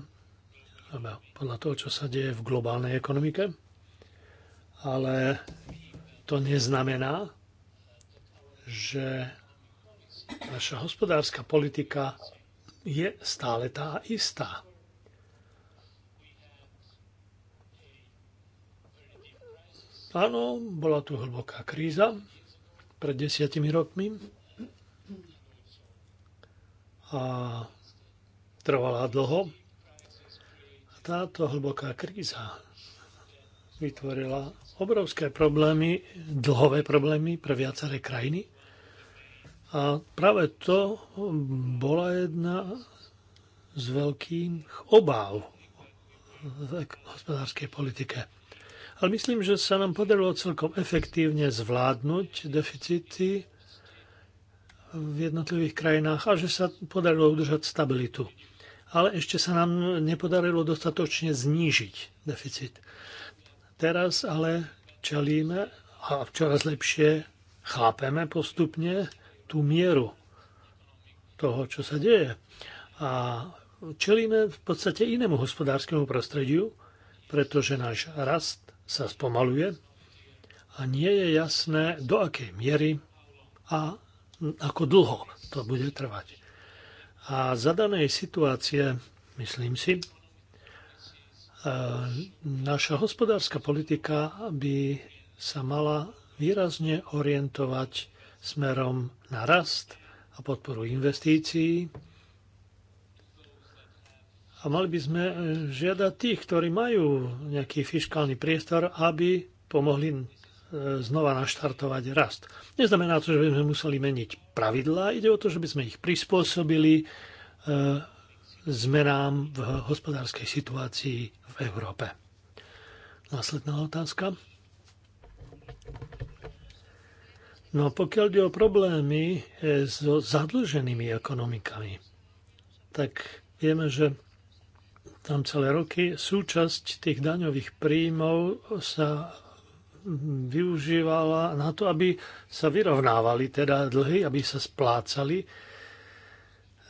podľa toho, čo sa deje v globálnej ekonomike. Ale to neznamená, že naša hospodárska politika je stále tá istá. Áno, bola tu hlboká kríza pred desiatimi rokmi a trvala dlho. A táto hlboká kríza vytvorila obrovské problémy, dlhové problémy pre viaceré krajiny. A práve to bola jedna z veľkých obáv v hospodárskej politike. Ale myslím, že sa nám podarilo celkom efektívne zvládnuť deficity v jednotlivých krajinách a že sa podarilo udržať stabilitu ale ešte sa nám nepodarilo dostatočne znížiť deficit. Teraz ale čelíme a čoraz lepšie chápeme postupne tú mieru toho, čo sa deje. A čelíme v podstate inému hospodárskemu prostrediu, pretože náš rast sa spomaluje a nie je jasné, do akej miery a ako dlho to bude trvať. A za danej situácie, myslím si, e, naša hospodárska politika by sa mala výrazne orientovať smerom na rast a podporu investícií. A mali by sme e, žiadať tých, ktorí majú nejaký fiskálny priestor, aby pomohli znova naštartovať rast. Neznamená to, že by sme museli meniť pravidlá, ide o to, že by sme ich prispôsobili e, zmenám v hospodárskej situácii v Európe. Následná otázka. No pokiaľ ide o problémy e, so zadlženými ekonomikami, tak vieme, že tam celé roky súčasť tých daňových príjmov sa využívala na to, aby sa vyrovnávali teda dlhy, aby sa splácali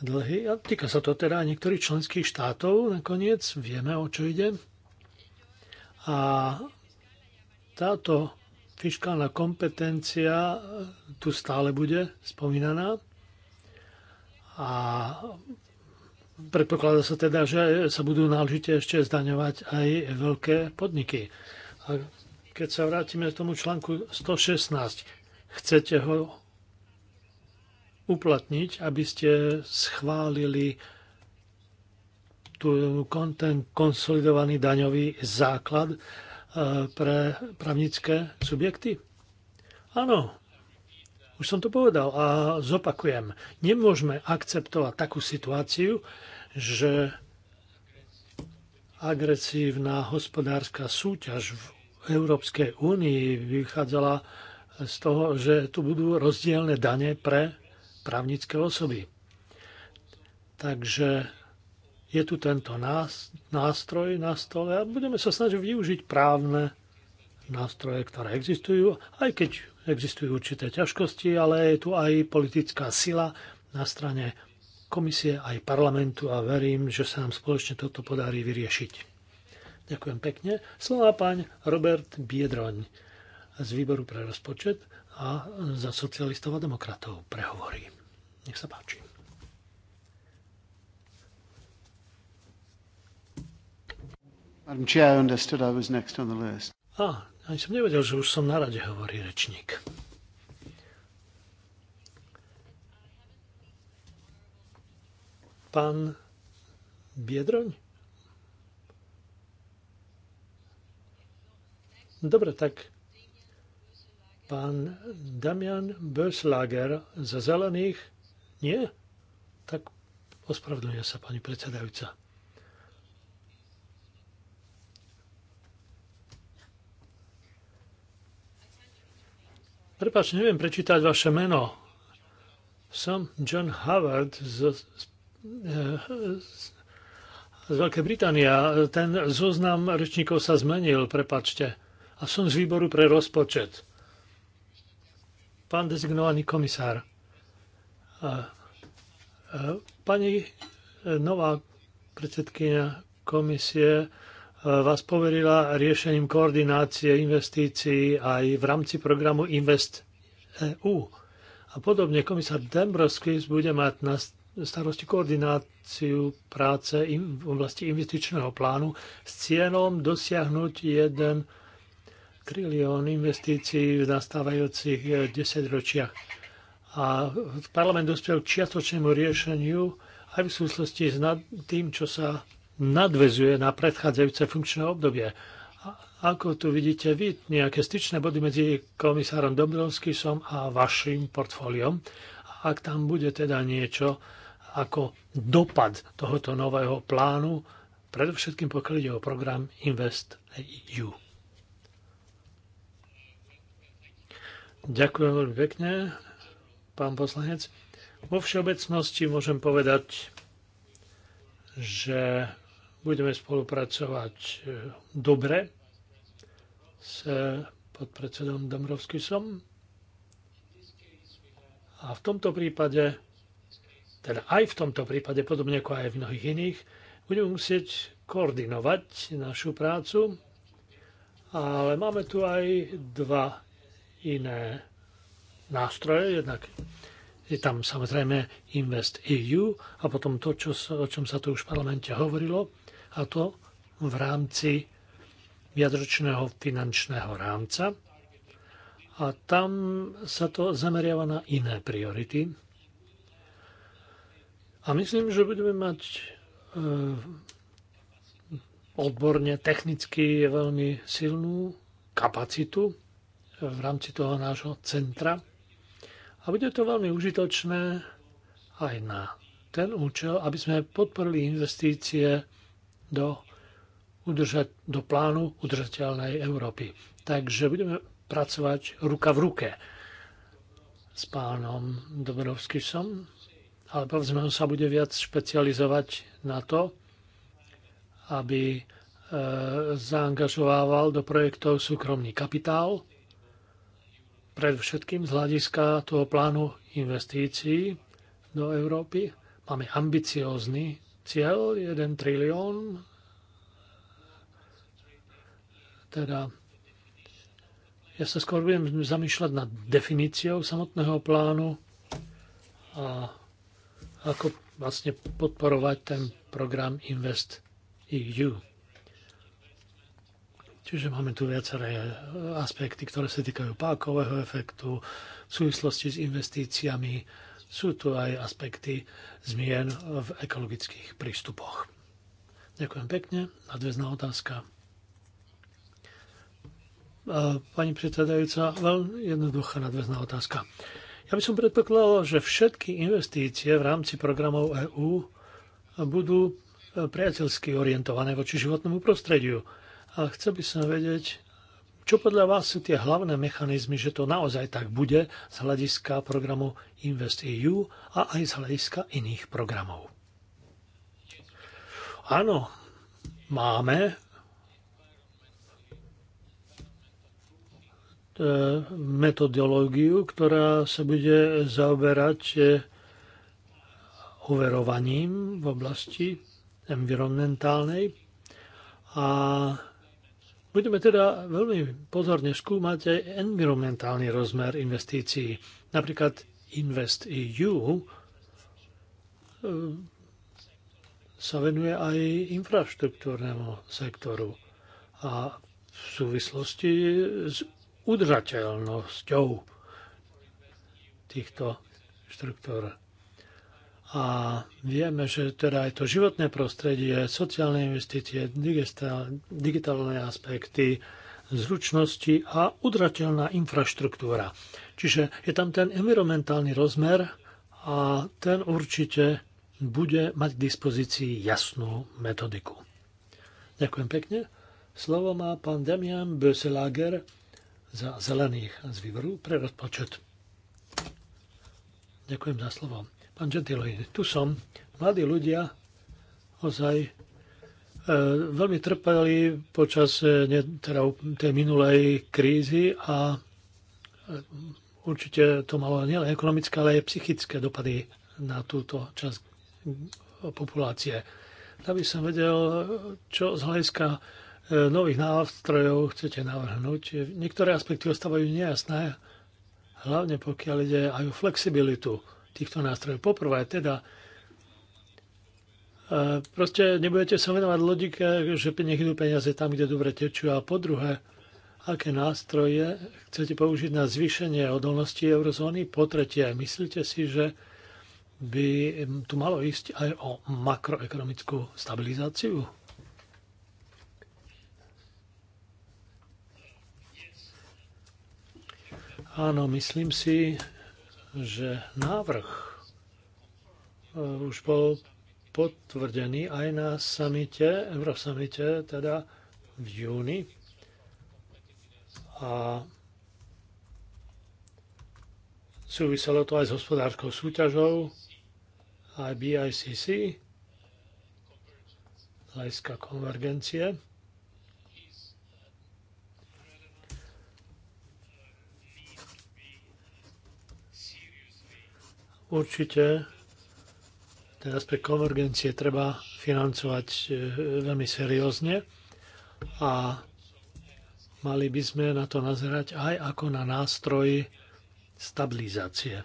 dlhy. A týka sa to teda niektorých členských štátov, nakoniec vieme, o čo ide. A táto fiskálna kompetencia tu stále bude spomínaná. A predpokladá sa teda, že sa budú náležite ešte zdaňovať aj veľké podniky. A keď sa vrátime k tomu článku 116, chcete ho uplatniť, aby ste schválili ten konsolidovaný daňový základ e, pre právnické subjekty? Áno, už som to povedal a zopakujem. Nemôžeme akceptovať takú situáciu, že agresívna hospodárska súťaž v Európskej únii vychádzala z toho, že tu budú rozdielne dane pre právnické osoby. Takže je tu tento nástroj na stole a budeme sa snažiť využiť právne nástroje, ktoré existujú, aj keď existujú určité ťažkosti, ale je tu aj politická sila na strane komisie aj parlamentu a verím, že sa nám spoločne toto podarí vyriešiť. Ďakujem pekne. Slova pán Robert Biedroň z výboru pre rozpočet a za socialistov a demokratov prehovorí. Nech sa páči. A ani som nevedel, že už som na rade, hovorí rečník. Pán Biedroň? No dobre, tak pán Damian Böslager za zelených? Nie? Tak ospravedlňuje sa pani predsedajúca. Prepač, neviem prečítať vaše meno. Som John Howard z, z, eh, z Veľkej Británie. Ten zoznam rečníkov sa zmenil, prepačte a som z výboru pre rozpočet. Pán dezignovaný komisár, pani e, nová predsedkynia komisie e, vás poverila riešením koordinácie investícií aj v rámci programu Invest EU. A podobne komisár Dembrovskis bude mať na starosti koordináciu práce v oblasti investičného plánu s cieľom dosiahnuť jeden trilión investícií v nastávajúcich 10 eh, ročiach. A parlament dospel k čiatočnému riešeniu aj v súvislosti s tým, čo sa nadvezuje na predchádzajúce funkčné obdobie. A ako tu vidíte vy, nejaké styčné body medzi komisárom Dobrovskisom a vašim portfóliom. Ak tam bude teda niečo ako dopad tohoto nového plánu, predovšetkým pokiaľ ide o program Invest EU. Ďakujem veľmi pekne, pán poslanec. Vo všeobecnosti môžem povedať, že budeme spolupracovať e, dobre s podpredsedom Domrovskisom. A v tomto prípade, teda aj v tomto prípade, podobne ako aj v mnohých iných, budeme musieť koordinovať našu prácu, ale máme tu aj dva iné nástroje. Jednak je tam samozrejme Invest EU a potom to, čo, o čom sa tu už v parlamente hovorilo, a to v rámci viadročného finančného rámca. A tam sa to zameriava na iné priority. A myslím, že budeme mať e, odborne, technicky veľmi silnú kapacitu v rámci toho nášho centra. A bude to veľmi užitočné aj na ten účel, aby sme podporili investície do, udržať, do plánu udržateľnej Európy. Takže budeme pracovať ruka v ruke s pánom Dobrovskisom, ale povedzme, on sa bude viac špecializovať na to, aby e, zaangažovával do projektov súkromný kapitál, Predovšetkým z hľadiska toho plánu investícií do Európy máme ambiciózny cieľ 1 trilión, teda ja sa skôr budem zamýšľať nad definíciou samotného plánu a ako vlastne podporovať ten program Invest EU. Čiže máme tu viaceré e, aspekty, ktoré sa týkajú pákového efektu v súvislosti s investíciami. Sú tu aj aspekty zmien v ekologických prístupoch. Ďakujem pekne. Nadväzná otázka. E, pani predsedajúca, veľmi jednoduchá nadväzná otázka. Ja by som predpokladal, že všetky investície v rámci programov EÚ budú e, priateľsky orientované voči životnému prostrediu a chcel by som vedieť, čo podľa vás sú tie hlavné mechanizmy, že to naozaj tak bude z hľadiska programu InvestEU a aj z hľadiska iných programov? Áno, máme e, metodológiu, ktorá sa bude zaoberať e, overovaním v oblasti environmentálnej a Budeme teda veľmi pozorne skúmať aj environmentálny rozmer investícií. Napríklad Invest EU ehm, sa venuje aj infraštruktúrnemu sektoru a v súvislosti s udržateľnosťou týchto štruktúr. A vieme, že teda aj to životné prostredie, sociálne investície, digitálne aspekty, zručnosti a udrateľná infraštruktúra. Čiže je tam ten environmentálny rozmer a ten určite bude mať k dispozícii jasnú metodiku. Ďakujem pekne. Slovo má pán Damian Böselager za zelených z výboru pre rozpočet. Ďakujem za slovo. Pán Gentiloni, tu som. Mladí ľudia ozaj e, veľmi trpeli počas e, teda, tej minulej krízy a e, určite to malo nielen ekonomické, ale aj psychické dopady na túto časť populácie. Aby som vedel, čo z hľadiska nových nástrojov chcete navrhnúť. Niektoré aspekty ostávajú nejasné, hlavne pokiaľ ide aj o flexibilitu týchto nástrojov. Poprvé teda, e, proste nebudete sa venovať logike, že nech idú peniaze tam, kde dobre tečú. A po druhé, aké nástroje chcete použiť na zvýšenie odolnosti eurozóny. Po tretie, myslíte si, že by tu malo ísť aj o makroekonomickú stabilizáciu? Áno, myslím si, že návrh e, už bol potvrdený aj na samite, Eurosamite, teda v júni. A súviselo to aj s hospodárskou súťažou, aj BICC, hľadiska konvergencie. Určite ten aspekt konvergencie treba financovať e, veľmi seriózne a mali by sme na to nazerať aj ako na nástroj stabilizácie.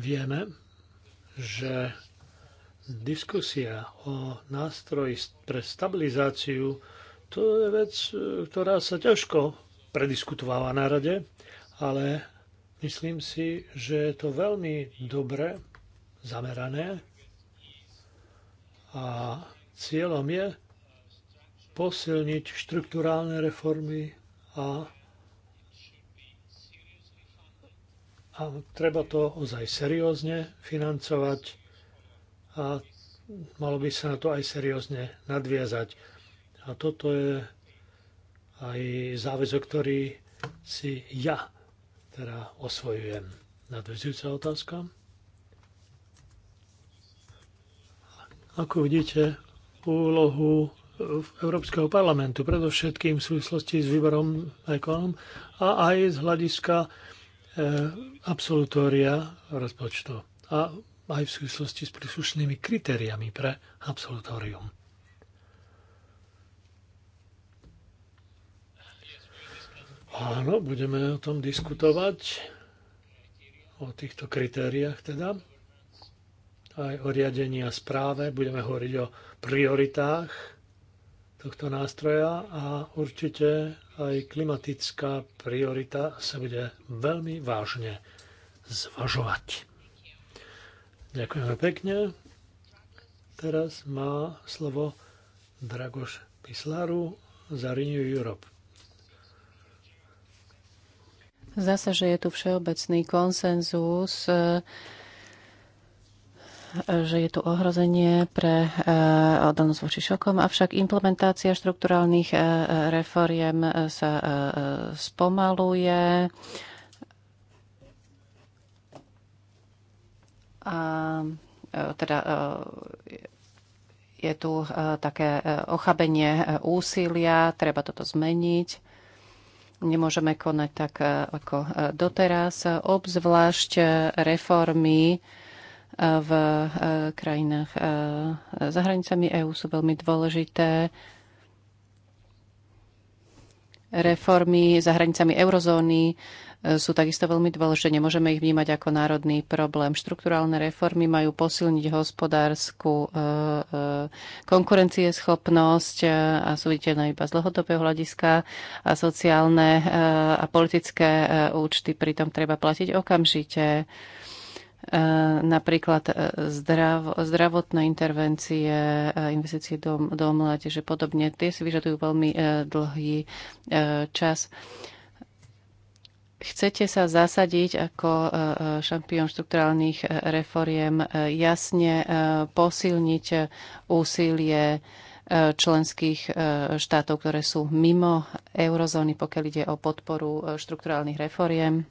Vieme, že diskusia o nástroji pre stabilizáciu to je vec, e, ktorá sa ťažko prediskutováva na rade, ale Myslím si, že je to veľmi dobre zamerané a cieľom je posilniť štruktúrálne reformy a, a treba to ozaj seriózne financovať a malo by sa na to aj seriózne nadviazať. A toto je aj záväzok, ktorý si ja teda osvojujem. Nadvezujúca otázka. Ako vidíte úlohu Európskeho parlamentu, predovšetkým v súvislosti s výborom ekonom a aj z hľadiska e, absolutória rozpočtu a aj v súvislosti s príslušnými kritériami pre absolutórium. Áno, budeme o tom diskutovať, o týchto kritériách teda, aj o riadení a správe. Budeme hovoriť o prioritách tohto nástroja a určite aj klimatická priorita sa bude veľmi vážne zvažovať. Ďakujeme pekne. Teraz má slovo Dragoš Pislaru za Renew Europe. Zdá sa, že je tu všeobecný konsenzus, e, že je tu ohrozenie pre e, odolnosť voči šokom, avšak implementácia štrukturálnych e, reforiem sa spomaluje. A teda je tu také ochabenie úsilia, treba toto zmeniť. Nemôžeme konať tak e, ako e, doteraz, obzvlášť e, reformy v krajinách za hranicami EÚ sú veľmi dôležité. Reformy za hranicami eurozóny sú takisto veľmi dôležité. Nemôžeme ich vnímať ako národný problém. Štrukturálne reformy majú posilniť hospodárskú e, e, konkurencieschopnosť e, a sú viditeľné iba z dlhodobého hľadiska a sociálne a politické účty pritom treba platiť okamžite napríklad zdrav, zdravotné intervencie, investície do, do mládeže podobne. Tie si vyžadujú veľmi dlhý čas chcete sa zasadiť ako e, e, šampión štrukturálnych e, reforiem jasne posilniť úsilie členských štátov, ktoré sú mimo eurozóny, pokiaľ ide o podporu štrukturálnych reforiem?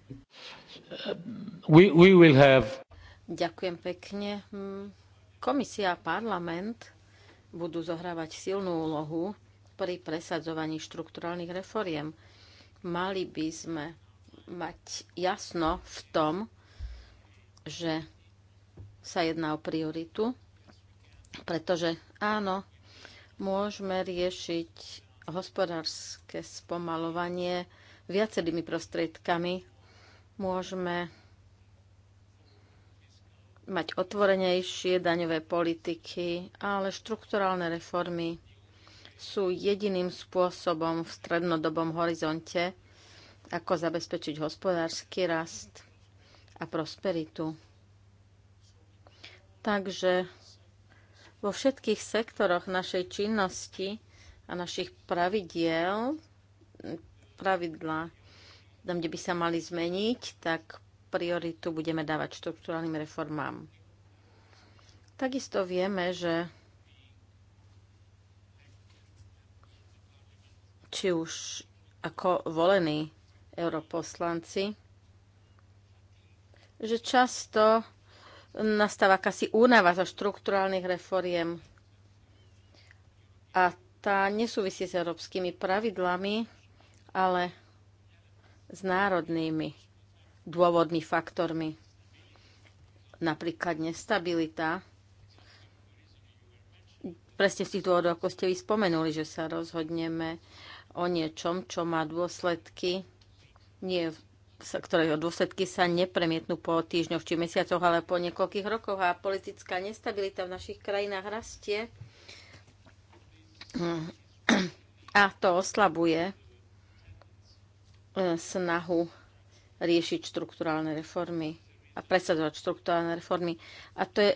We, we will have... Ďakujem pekne. Komisia a parlament budú zohrávať silnú úlohu pri presadzovaní štrukturálnych reforiem. Mali by sme mať jasno v tom, že sa jedná o prioritu, pretože áno, môžeme riešiť hospodárske spomalovanie viacerými prostriedkami. Môžeme mať otvorenejšie daňové politiky, ale štrukturálne reformy sú jediným spôsobom v strednodobom horizonte, ako zabezpečiť hospodársky rast a prosperitu. Takže vo všetkých sektoroch našej činnosti a našich pravidiel, pravidla, tam, kde by sa mali zmeniť, tak prioritu budeme dávať štruktúrálnym reformám. Takisto vieme, že či už ako volení europoslanci, že často nastáva akási únava za štruktúrálnych reforiem a tá nesúvisí s európskymi pravidlami, ale s národnými dôvodmi, faktormi. Napríklad nestabilita. Presne z tých dôvodov, ako ste vy spomenuli, že sa rozhodneme o niečom, čo má dôsledky nie, ktorého dôsledky sa nepremietnú po týždňoch či mesiacoch, ale po niekoľkých rokoch a politická nestabilita v našich krajinách rastie a to oslabuje e, snahu riešiť štruktúrálne reformy a presadzovať štruktúrálne reformy. A to je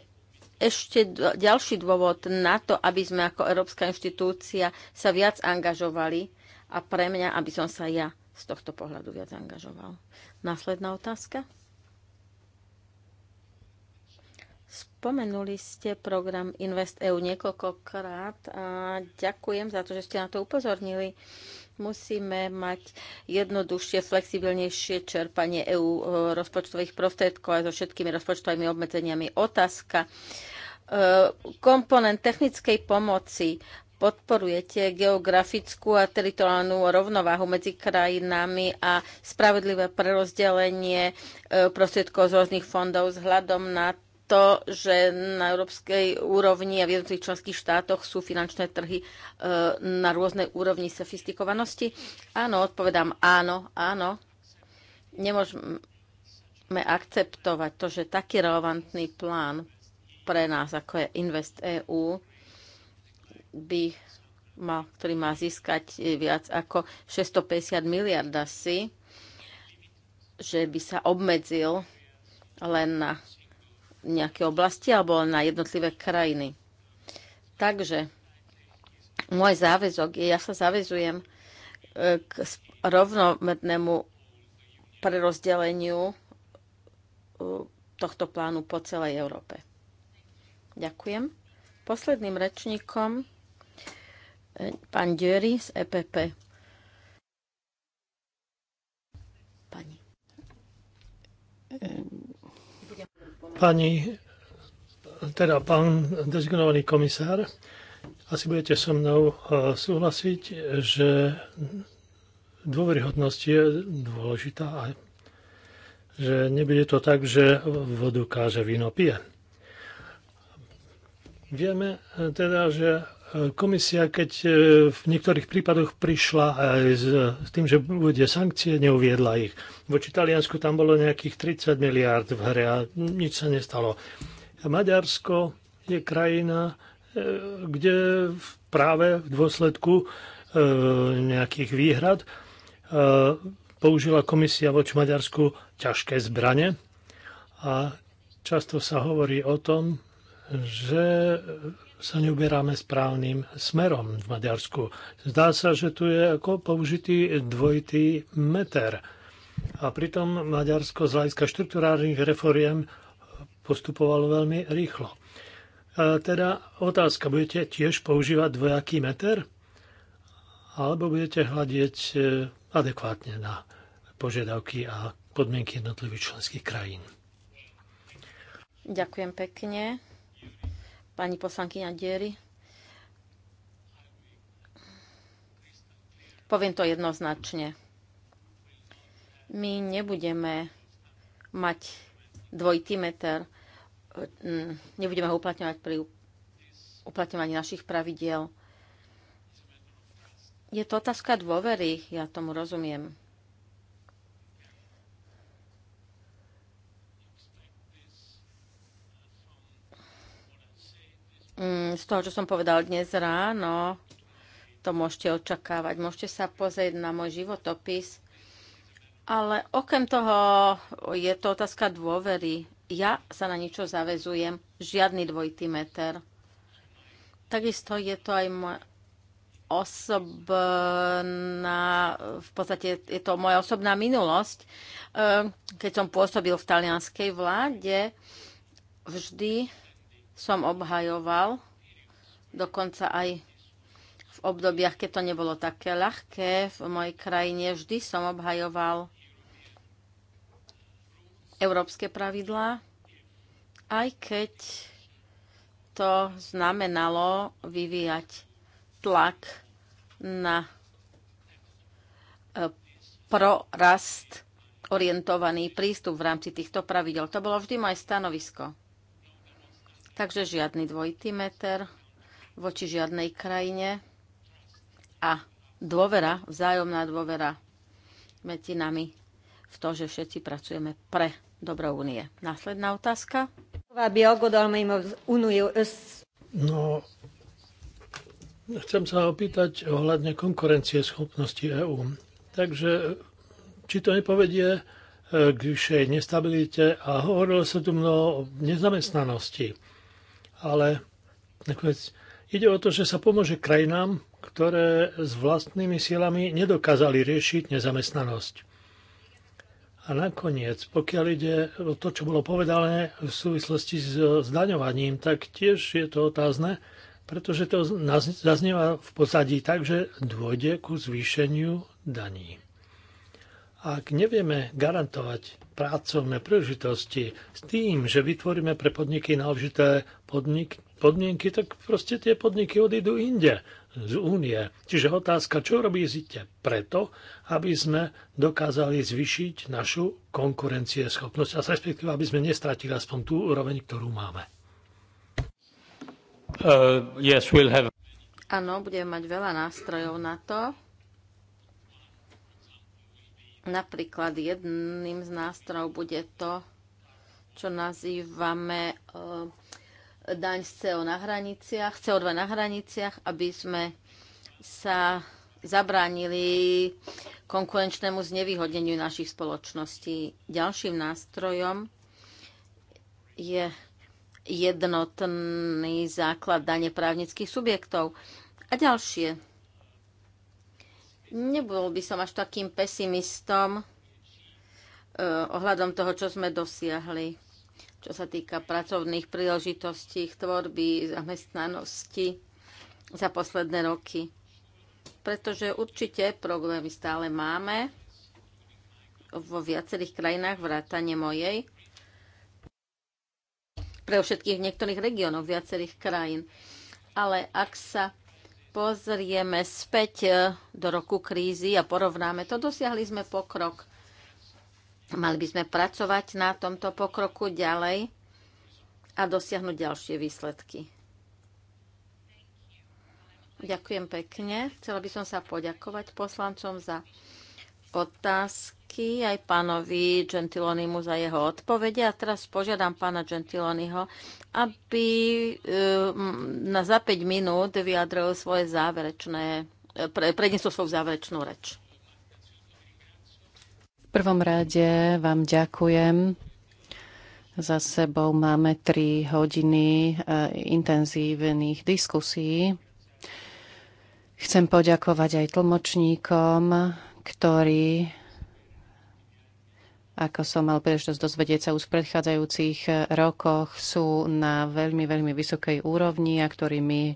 ešte ďalší dôvod na to, aby sme ako Európska inštitúcia sa viac angažovali a pre mňa, aby som sa ja z tohto pohľadu viac angažoval. Následná otázka. Spomenuli ste program Invest EU niekoľkokrát a ďakujem za to, že ste na to upozornili. Musíme mať jednoduchšie, flexibilnejšie čerpanie EU e, rozpočtových prostriedkov aj so všetkými rozpočtovými obmedzeniami. Otázka e, komponent technickej pomoci podporujete geografickú a teritoriálnu rovnováhu medzi krajinami a spravedlivé prerozdelenie e, prostriedkov z rôznych fondov vzhľadom na to, že na európskej úrovni a v jednotlivých členských štátoch sú finančné trhy e, na rôznej úrovni sofistikovanosti? Áno, odpovedám áno, áno. Nemôžeme akceptovať to, že taký relevantný plán pre nás, ako je Invest EU, by mal, ktorý má získať e, viac ako 650 miliard asi, že by sa obmedzil len na nejaké oblasti alebo len na jednotlivé krajiny. Takže môj záväzok je, ja sa záväzujem e, k rovnomernému prerozdeleniu e, tohto plánu po celej Európe. Ďakujem. Posledným rečníkom Pán Dery z EPP. Pani. Pani, teda pán dezignovaný komisár, asi budete so mnou eh, súhlasiť, že dôveryhodnosť je dôležitá a že nebude to tak, že vodu káže víno pije. Vieme eh, teda, že Komisia, keď e, v niektorých prípadoch prišla aj s, tým, že bude sankcie, neuviedla ich. Voči Taliansku tam bolo nejakých 30 miliárd v hre a nič sa nestalo. Maďarsko je krajina, e, kde práve v dôsledku e, nejakých výhrad použila komisia voči Maďarsku ťažké zbranie a často sa hovorí o tom, že sa neuberáme správnym smerom v Maďarsku. Zdá sa, že tu je ako použitý dvojitý meter. A pritom Maďarsko z hľadiska štruktúrárnych reforiem postupovalo veľmi rýchlo. A teda otázka, budete tiež používať dvojaký meter? Alebo budete hľadiť e, adekvátne na požiadavky a podmienky jednotlivých členských krajín? Ďakujem pekne pani poslankyňa Diery. Poviem to jednoznačne. My nebudeme mať dvojitý meter, mm, nebudeme ho uplatňovať pri uplatňovaní našich pravidiel. Je to otázka dôvery, ja tomu rozumiem. Mm, z toho, čo som povedal dnes ráno, to môžete očakávať. Môžete sa pozrieť na môj životopis. Ale okrem toho je to otázka dôvery. Ja sa na niečo zavezujem. Žiadny dvojitý meter. Takisto je to aj moja osobná, v podstate je to moja osobná minulosť. Ehm, keď som pôsobil v talianskej vláde, vždy som obhajoval, dokonca aj v obdobiach, keď to nebolo také ľahké v mojej krajine, vždy som obhajoval európske pravidlá, aj keď to znamenalo vyvíjať tlak na e, prorast orientovaný prístup v rámci týchto pravidel. To bolo vždy moje stanovisko. Takže žiadny dvojitý meter voči žiadnej krajine a dôvera, vzájomná dôvera medzi nami v to, že všetci pracujeme pre dobro únie. Následná otázka. No, chcem sa opýtať ohľadne konkurencie schopnosti EÚ. Takže či to nepovedie eh, k vyššej nestabilite a hovorilo sa tu mnoho o nezamestnanosti ale nakoniec ide o to, že sa pomôže krajinám, ktoré s vlastnými silami nedokázali riešiť nezamestnanosť. A nakoniec, pokiaľ ide o to, čo bolo povedané v súvislosti s zdaňovaním, tak tiež je to otázne, pretože to zaznieva v pozadí tak, že dôjde ku zvýšeniu daní. Ak nevieme garantovať pracovné príležitosti s tým, že vytvoríme pre podniky náležité podnik, podmienky, tak proste tie podniky odídu inde z únie. Čiže otázka, čo robíte preto, aby sme dokázali zvyšiť našu konkurencieschopnosť a respektíve, aby sme nestratili aspoň tú úroveň, ktorú máme. Uh, yes, we'll have... Áno, budeme mať veľa nástrojov na to. Napríklad jedným z nástrojov bude to, čo nazývame eh, daň z CO na hraniciach, CO2 na hraniciach, aby sme sa zabránili konkurenčnému znevýhodneniu našich spoločností. Ďalším nástrojom je jednotný základ dane právnických subjektov a ďalšie nebol by som až takým pesimistom e, ohľadom toho, čo sme dosiahli, čo sa týka pracovných príležitostí, tvorby, zamestnanosti za posledné roky. Pretože určite problémy stále máme vo viacerých krajinách, vrátane mojej, pre všetkých v niektorých regiónoch viacerých krajín. Ale ak sa pozrieme späť e, do roku krízy a porovnáme to, dosiahli sme pokrok. Mali by sme pracovať na tomto pokroku ďalej a dosiahnuť ďalšie výsledky. Ďakujem pekne. Chcela by som sa poďakovať poslancom za otázky aj pánovi Gentilonimu za jeho odpovede. A teraz požiadam pána Gentiloniho, aby e, na za 5 minút vyjadril svoje záverečné, e, pre, prednesol svoju záverečnú reč. V prvom rade vám ďakujem. Za sebou máme 3 hodiny e, intenzívnych diskusí. Chcem poďakovať aj tlmočníkom, ktorý ako som mal príležitosť dozvedieť sa už v predchádzajúcich rokoch, sú na veľmi, veľmi vysokej úrovni a ktorí mi eh,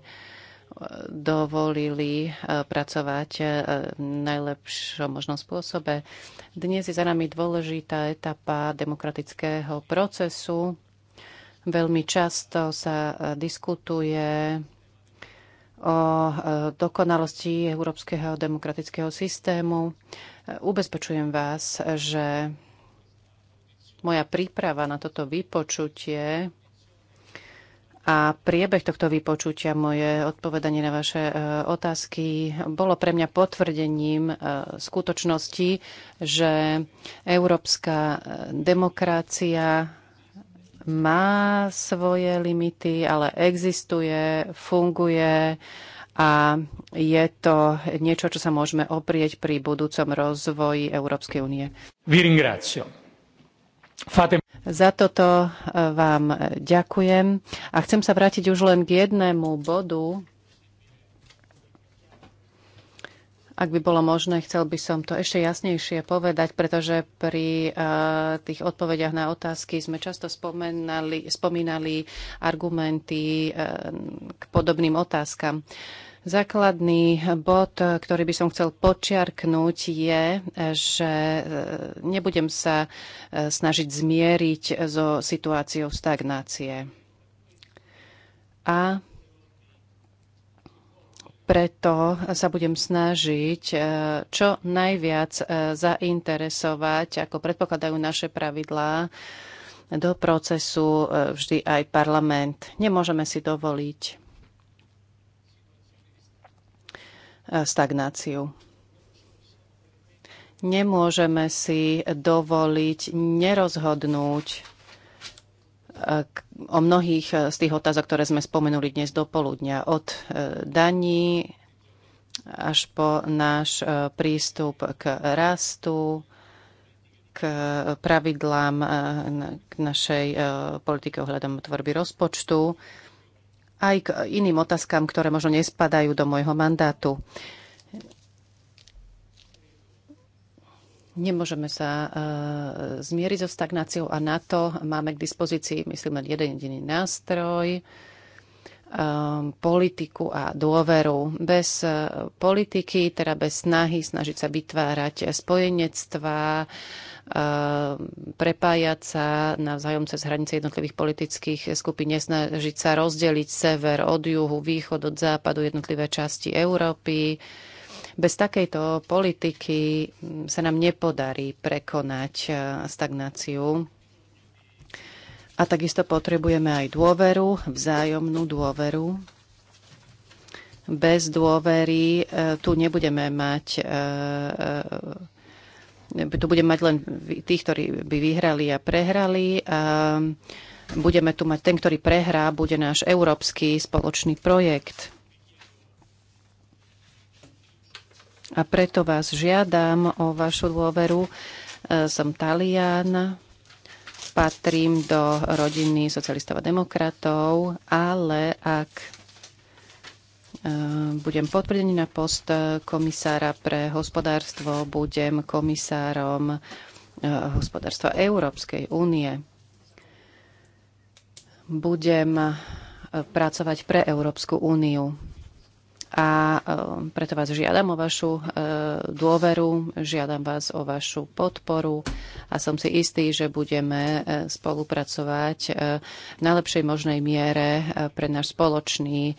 dovolili eh, pracovať eh, v najlepšom možnom spôsobe. Dnes je za nami dôležitá etapa demokratického procesu. Veľmi často sa diskutuje o e, dokonalosti európskeho demokratického systému. E, ubezpečujem vás, že moja príprava na toto vypočutie a priebeh tohto vypočutia, moje odpovedanie na vaše e, otázky bolo pre mňa potvrdením skutočnosti, že európska demokracia má svoje limity, ale existuje, funguje a je to niečo, čo sa môžeme oprieť pri budúcom rozvoji Európskej únie. Za toto eh, vám ďakujem a chcem sa vrátiť už len k jednému bodu, Ak by bolo možné, chcel by som to ešte jasnejšie povedať, pretože pri uh, tých odpovediach na otázky sme často spomenali, spomínali argumenty uh, k podobným otázkam. Základný bod, ktorý by som chcel počiarknúť, je, že eh, nebudem sa snažiť zmieriť so situáciou stagnácie. A preto sa budem snažiť e, čo najviac e, zainteresovať, ako predpokladajú naše pravidlá, do procesu e, vždy aj parlament. Nemôžeme si dovoliť stagnáciu. Nemôžeme si dovoliť nerozhodnúť o mnohých eh, z tých otázok, ktoré sme spomenuli dnes do poludnia. Od eh, daní až po náš eh, prístup k rastu, k pravidlám k našej politike ohľadom tvorby rozpočtu, aj k iným otázkam, ktoré možno nespadajú do môjho mandátu. Nemôžeme sa e, zmieriť so stagnáciou a na to máme k dispozícii, myslím, len jeden jediný nástroj, e, politiku a dôveru. Bez e, politiky, teda bez snahy snažiť sa vytvárať spojenectvá, prepájať sa navzájom cez hranice jednotlivých politických skupín, nesnažiť sa rozdeliť sever od juhu, východ od západu, jednotlivé časti Európy, bez takejto politiky sa nám nepodarí prekonať e, stagnáciu. A takisto potrebujeme aj dôveru, vzájomnú dôveru. Bez dôvery e, tu nebudeme mať e, tu budeme mať len tých, ktorí by vyhrali a prehrali. A budeme tu mať ten, ktorý prehrá, bude náš európsky spoločný projekt. A preto vás žiadam o vašu dôveru. E, som Talian, patrím do rodiny socialistov a demokratov, ale ak e, budem potvrdený na post komisára pre hospodárstvo, budem komisárom e, hospodárstva Európskej únie. Budem pracovať pre Európsku úniu a e, preto vás žiadam o vašu e, dôveru, žiadam vás o vašu podporu a som si istý, že budeme e, spolupracovať v najlepšej možnej miere pre náš spoločný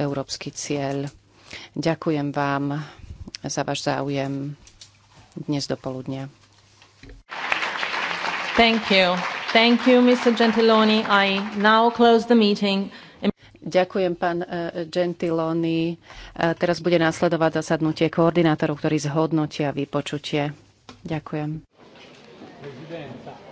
európsky cieľ. Ďakujem vám za váš záujem dnes do poludnia. Thank you. Thank you, Mr. Gentiloni. I now close the meeting. Ďakujem, pán e, Gentiloni. E, teraz bude následovať zasadnutie koordinátorov, ktorí zhodnotia vypočutie. Ďakujem. Prezidenza.